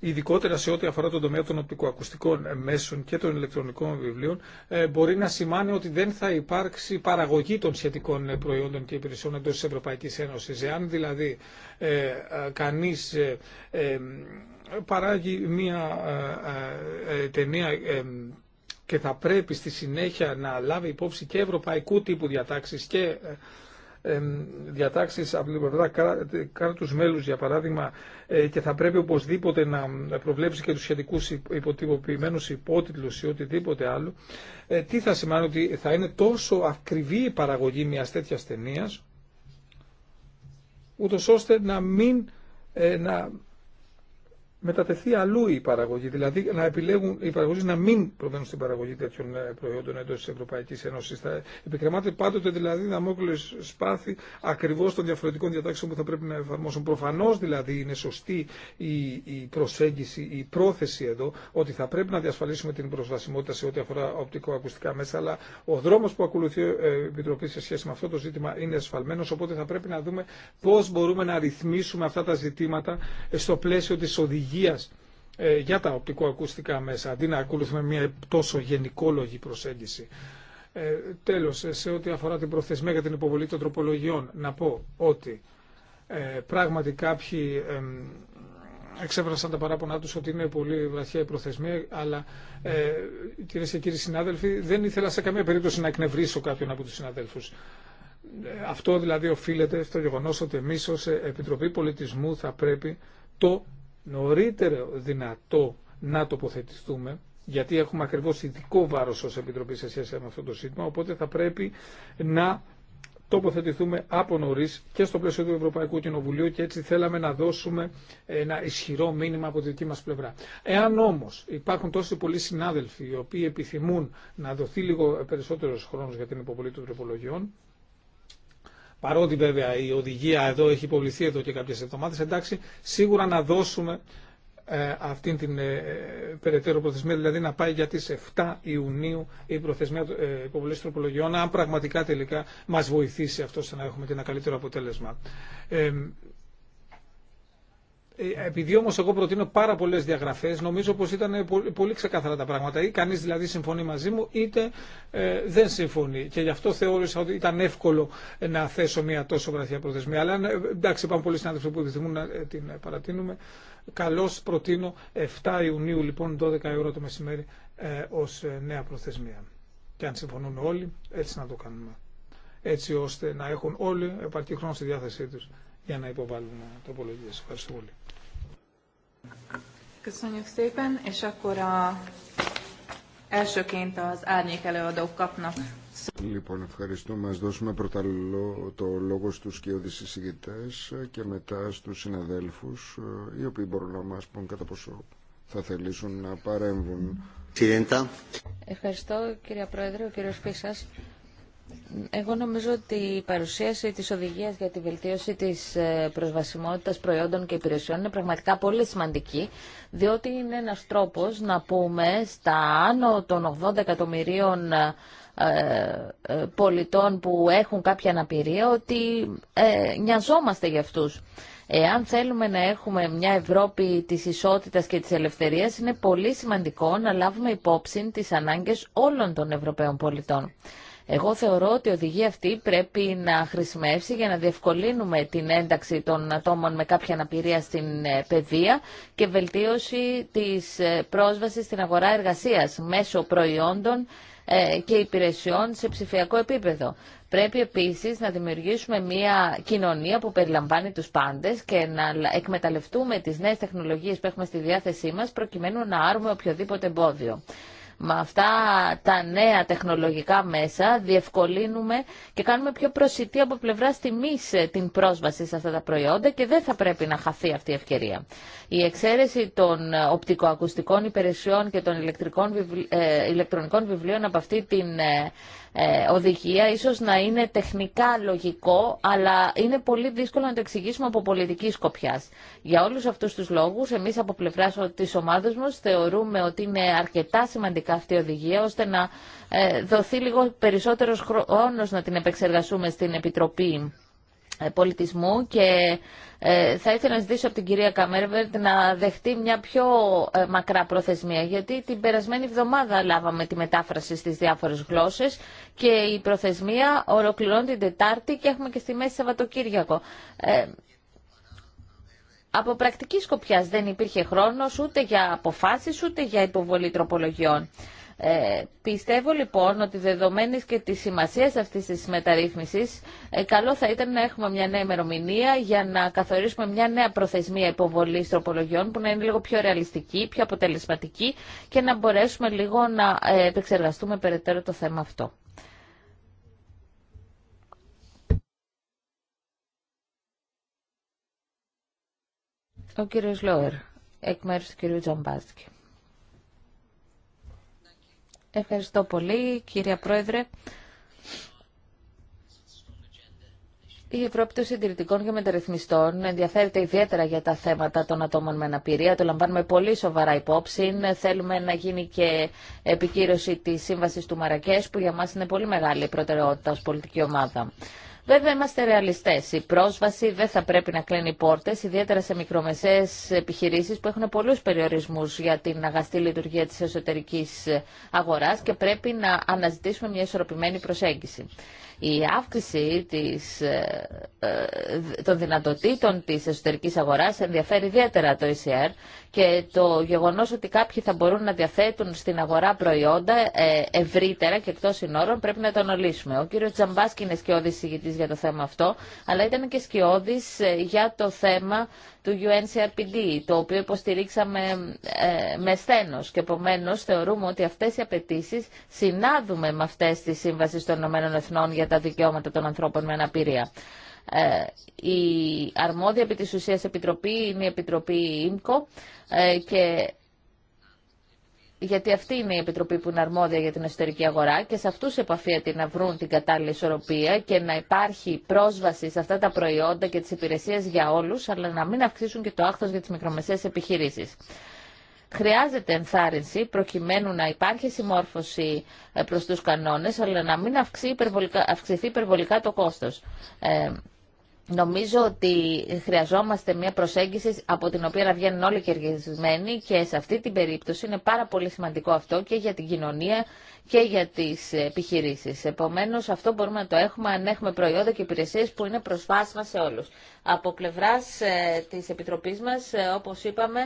ειδικότερα σε ό,τι αφορά τον τομέα των οπτικοακουστικών μέσων και των ηλεκτρονικών βιβλίων, ε, μπορεί να σημάνει ότι δεν θα υπάρξει παραγωγή των σχετικών ε, προϊόντων και υπηρεσιών εντό τη Ευρωπαϊκή Ένωση. Εάν δηλαδή ε, κανεί παράγει μία ταινία και θα πρέπει στη συνέχεια να λάβει υπόψη και ευρωπαϊκού τύπου διατάξει. και διατάξεις από την πλευρά μέλους για παράδειγμα ε, και θα πρέπει οπωσδήποτε να ε, προβλέψει και τους σχετικούς υποτυπωποιημένους υπότιτλους ή οτιδήποτε άλλο ε, τι θα σημαίνει ότι θα είναι τόσο ακριβή η παραγωγή μιας τέτοιας ταινίας ούτως ώστε να μην να μετατεθεί αλλού η παραγωγή, δηλαδή να επιλέγουν οι παραγωγοί να μην προβαίνουν στην παραγωγή τέτοιων ε, προϊόντων εντό τη Ευρωπαϊκή Ένωση. Θα επικρεμάται πάντοτε δηλαδή να δαμόκλειο σπάθη ακριβώ των διαφορετικών διατάξεων που θα πρέπει να εφαρμόσουν. Προφανώ δηλαδή είναι σωστή η, η προσέγγιση, η πρόθεση εδώ ότι θα πρέπει να διασφαλίσουμε την προσβασιμότητα σε ό,τι αφορά οπτικοακουστικά μέσα, αλλά ο δρόμο που ακολουθεί ε, η Επιτροπή σε σχέση με αυτό το ζήτημα είναι εσφαλμένο, οπότε θα πρέπει να δούμε πώ μπορούμε να ρυθμίσουμε αυτά τα ζητήματα στο πλαίσιο τη οδηγία ε, για τα οπτικοακουστικά μέσα, αντί να ακολουθούμε μια τόσο γενικόλογη προσέγγιση. Ε, σε ό,τι αφορά την προθεσμία για την υποβολή των τροπολογιών, να πω ότι ε, πράγματι κάποιοι ε, εξέφρασαν τα παράπονά του ότι είναι πολύ βραχιά η προθεσμία, αλλά ε, κυρίε και κύριοι συνάδελφοι, δεν ήθελα σε καμία περίπτωση να εκνευρίσω κάποιον από του συναδέλφου. Ε, αυτό δηλαδή οφείλεται στο γεγονός ότι εμείς ως Επιτροπή Πολιτισμού θα πρέπει το νωρίτερο δυνατό να τοποθετηθούμε γιατί έχουμε ακριβώς ειδικό βάρος ως Επιτροπή σε σχέση με αυτό το σύντημα, οπότε θα πρέπει να τοποθετηθούμε από νωρί και στο πλαίσιο του Ευρωπαϊκού Κοινοβουλίου και έτσι θέλαμε να δώσουμε ένα ισχυρό μήνυμα από τη δική μας πλευρά. Εάν όμως υπάρχουν τόσοι πολλοί συνάδελφοι οι οποίοι επιθυμούν να δοθεί λίγο περισσότερος χρόνος για την υποβολή των τροπολογιών, παρότι βέβαια η οδηγία εδώ έχει υποβληθεί εδώ και κάποιες εβδομάδες, εντάξει, σίγουρα να δώσουμε ε, αυτήν την ε, περαιτέρω προθεσμία, δηλαδή να πάει για τις 7 Ιουνίου η προθεσμία ε, υποβολή τροπολογιών, αν πραγματικά τελικά μας βοηθήσει αυτό να έχουμε και ένα καλύτερο αποτέλεσμα. Ε, ε, επειδή όμω εγώ προτείνω πάρα πολλέ διαγραφέ, νομίζω πω ήταν ε, πολύ ξεκάθαρα τα πράγματα. Ή κανεί δηλαδή συμφωνεί μαζί μου, είτε ε, δεν συμφωνεί. Και γι' αυτό θεώρησα ότι ήταν εύκολο να θέσω μια τόσο βραχιά προθεσμία. Αλλά εντάξει, υπάρχουν πολλοί συνάδελφοι που επιθυμούν να την παρατείνουμε. Καλώ προτείνω 7 Ιουνίου, λοιπόν, 12 ευρώ το μεσημέρι, ε, ω νέα προθεσμία. Και αν συμφωνούν όλοι, έτσι να το κάνουμε. Έτσι ώστε να έχουν όλοι επαρκή χρόνο στη διάθεσή του για να υποβάλουν τροπολογίε. Ευχαριστώ πολύ. Köszönjük szépen, és akkor a elsőként az árnyék előadók kapnak. Λοιπόν, ευχαριστούμε. Ας δώσουμε πρώτα το λόγο στους οδησίες εισηγητές και μετά στους συναδέλφους, ε, οι οποίοι μπορούν να μας πούν κατά πόσο θα θελήσουν να παρέμβουν. Ευχαριστώ κύριε Πρόεδρε, ο κύριος Πίσας. Εγώ νομίζω ότι η παρουσίαση της οδηγίας για τη βελτίωση της ε, προσβασιμότητας προϊόντων και υπηρεσιών είναι πραγματικά πολύ σημαντική, διότι είναι ένας τρόπος να πούμε στα άνω των 80 εκατομμυρίων ε, ε, πολιτών που έχουν κάποια αναπηρία ότι ε, νοιαζόμαστε για αυτούς. Εάν θέλουμε να έχουμε μια Ευρώπη της ισότητας και της ελευθερίας, είναι πολύ σημαντικό να λάβουμε υπόψη τις ανάγκες όλων των Ευρωπαίων πολιτών. Εγώ θεωρώ ότι η οδηγία αυτή πρέπει να χρησιμεύσει για να διευκολύνουμε την ένταξη των ατόμων με κάποια αναπηρία στην ε, παιδεία και βελτίωση της ε, πρόσβασης στην αγορά εργασίας μέσω προϊόντων ε, και υπηρεσιών σε ψηφιακό επίπεδο. Πρέπει επίσης να δημιουργήσουμε μια κοινωνία που περιλαμβάνει τους πάντες και να εκμεταλλευτούμε τις νέες τεχνολογίες που έχουμε στη διάθεσή μας προκειμένου να άρουμε οποιοδήποτε εμπόδιο. Με αυτά τα νέα τεχνολογικά μέσα διευκολύνουμε και κάνουμε πιο προσιτή από πλευρά τιμή ε, την πρόσβαση σε αυτά τα προϊόντα και δεν θα πρέπει να χαθεί αυτή η ευκαιρία. Η εξαίρεση των ε, οπτικοακουστικών υπηρεσιών και των ηλεκτρικών ε, ηλεκτρονικών βιβλίων από αυτή την ε, οδηγία ίσως να είναι τεχνικά λογικό, αλλά είναι πολύ δύσκολο να το εξηγήσουμε από πολιτική σκοπιά. Για όλους αυτούς τους λόγους, εμείς από πλευρά της ομάδας μας θεωρούμε ότι είναι αρκετά σημαντικά αυτή η οδηγία, ώστε να ε, δοθεί λίγο περισσότερος χρόνος να την επεξεργασούμε στην Επιτροπή ε, πολιτισμού και ε, θα ήθελα να ζητήσω από την κυρία Καμέρβερτ να δεχτεί μια πιο ε, μακρά προθεσμία γιατί την περασμένη εβδομάδα λάβαμε τη μετάφραση στις διάφορες γλώσσες και η προθεσμία ολοκληρώνει την Τετάρτη και έχουμε και στη μέση Σαββατοκύριακο. Από πρακτική σκοπιάς δεν υπήρχε χρόνος ούτε για αποφάσεις ούτε για υποβολή τροπολογιών. Ε, πιστεύω λοιπόν ότι δεδομένη και τις σημασία αυτή τη μεταρρύθμιση, ε, καλό θα ήταν να έχουμε μια νέα ημερομηνία για να καθορίσουμε μια νέα προθεσμία υποβολής τροπολογιών που να είναι λίγο πιο ρεαλιστική, πιο αποτελεσματική και να μπορέσουμε λίγο να ε, επεξεργαστούμε περαιτέρω το θέμα αυτό. Ο κύριος Λόερ, εκ μέρους του κυρίου Ευχαριστώ πολύ, κυρία Πρόεδρε. Η Ευρώπη των Συντηρητικών και Μεταρρυθμιστών ενδιαφέρεται ιδιαίτερα για τα θέματα των ατόμων με αναπηρία. Το λαμβάνουμε πολύ σοβαρά υπόψη. Θέλουμε να γίνει και επικύρωση της Σύμβασης του Μαρακέ, που για μας είναι πολύ μεγάλη προτεραιότητα ως πολιτική ομάδα. Βέβαια είμαστε ρεαλιστέ. Η πρόσβαση δεν θα πρέπει να κλείνει πόρτες, ιδιαίτερα σε μικρομεσαίες επιχειρήσεις που έχουν πολλού περιορισμού για την αγαστή λειτουργία της εσωτερικής αγοράς και πρέπει να αναζητήσουμε μια ισορροπημένη προσέγγιση. Η αύξηση της, ε, ε, των δυνατοτήτων της εσωτερικής αγοράς ενδιαφέρει ιδιαίτερα το ECR και το γεγονός ότι κάποιοι θα μπορούν να διαθέτουν στην αγορά προϊόντα ε, ευρύτερα και εκτός συνόρων πρέπει να το αναλύσουμε. Ο κύριος Τζαμπάσκι είναι σκιώδης συγητής για το θέμα αυτό, αλλά ήταν και σκιώδης για το θέμα του UNCRPD, το οποίο υποστηρίξαμε με σθένος. και επομένω θεωρούμε ότι αυτές οι απαιτήσει συνάδουμε με αυτές τις σύμβασεις των ΗΠΑ για τα δικαιώματα των ανθρώπων με αναπηρία. Ε, η αρμόδια επί της ουσίας επιτροπή είναι η Επιτροπή ΙΜΚΟ ε, και γιατί αυτή είναι η Επιτροπή που είναι αρμόδια για την εσωτερική αγορά και σε αυτούς επαφίεται να βρουν την κατάλληλη ισορροπία και να υπάρχει πρόσβαση σε αυτά τα προϊόντα και τις υπηρεσίες για όλους, αλλά να μην αυξήσουν και το άχθος για τις μικρομεσαίες επιχειρήσεις. Χρειάζεται ενθάρρυνση προκειμένου να υπάρχει συμμόρφωση ε, προς τους κανόνες, αλλά να μην αυξηθεί υπερβολικά το κόστος. Ε, νομίζω ότι χρειαζόμαστε μια προσέγγιση από την οποία να βγαίνουν όλοι κερδισμένοι και σε αυτή την περίπτωση είναι πάρα πολύ σημαντικό αυτό και για την κοινωνία και για τι επιχειρήσει. Επομένω, αυτό μπορούμε να το έχουμε αν έχουμε προϊόντα και υπηρεσίε που είναι προσβάσιμα σε όλου. Από πλευρά ε, τη επιτροπή μα, ε, όπω είπαμε,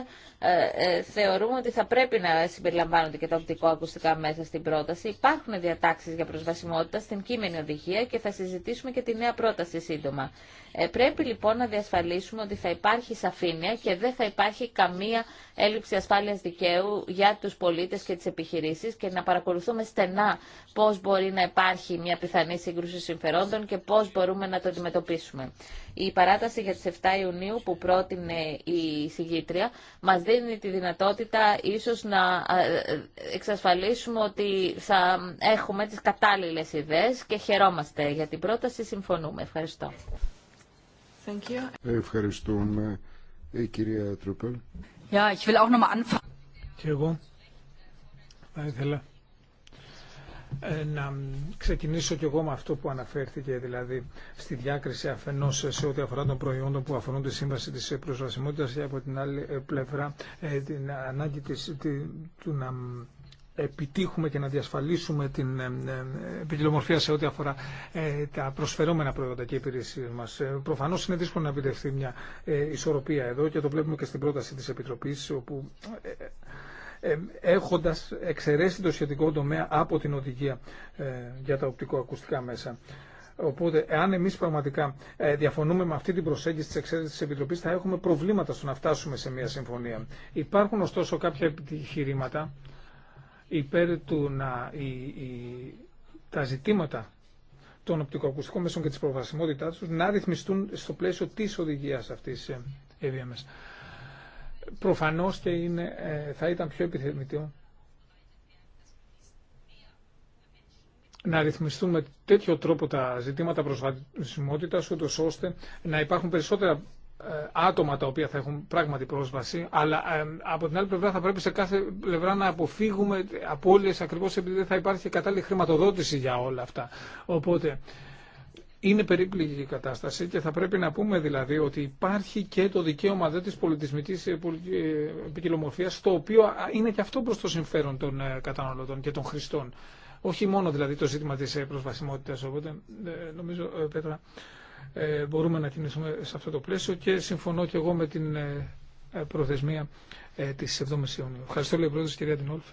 ε, θεωρούμε ότι θα πρέπει να συμπεριλαμβάνονται και τα οπτικοακουστικά μέσα στην πρόταση. Υπάρχουν διατάξει για προσβασιμότητα στην κείμενη οδηγία και θα συζητήσουμε και τη νέα πρόταση σύντομα. Πρέπει λοιπόν να διασφαλίσουμε ότι θα υπάρχει σαφήνεια και δεν θα υπάρχει καμία έλλειψη ασφάλεια δικαίου για του πολίτε και τι επιχειρήσει και να παρακολουθούμε στενά πώς μπορεί να υπάρχει μια πιθανή σύγκρουση συμφερόντων και πώς μπορούμε να το αντιμετωπίσουμε. Η παράταση για τις 7 Ιουνίου που πρότεινε η συγγήτρια μας δίνει τη δυνατότητα ίσως να ε, ε, εξασφαλίσουμε ότι θα έχουμε τις κατάλληλες ιδέες και χαιρόμαστε για την πρόταση. Συμφωνούμε. Ευχαριστώ. Thank you. Ευχαριστούμε. Η ε, κυρία Τρούπελ. ich will auch noch mal και εγώ θα ήθελα ε, να ξεκινήσω κι εγώ με αυτό που αναφέρθηκε, δηλαδή στη διάκριση αφενό σε ό,τι αφορά των προϊόντων που αφορούν τη σύμβαση τη προσβασιμότητα και από την άλλη ε, πλευρά ε, την ανάγκη της, του να επιτύχουμε και να διασφαλίσουμε την επικοινωνία σε ό,τι αφορά τα προσφερόμενα προϊόντα και υπηρεσίε μα. Προφανώ είναι δύσκολο να επιτευχθεί μια ισορροπία εδώ και το βλέπουμε και στην πρόταση τη Επιτροπή, όπου έχοντας εξαιρέσει το σχετικό τομέα από την οδηγία ε, για τα οπτικοακουστικά μέσα. Οπότε, εάν εμεί πραγματικά ε, διαφωνούμε με αυτή την προσέγγιση τη εξαίρεση τη Επιτροπή, θα έχουμε προβλήματα στο να φτάσουμε σε μια συμφωνία. Υπάρχουν ωστόσο κάποια επιχειρήματα υπέρ του να η, η, τα ζητήματα των οπτικοακουστικών μέσων και τη προβασιμότητά του να ρυθμιστούν στο πλαίσιο τη οδηγία αυτή. Ε, προφανώς και είναι, ε, θα ήταν πιο επιθυμητό να ρυθμιστούμε με τέτοιο τρόπο τα ζητήματα προσβασιμότητας, ούτως ώστε να υπάρχουν περισσότερα ε, άτομα τα οποία θα έχουν πράγματι πρόσβαση, αλλά ε, από την άλλη πλευρά θα πρέπει σε κάθε πλευρά να αποφύγουμε απώλειες ακριβώς επειδή δεν θα υπάρχει κατάλληλη χρηματοδότηση για όλα αυτά. Οπότε είναι περίπληκη η κατάσταση και θα πρέπει να πούμε δηλαδή ότι υπάρχει και το δικαίωμα δε της πολιτισμικής επικοινομορφίας ε, το οποίο είναι και αυτό προς το συμφέρον των ε, καταναλωτών και των χρηστών. Όχι μόνο δηλαδή το ζήτημα της ε, προσβασιμότητας. Οπότε νομίζω Πέτρα μπορούμε να κινηθούμε σε αυτό το πλαίσιο και συμφωνώ και εγώ με την προθεσμία ε, της 7 η Ιουνίου. Ευχαριστώ λέει πρόεδρος κυρία Τινόλφ.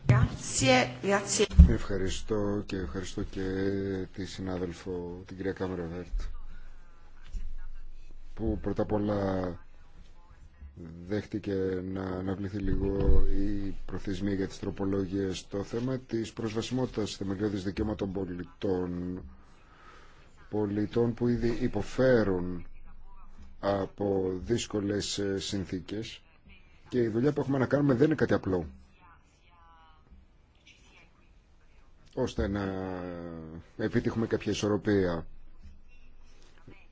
Ευχαριστώ και ευχαριστώ και τη συνάδελφο την κυρία Κάμερα Βέρτ που πρώτα απ' όλα δέχτηκε να αναβληθεί λίγο η προθεσμία για τις τροπολόγιες στο θέμα της προσβασιμότητας θεμελιώδης δικαιώματων δικαιωμάτων πολιτών πολιτών που ήδη υποφέρουν από δύσκολες συνθήκες και η δουλειά που έχουμε να κάνουμε δεν είναι κάτι απλό. Ώστε να επιτύχουμε κάποια ισορροπία.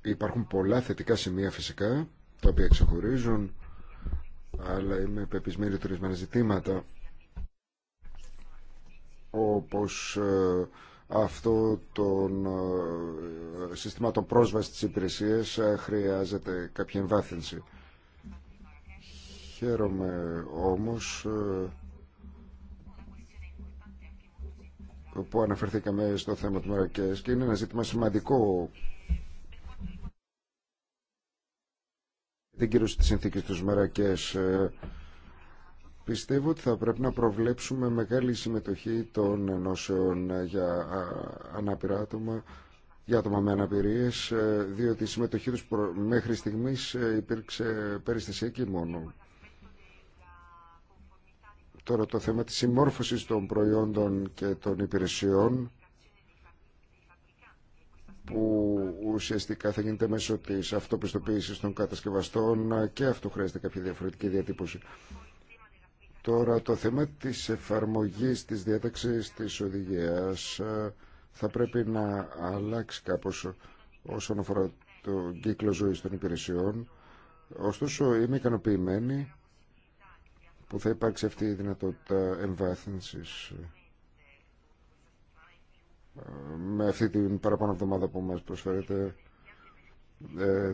Υπάρχουν πολλά θετικά σημεία φυσικά, τα οποία ξεχωρίζουν, αλλά είμαι πεπισμένη ότι ζητήματα, όπως ε, αυτό των ε, συστημάτων πρόσβασης της υπηρεσίας, ε, χρειάζεται κάποια εμβάθυνση. Χαίρομαι όμως ε, που αναφερθήκαμε στο θέμα του Μαρακές και είναι ένα ζήτημα σημαντικό την κύρωση της συνθήκης του Μαρακές ε, πιστεύω ότι θα πρέπει να προβλέψουμε μεγάλη συμμετοχή των ενώσεων για ανάπηρα άτομα για άτομα με αναπηρίες ε, διότι η συμμετοχή τους μέχρι στιγμής υπήρξε περιστασιακή μόνο Τώρα το θέμα της συμμόρφωσης των προϊόντων και των υπηρεσιών που ουσιαστικά θα γίνεται μέσω της αυτοπιστοποίησης των κατασκευαστών και αυτό χρειάζεται κάποια διαφορετική διατύπωση. Τώρα το θέμα της εφαρμογής της διάταξης της οδηγίας ε, θα πρέπει να αλλάξει κάπως όσον αφορά τον κύκλο ζωής των υπηρεσιών. Ωστόσο είμαι ικανοποιημένη που θα υπάρξει αυτή η δυνατότητα εμβάθυνσης ε, με αυτή την παραπάνω εβδομάδα που μας προσφέρεται ε,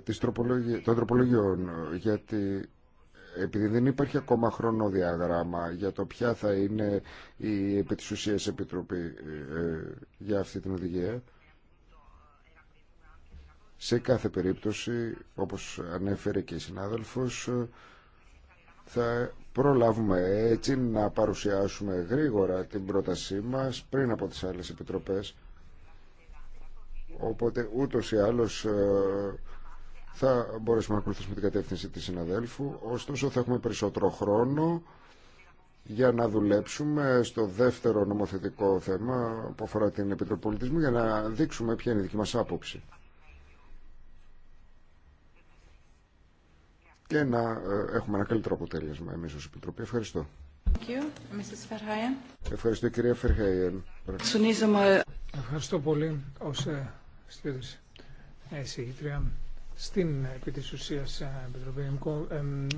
των τροπολογιών γιατί επειδή δεν υπάρχει ακόμα χρονοδιαγράμμα για το ποια θα είναι η επί επιτροπή ε, για αυτή την οδηγία σε κάθε περίπτωση όπως ανέφερε και η συνάδελφος θα προλάβουμε έτσι να παρουσιάσουμε γρήγορα την πρότασή μας πριν από τις άλλες επιτροπές οπότε ούτως ή άλλως ε, θα μπορέσουμε να ακολουθήσουμε την κατεύθυνση της συναδέλφου ωστόσο θα έχουμε περισσότερο χρόνο για να δουλέψουμε στο δεύτερο νομοθετικό θέμα που αφορά την Επιτροπολιτισμού για να δείξουμε ποια είναι η δική μας άποψη. και να ε, έχουμε ένα καλύτερο αποτέλεσμα εμείς ως Επιτροπή. Ευχαριστώ. Ευχαριστώ κυρία Φερχάιεν. Ευχαριστώ πολύ ως ε, εισηγήτρια στην ε, επί της ουσίας ε, Επιτροπή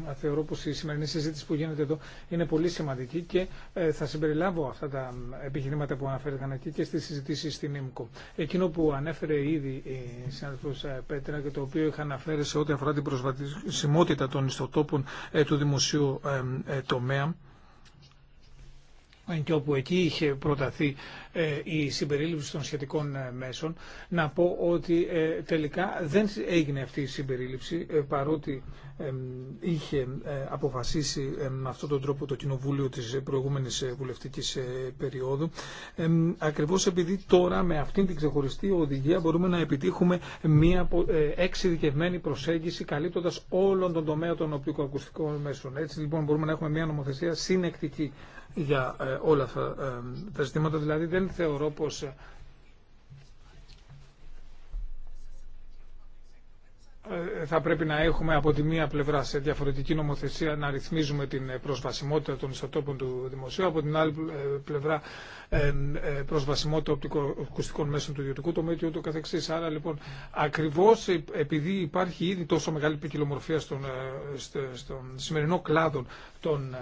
ε, θεωρώ πως η σημερινή συζήτηση που γίνεται εδώ είναι πολύ σημαντική και θα συμπεριλάβω αυτά τα επιχειρήματα που αναφέρθηκαν εκεί και στις συζητήσεις στην ΕΜΚΟ. Εκείνο που ανέφερε ήδη η συνάδελφος Πέτρα και το οποίο είχα αναφέρει σε ό,τι αφορά την προσβατισμότητα των ιστοτόπων του δημοσίου τομέα και όπου εκεί είχε προταθεί ε, η συμπερίληψη των σχετικών ε, μέσων, να πω ότι ε, τελικά δεν έγινε αυτή η συμπερίληψη, παρότι είχε αποφασίσει με αυτόν τον τρόπο το Κοινοβούλιο της προηγούμενης βουλευτικής περίοδου, ακριβώς επειδή τώρα με αυτήν την ξεχωριστή οδηγία μπορούμε να επιτύχουμε μια εξειδικευμένη προσέγγιση καλύπτοντας όλον τον τομέα των οπτικοακουστικών μέσων. Έτσι λοιπόν μπορούμε να έχουμε μια νομοθεσία συνεκτική για ε, όλα αυτά ε, τα ζητήματα. Δηλαδή δεν θεωρώ πως ε, θα πρέπει να έχουμε από τη μία πλευρά σε διαφορετική νομοθεσία να ρυθμίζουμε την προσβασιμότητα των ιστοτόπων του δημοσίου, από την άλλη πλευρά προσβασιμότητα οπτικοακουστικών μέσων του ιδιωτικού τομέα και ούτω καθεξής. Άρα λοιπόν, ακριβώς επειδή υπάρχει ήδη τόσο μεγάλη ποικιλομορφία στον, στον σημερινό κλάδο των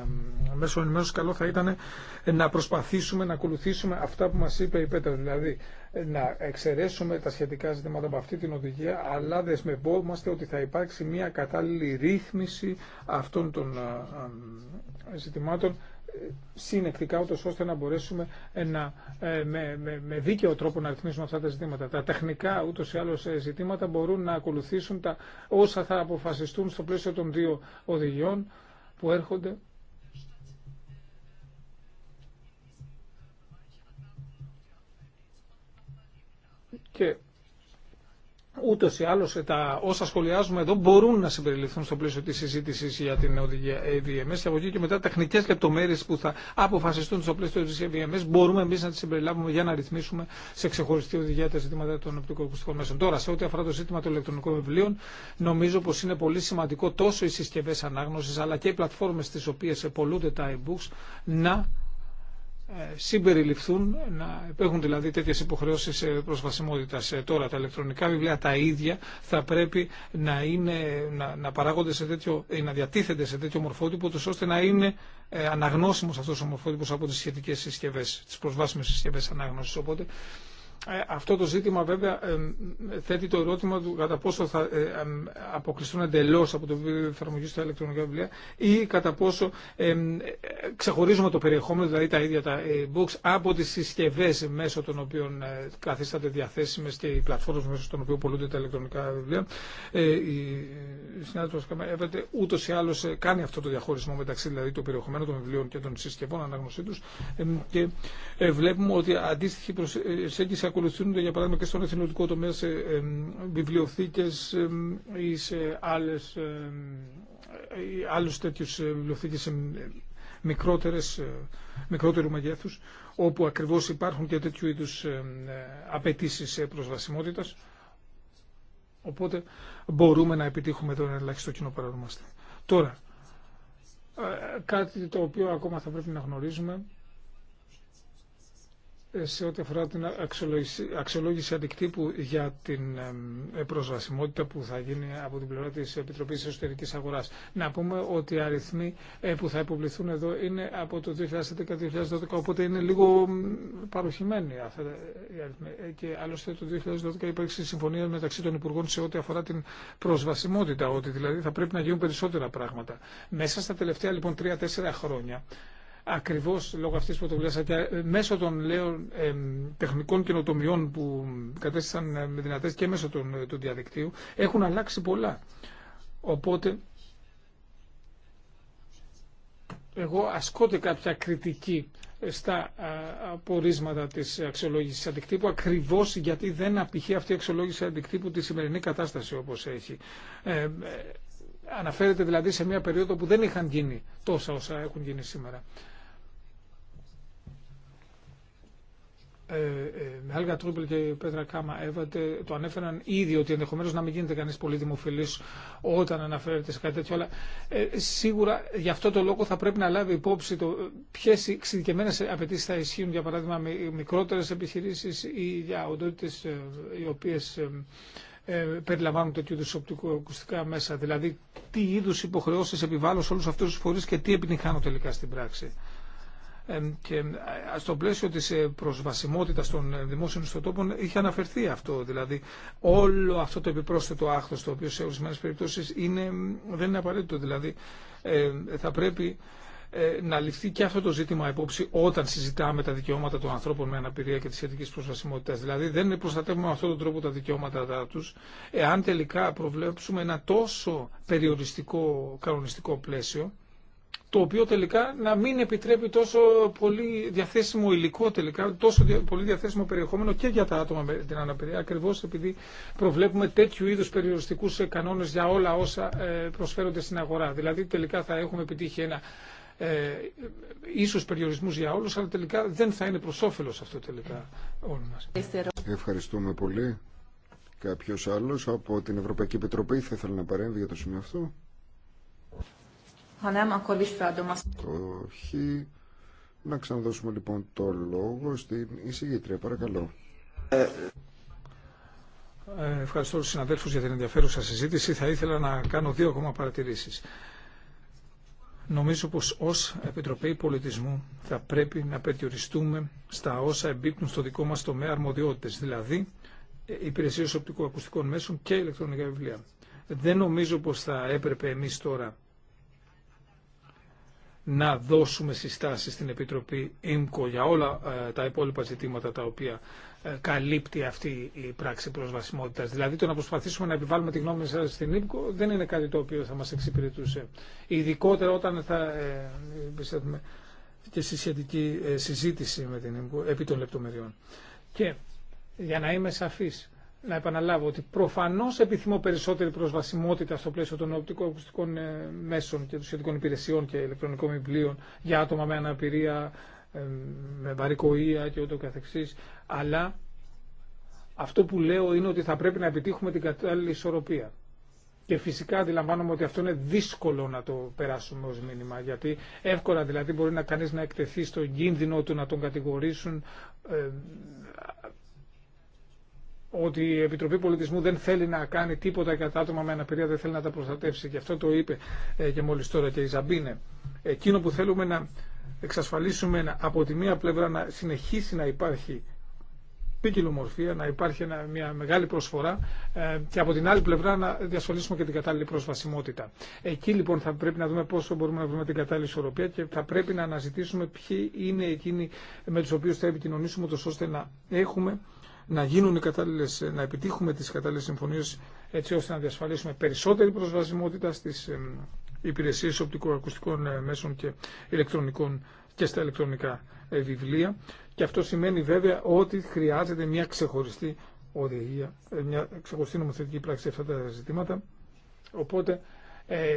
μέσων ενημέρωση, καλό θα ήταν ε, να προσπαθήσουμε να ακολουθήσουμε αυτά που μα είπε η Πέτρα. Δηλαδή, ε, να εξαιρέσουμε τα σχετικά ζητήματα από αυτή την οδηγία, αλλά δεσμευόμαστε ότι θα υπάρξει μια κατάλληλη ρύθμιση αυτών των ε, ζητημάτων συνεκτικά, ούτως ώστε να μπορέσουμε να, με, με, με, δίκαιο τρόπο να ρυθμίσουμε αυτά τα ζητήματα. Τα τεχνικά ούτως ή άλλως ζητήματα μπορούν να ακολουθήσουν τα όσα θα αποφασιστούν στο πλαίσιο των δύο οδηγιών, που έρχονται και ούτως ή άλλως ε, τα όσα σχολιάζουμε εδώ μπορούν να συμπεριληφθούν στο πλαίσιο τη συζήτηση για την οδηγία AVMS και από εκεί και μετά τεχνικές λεπτομέρειες που θα αποφασιστούν στο πλαίσιο τη AVMS μπορούμε εμεί να τι συμπεριλάβουμε για να ρυθμίσουμε σε ξεχωριστή οδηγία τα ζητήματα των οπτικοακουστικών μέσων. Τώρα, σε ό,τι αφορά το ζήτημα των ηλεκτρονικών βιβλίων, νομίζω πω είναι πολύ σημαντικό τόσο οι συσκευέ ανάγνωση, αλλά και οι πλατφόρμε στι οποίε πολλούνται τα e-books να ε, συμπεριληφθούν, να έχουν δηλαδή τέτοιες υποχρεώσεις ε, προσβασιμότητα. Ε, τώρα τα ηλεκτρονικά βιβλία τα ίδια θα πρέπει να, είναι, να, να παράγονται σε τέτοιο, να διατίθενται σε τέτοιο μορφότυπο ώστε να είναι αναγνώσιμος αυτό ο μορφότυπο από τις σχετικέ συσκευές, τις προσβάσιμες συσκευές ανάγνωση Οπότε ε, αυτό το ζήτημα βέβαια ε, θέτει το ερώτημα του κατά πόσο θα ε, αποκλειστούν εντελώ από το βιβλίο εφαρμογή στα ηλεκτρονικά βιβλία ή κατά πόσο ξεχωρίζουμε το περιεχόμενο, δηλαδή τα ίδια τα books, από τι συσκευέ μέσω των οποίων καθίσταται διαθέσιμε και οι πλατφόρμε μέσω των οποίων πολλούνται τα ηλεκτρονικά βιβλία. Η συνάδελφο Καμπέβεται ούτω ή άλλω κάνει αυτό το διαχωρισμό μεταξύ δηλαδή του περιεχομένου των βιβλίων και των συσκευών ανάγνωσή του και βλέπουμε ότι αντίστοιχη προσέγγιση ακολουθούνται για παράδειγμα και στον εθνοτικό τομέα σε βιβλιοθήκες ή σε άλλες, ή άλλους τέτοιους ε, βιβλιοθήκες σε μικρότερες, ε, μικρότερου μεγέθους όπου ακριβώς υπάρχουν και τέτοιου είδους απαιτήσει προσβασιμότητας. Οπότε μπορούμε να επιτύχουμε τον ελάχιστο κοινό παραδομαστή. Τώρα, ε, κάτι το οποίο ακόμα θα πρέπει να γνωρίζουμε σε ό,τι αφορά την αξιολόγηση, αξιολόγηση αντικτύπου για την προσβασιμότητα που θα γίνει από την πλευρά της Επιτροπής Εσωτερικής Αγοράς. Να πούμε ότι οι αριθμοί ε, που θα υποβληθούν εδώ είναι από το 2011-2012, οπότε είναι λίγο παροχημένοι αυτά οι αριθμοί. Ε, και άλλωστε το 2012 υπήρξε συμφωνία μεταξύ των Υπουργών σε ό,τι αφορά την προσβασιμότητα, ότι δηλαδή θα πρέπει να γίνουν περισσότερα πράγματα. Μέσα στα τελευταία λοιπόν 3-4 χρόνια ακριβώς λόγω αυτής το πρωτοβουλία, μέσω των λέω, τεχνικών καινοτομιών που κατέστησαν ε, με δυνατές και μέσω των, ε, του διαδικτύου έχουν αλλάξει πολλά. Οπότε εγώ ασκώται κάποια κριτική στα απορίσματα της αξιολόγησης αντικτύπου ακριβώς γιατί δεν απηχεί αυτή η αξιολόγηση αντικτύπου τη σημερινή κατάσταση όπως έχει. Ε, ε αναφέρεται δηλαδή σε μια περίοδο που δεν είχαν γίνει τόσα όσα έχουν γίνει σήμερα. ε, ε Άλγα Τρούπελ και η Πέτρα Κάμα έβατε, το ανέφεραν ήδη ότι ενδεχομένω να μην γίνεται κανεί πολύ δημοφιλή όταν αναφέρεται σε κάτι τέτοιο. Αλλά ε, σίγουρα γι' αυτό το λόγο θα πρέπει να λάβει υπόψη το ε, ποιε εξειδικευμένε απαιτήσει θα ισχύουν για παράδειγμα μικρότερε επιχειρήσει ή για οντότητε ε, οι οποίε περιλαμβάνουν τέτοιου είδου οπτικοακουστικά μέσα. Δηλαδή, τι είδου υποχρεώσει επιβάλλω σε όλου αυτού του φορεί και τι επιτυχάνω τελικά στην πράξη και ε, στο πλαίσιο της ε, προσβασιμότητας των ε, δημόσιων ιστοτόπων είχε αναφερθεί αυτό, δηλαδή όλο αυτό το επιπρόσθετο άχθος το οποίο σε ορισμένες περιπτώσεις είναι, δεν είναι απαραίτητο, δηλαδή θα πρέπει να ληφθεί και αυτό το ζήτημα υπόψη όταν συζητάμε τα δικαιώματα των ανθρώπων με αναπηρία και τη σχετική προσβασιμότητα. Δηλαδή, δεν προστατεύουμε με αυτόν τον τρόπο τα δικαιώματα του, εάν τελικά προβλέψουμε ένα τόσο περιοριστικό κανονιστικό πλαίσιο, το οποίο τελικά να μην επιτρέπει τόσο πολύ διαθέσιμο υλικό τελικά, τόσο πολύ διαθέσιμο περιεχόμενο και για τα άτομα με την αναπηρία, ακριβώς επειδή προβλέπουμε τέτοιου είδους περιοριστικούς κανόνες για όλα όσα ε, προσφέρονται στην αγορά. Δηλαδή τελικά θα έχουμε επιτύχει ένα ε, ίσους περιορισμούς για όλους, αλλά τελικά δεν θα είναι προς όφελος αυτό τελικά όλων μας. Ευχαριστούμε πολύ. Κάποιος άλλος από την Ευρωπαϊκή Επιτροπή θα ήθελε να παρέμβει για το σημείο αυτό. Όχι. Να ξαναδώσουμε λοιπόν το λόγο στην εισηγήτρια. Παρακαλώ. Ε, ευχαριστώ τους συναδέλφους για την ενδιαφέρουσα συζήτηση. Θα ήθελα να κάνω δύο ακόμα παρατηρήσεις. Νομίζω πως ως Επιτροπή Πολιτισμού θα πρέπει να περιοριστούμε στα όσα εμπίπτουν στο δικό μας τομέα αρμοδιότητες, δηλαδή ε, υπηρεσίες οπτικοακουστικών μέσων και ηλεκτρονικά βιβλία. Δεν νομίζω πως θα έπρεπε εμείς τώρα να δώσουμε συστάσεις στην Επιτροπή ΙΜΚΟ για όλα ε, τα υπόλοιπα ζητήματα τα οποία ε, καλύπτει αυτή η πράξη προσβασιμότητα. Δηλαδή το να προσπαθήσουμε να επιβάλλουμε τη γνώμη σα στην ΙΜΚΟ δεν είναι κάτι το οποίο θα μα εξυπηρετούσε. Ειδικότερα όταν θα ε, πιστεύουμε και στη σχετική συζήτηση με την ΙΜΚΟ επί των λεπτομεριών. Και για να είμαι σαφής, να επαναλάβω ότι προφανώ επιθυμώ περισσότερη προσβασιμότητα στο πλαίσιο των οπτικοακουστικών ε, μέσων και των σχετικών υπηρεσιών και ηλεκτρονικών βιβλίων για άτομα με αναπηρία, ε, με βαρικοία και ούτω καθεξής. Αλλά αυτό που λέω είναι ότι θα πρέπει να επιτύχουμε την κατάλληλη ισορροπία. Και φυσικά αντιλαμβάνομαι ότι αυτό είναι δύσκολο να το περάσουμε ως μήνυμα, γιατί εύκολα δηλαδή μπορεί να κανείς να εκτεθεί στον κίνδυνο του να τον κατηγορήσουν ε, ότι η Επιτροπή Πολιτισμού δεν θέλει να κάνει τίποτα για τα άτομα με αναπηρία, δεν θέλει να τα προστατεύσει. και αυτό το είπε ε, και μόλι τώρα και η Ζαμπίνε. Εκείνο που θέλουμε να εξασφαλίσουμε από τη μία πλευρά να συνεχίσει να υπάρχει ποικιλομορφία, να υπάρχει μια μεγάλη προσφορά ε, και από την άλλη πλευρά να διασφαλίσουμε και την κατάλληλη προσβασιμότητα. Εκεί λοιπόν θα πρέπει να δούμε πόσο μπορούμε να βρούμε την κατάλληλη ισορροπία και θα πρέπει να αναζητήσουμε ποιοι είναι εκείνοι με τους οποίους θα επικοινωνήσουμε τόσο ώστε να έχουμε να γίνουν οι να επιτύχουμε τις κατάλληλες συμφωνίες έτσι ώστε να διασφαλίσουμε περισσότερη προσβασιμότητα στις υπηρεσίες οπτικοακουστικών ε, μέσων και ηλεκτρονικών και στα ηλεκτρονικά ε, βιβλία. Και αυτό σημαίνει βέβαια ότι χρειάζεται μια ξεχωριστή οδηγία, ε, μια ξεχωριστή νομοθετική πράξη σε αυτά τα ζητήματα. Οπότε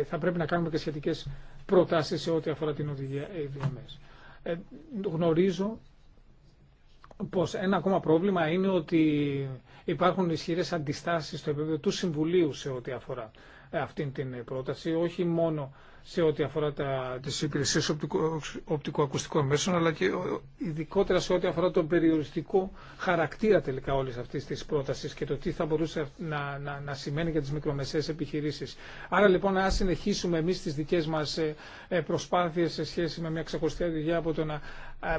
θα πρέπει να κάνουμε και σχετικές προτάσεις σε ό,τι αφορά την οδηγία AVMS. Ε, γνωρίζω πως ένα ακόμα πρόβλημα είναι ότι υπάρχουν ισχυρές αντιστάσεις στο επίπεδο του Συμβουλίου σε ό,τι αφορά αυτήν την πρόταση, όχι μόνο σε ό,τι αφορά τα, τις υπηρεσίες οπτικοακουστικών μέσων, αλλά και ειδικότερα σε ό,τι αφορά τον περιοριστικό χαρακτήρα τελικά όλης αυτής της πρότασης και το τι θα μπορούσε να, να, να σημαίνει για τις μικρομεσαίες επιχειρήσεις. Άρα λοιπόν να συνεχίσουμε εμείς τις δικές μας ε, ε, προσπάθειες σε σχέση με μια ξεχωριστή δουλειά από το να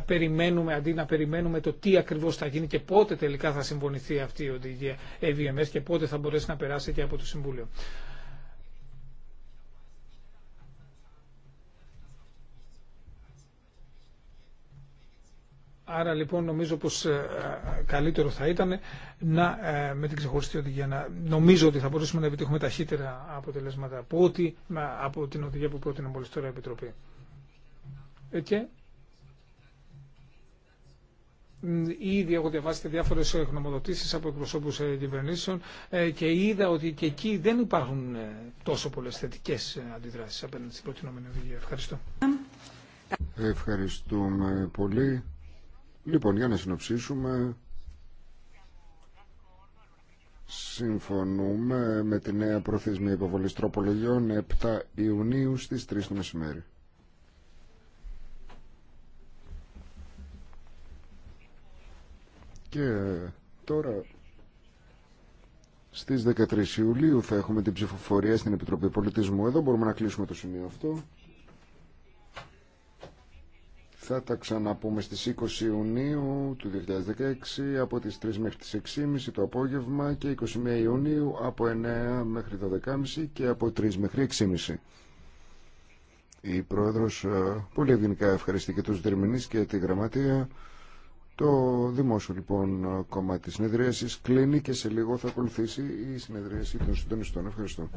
περιμένουμε, αντί να περιμένουμε το τι ακριβώς θα γίνει και πότε τελικά θα συμφωνηθεί αυτή η οδηγία EVMS και πότε θα μπορέσει να περάσει και από το Συμβούλιο. Άρα λοιπόν νομίζω πως ε, ε, καλύτερο θα ήταν να, ε, με την ξεχωριστή οδηγία να νομίζω ότι θα μπορούσαμε να επιτύχουμε ταχύτερα αποτελέσματα από, ό,τι, από την οδηγία που πρότεινε μόλις τώρα η Επιτροπή. Και Ήδη έχω διαβάσει διάφορε γνωμοδοτήσει από εκπροσώπου κυβερνήσεων και είδα ότι και εκεί δεν υπάρχουν τόσο πολλέ θετικέ αντιδράσει απέναντι στην προτινόμενη οδηγία. Ευχαριστώ. Ευχαριστούμε πολύ. Λοιπόν, για να συνοψίσουμε, συμφωνούμε με τη νέα προθεσμία υποβολή τροπολογιών 7 Ιουνίου στις 3 το μεσημέρι. Και τώρα στις 13 Ιουλίου θα έχουμε την ψηφοφορία στην Επιτροπή Πολιτισμού. Εδώ μπορούμε να κλείσουμε το σημείο αυτό. Θα τα ξαναπούμε στις 20 Ιουνίου του 2016 από τις 3 μέχρι τις 6.30 το απόγευμα και 21 Ιουνίου από 9 μέχρι 12.30 και από 3 μέχρι 6.30. Η Πρόεδρος ε, πολύ ευγενικά ευχαριστεί και τους Δερμηνείς και τη Γραμματεία. Το δημόσιο λοιπόν κομμάτι της συνεδρίασης κλείνει και σε λίγο θα ακολουθήσει η συνεδρίαση των συντονιστών. Ευχαριστώ.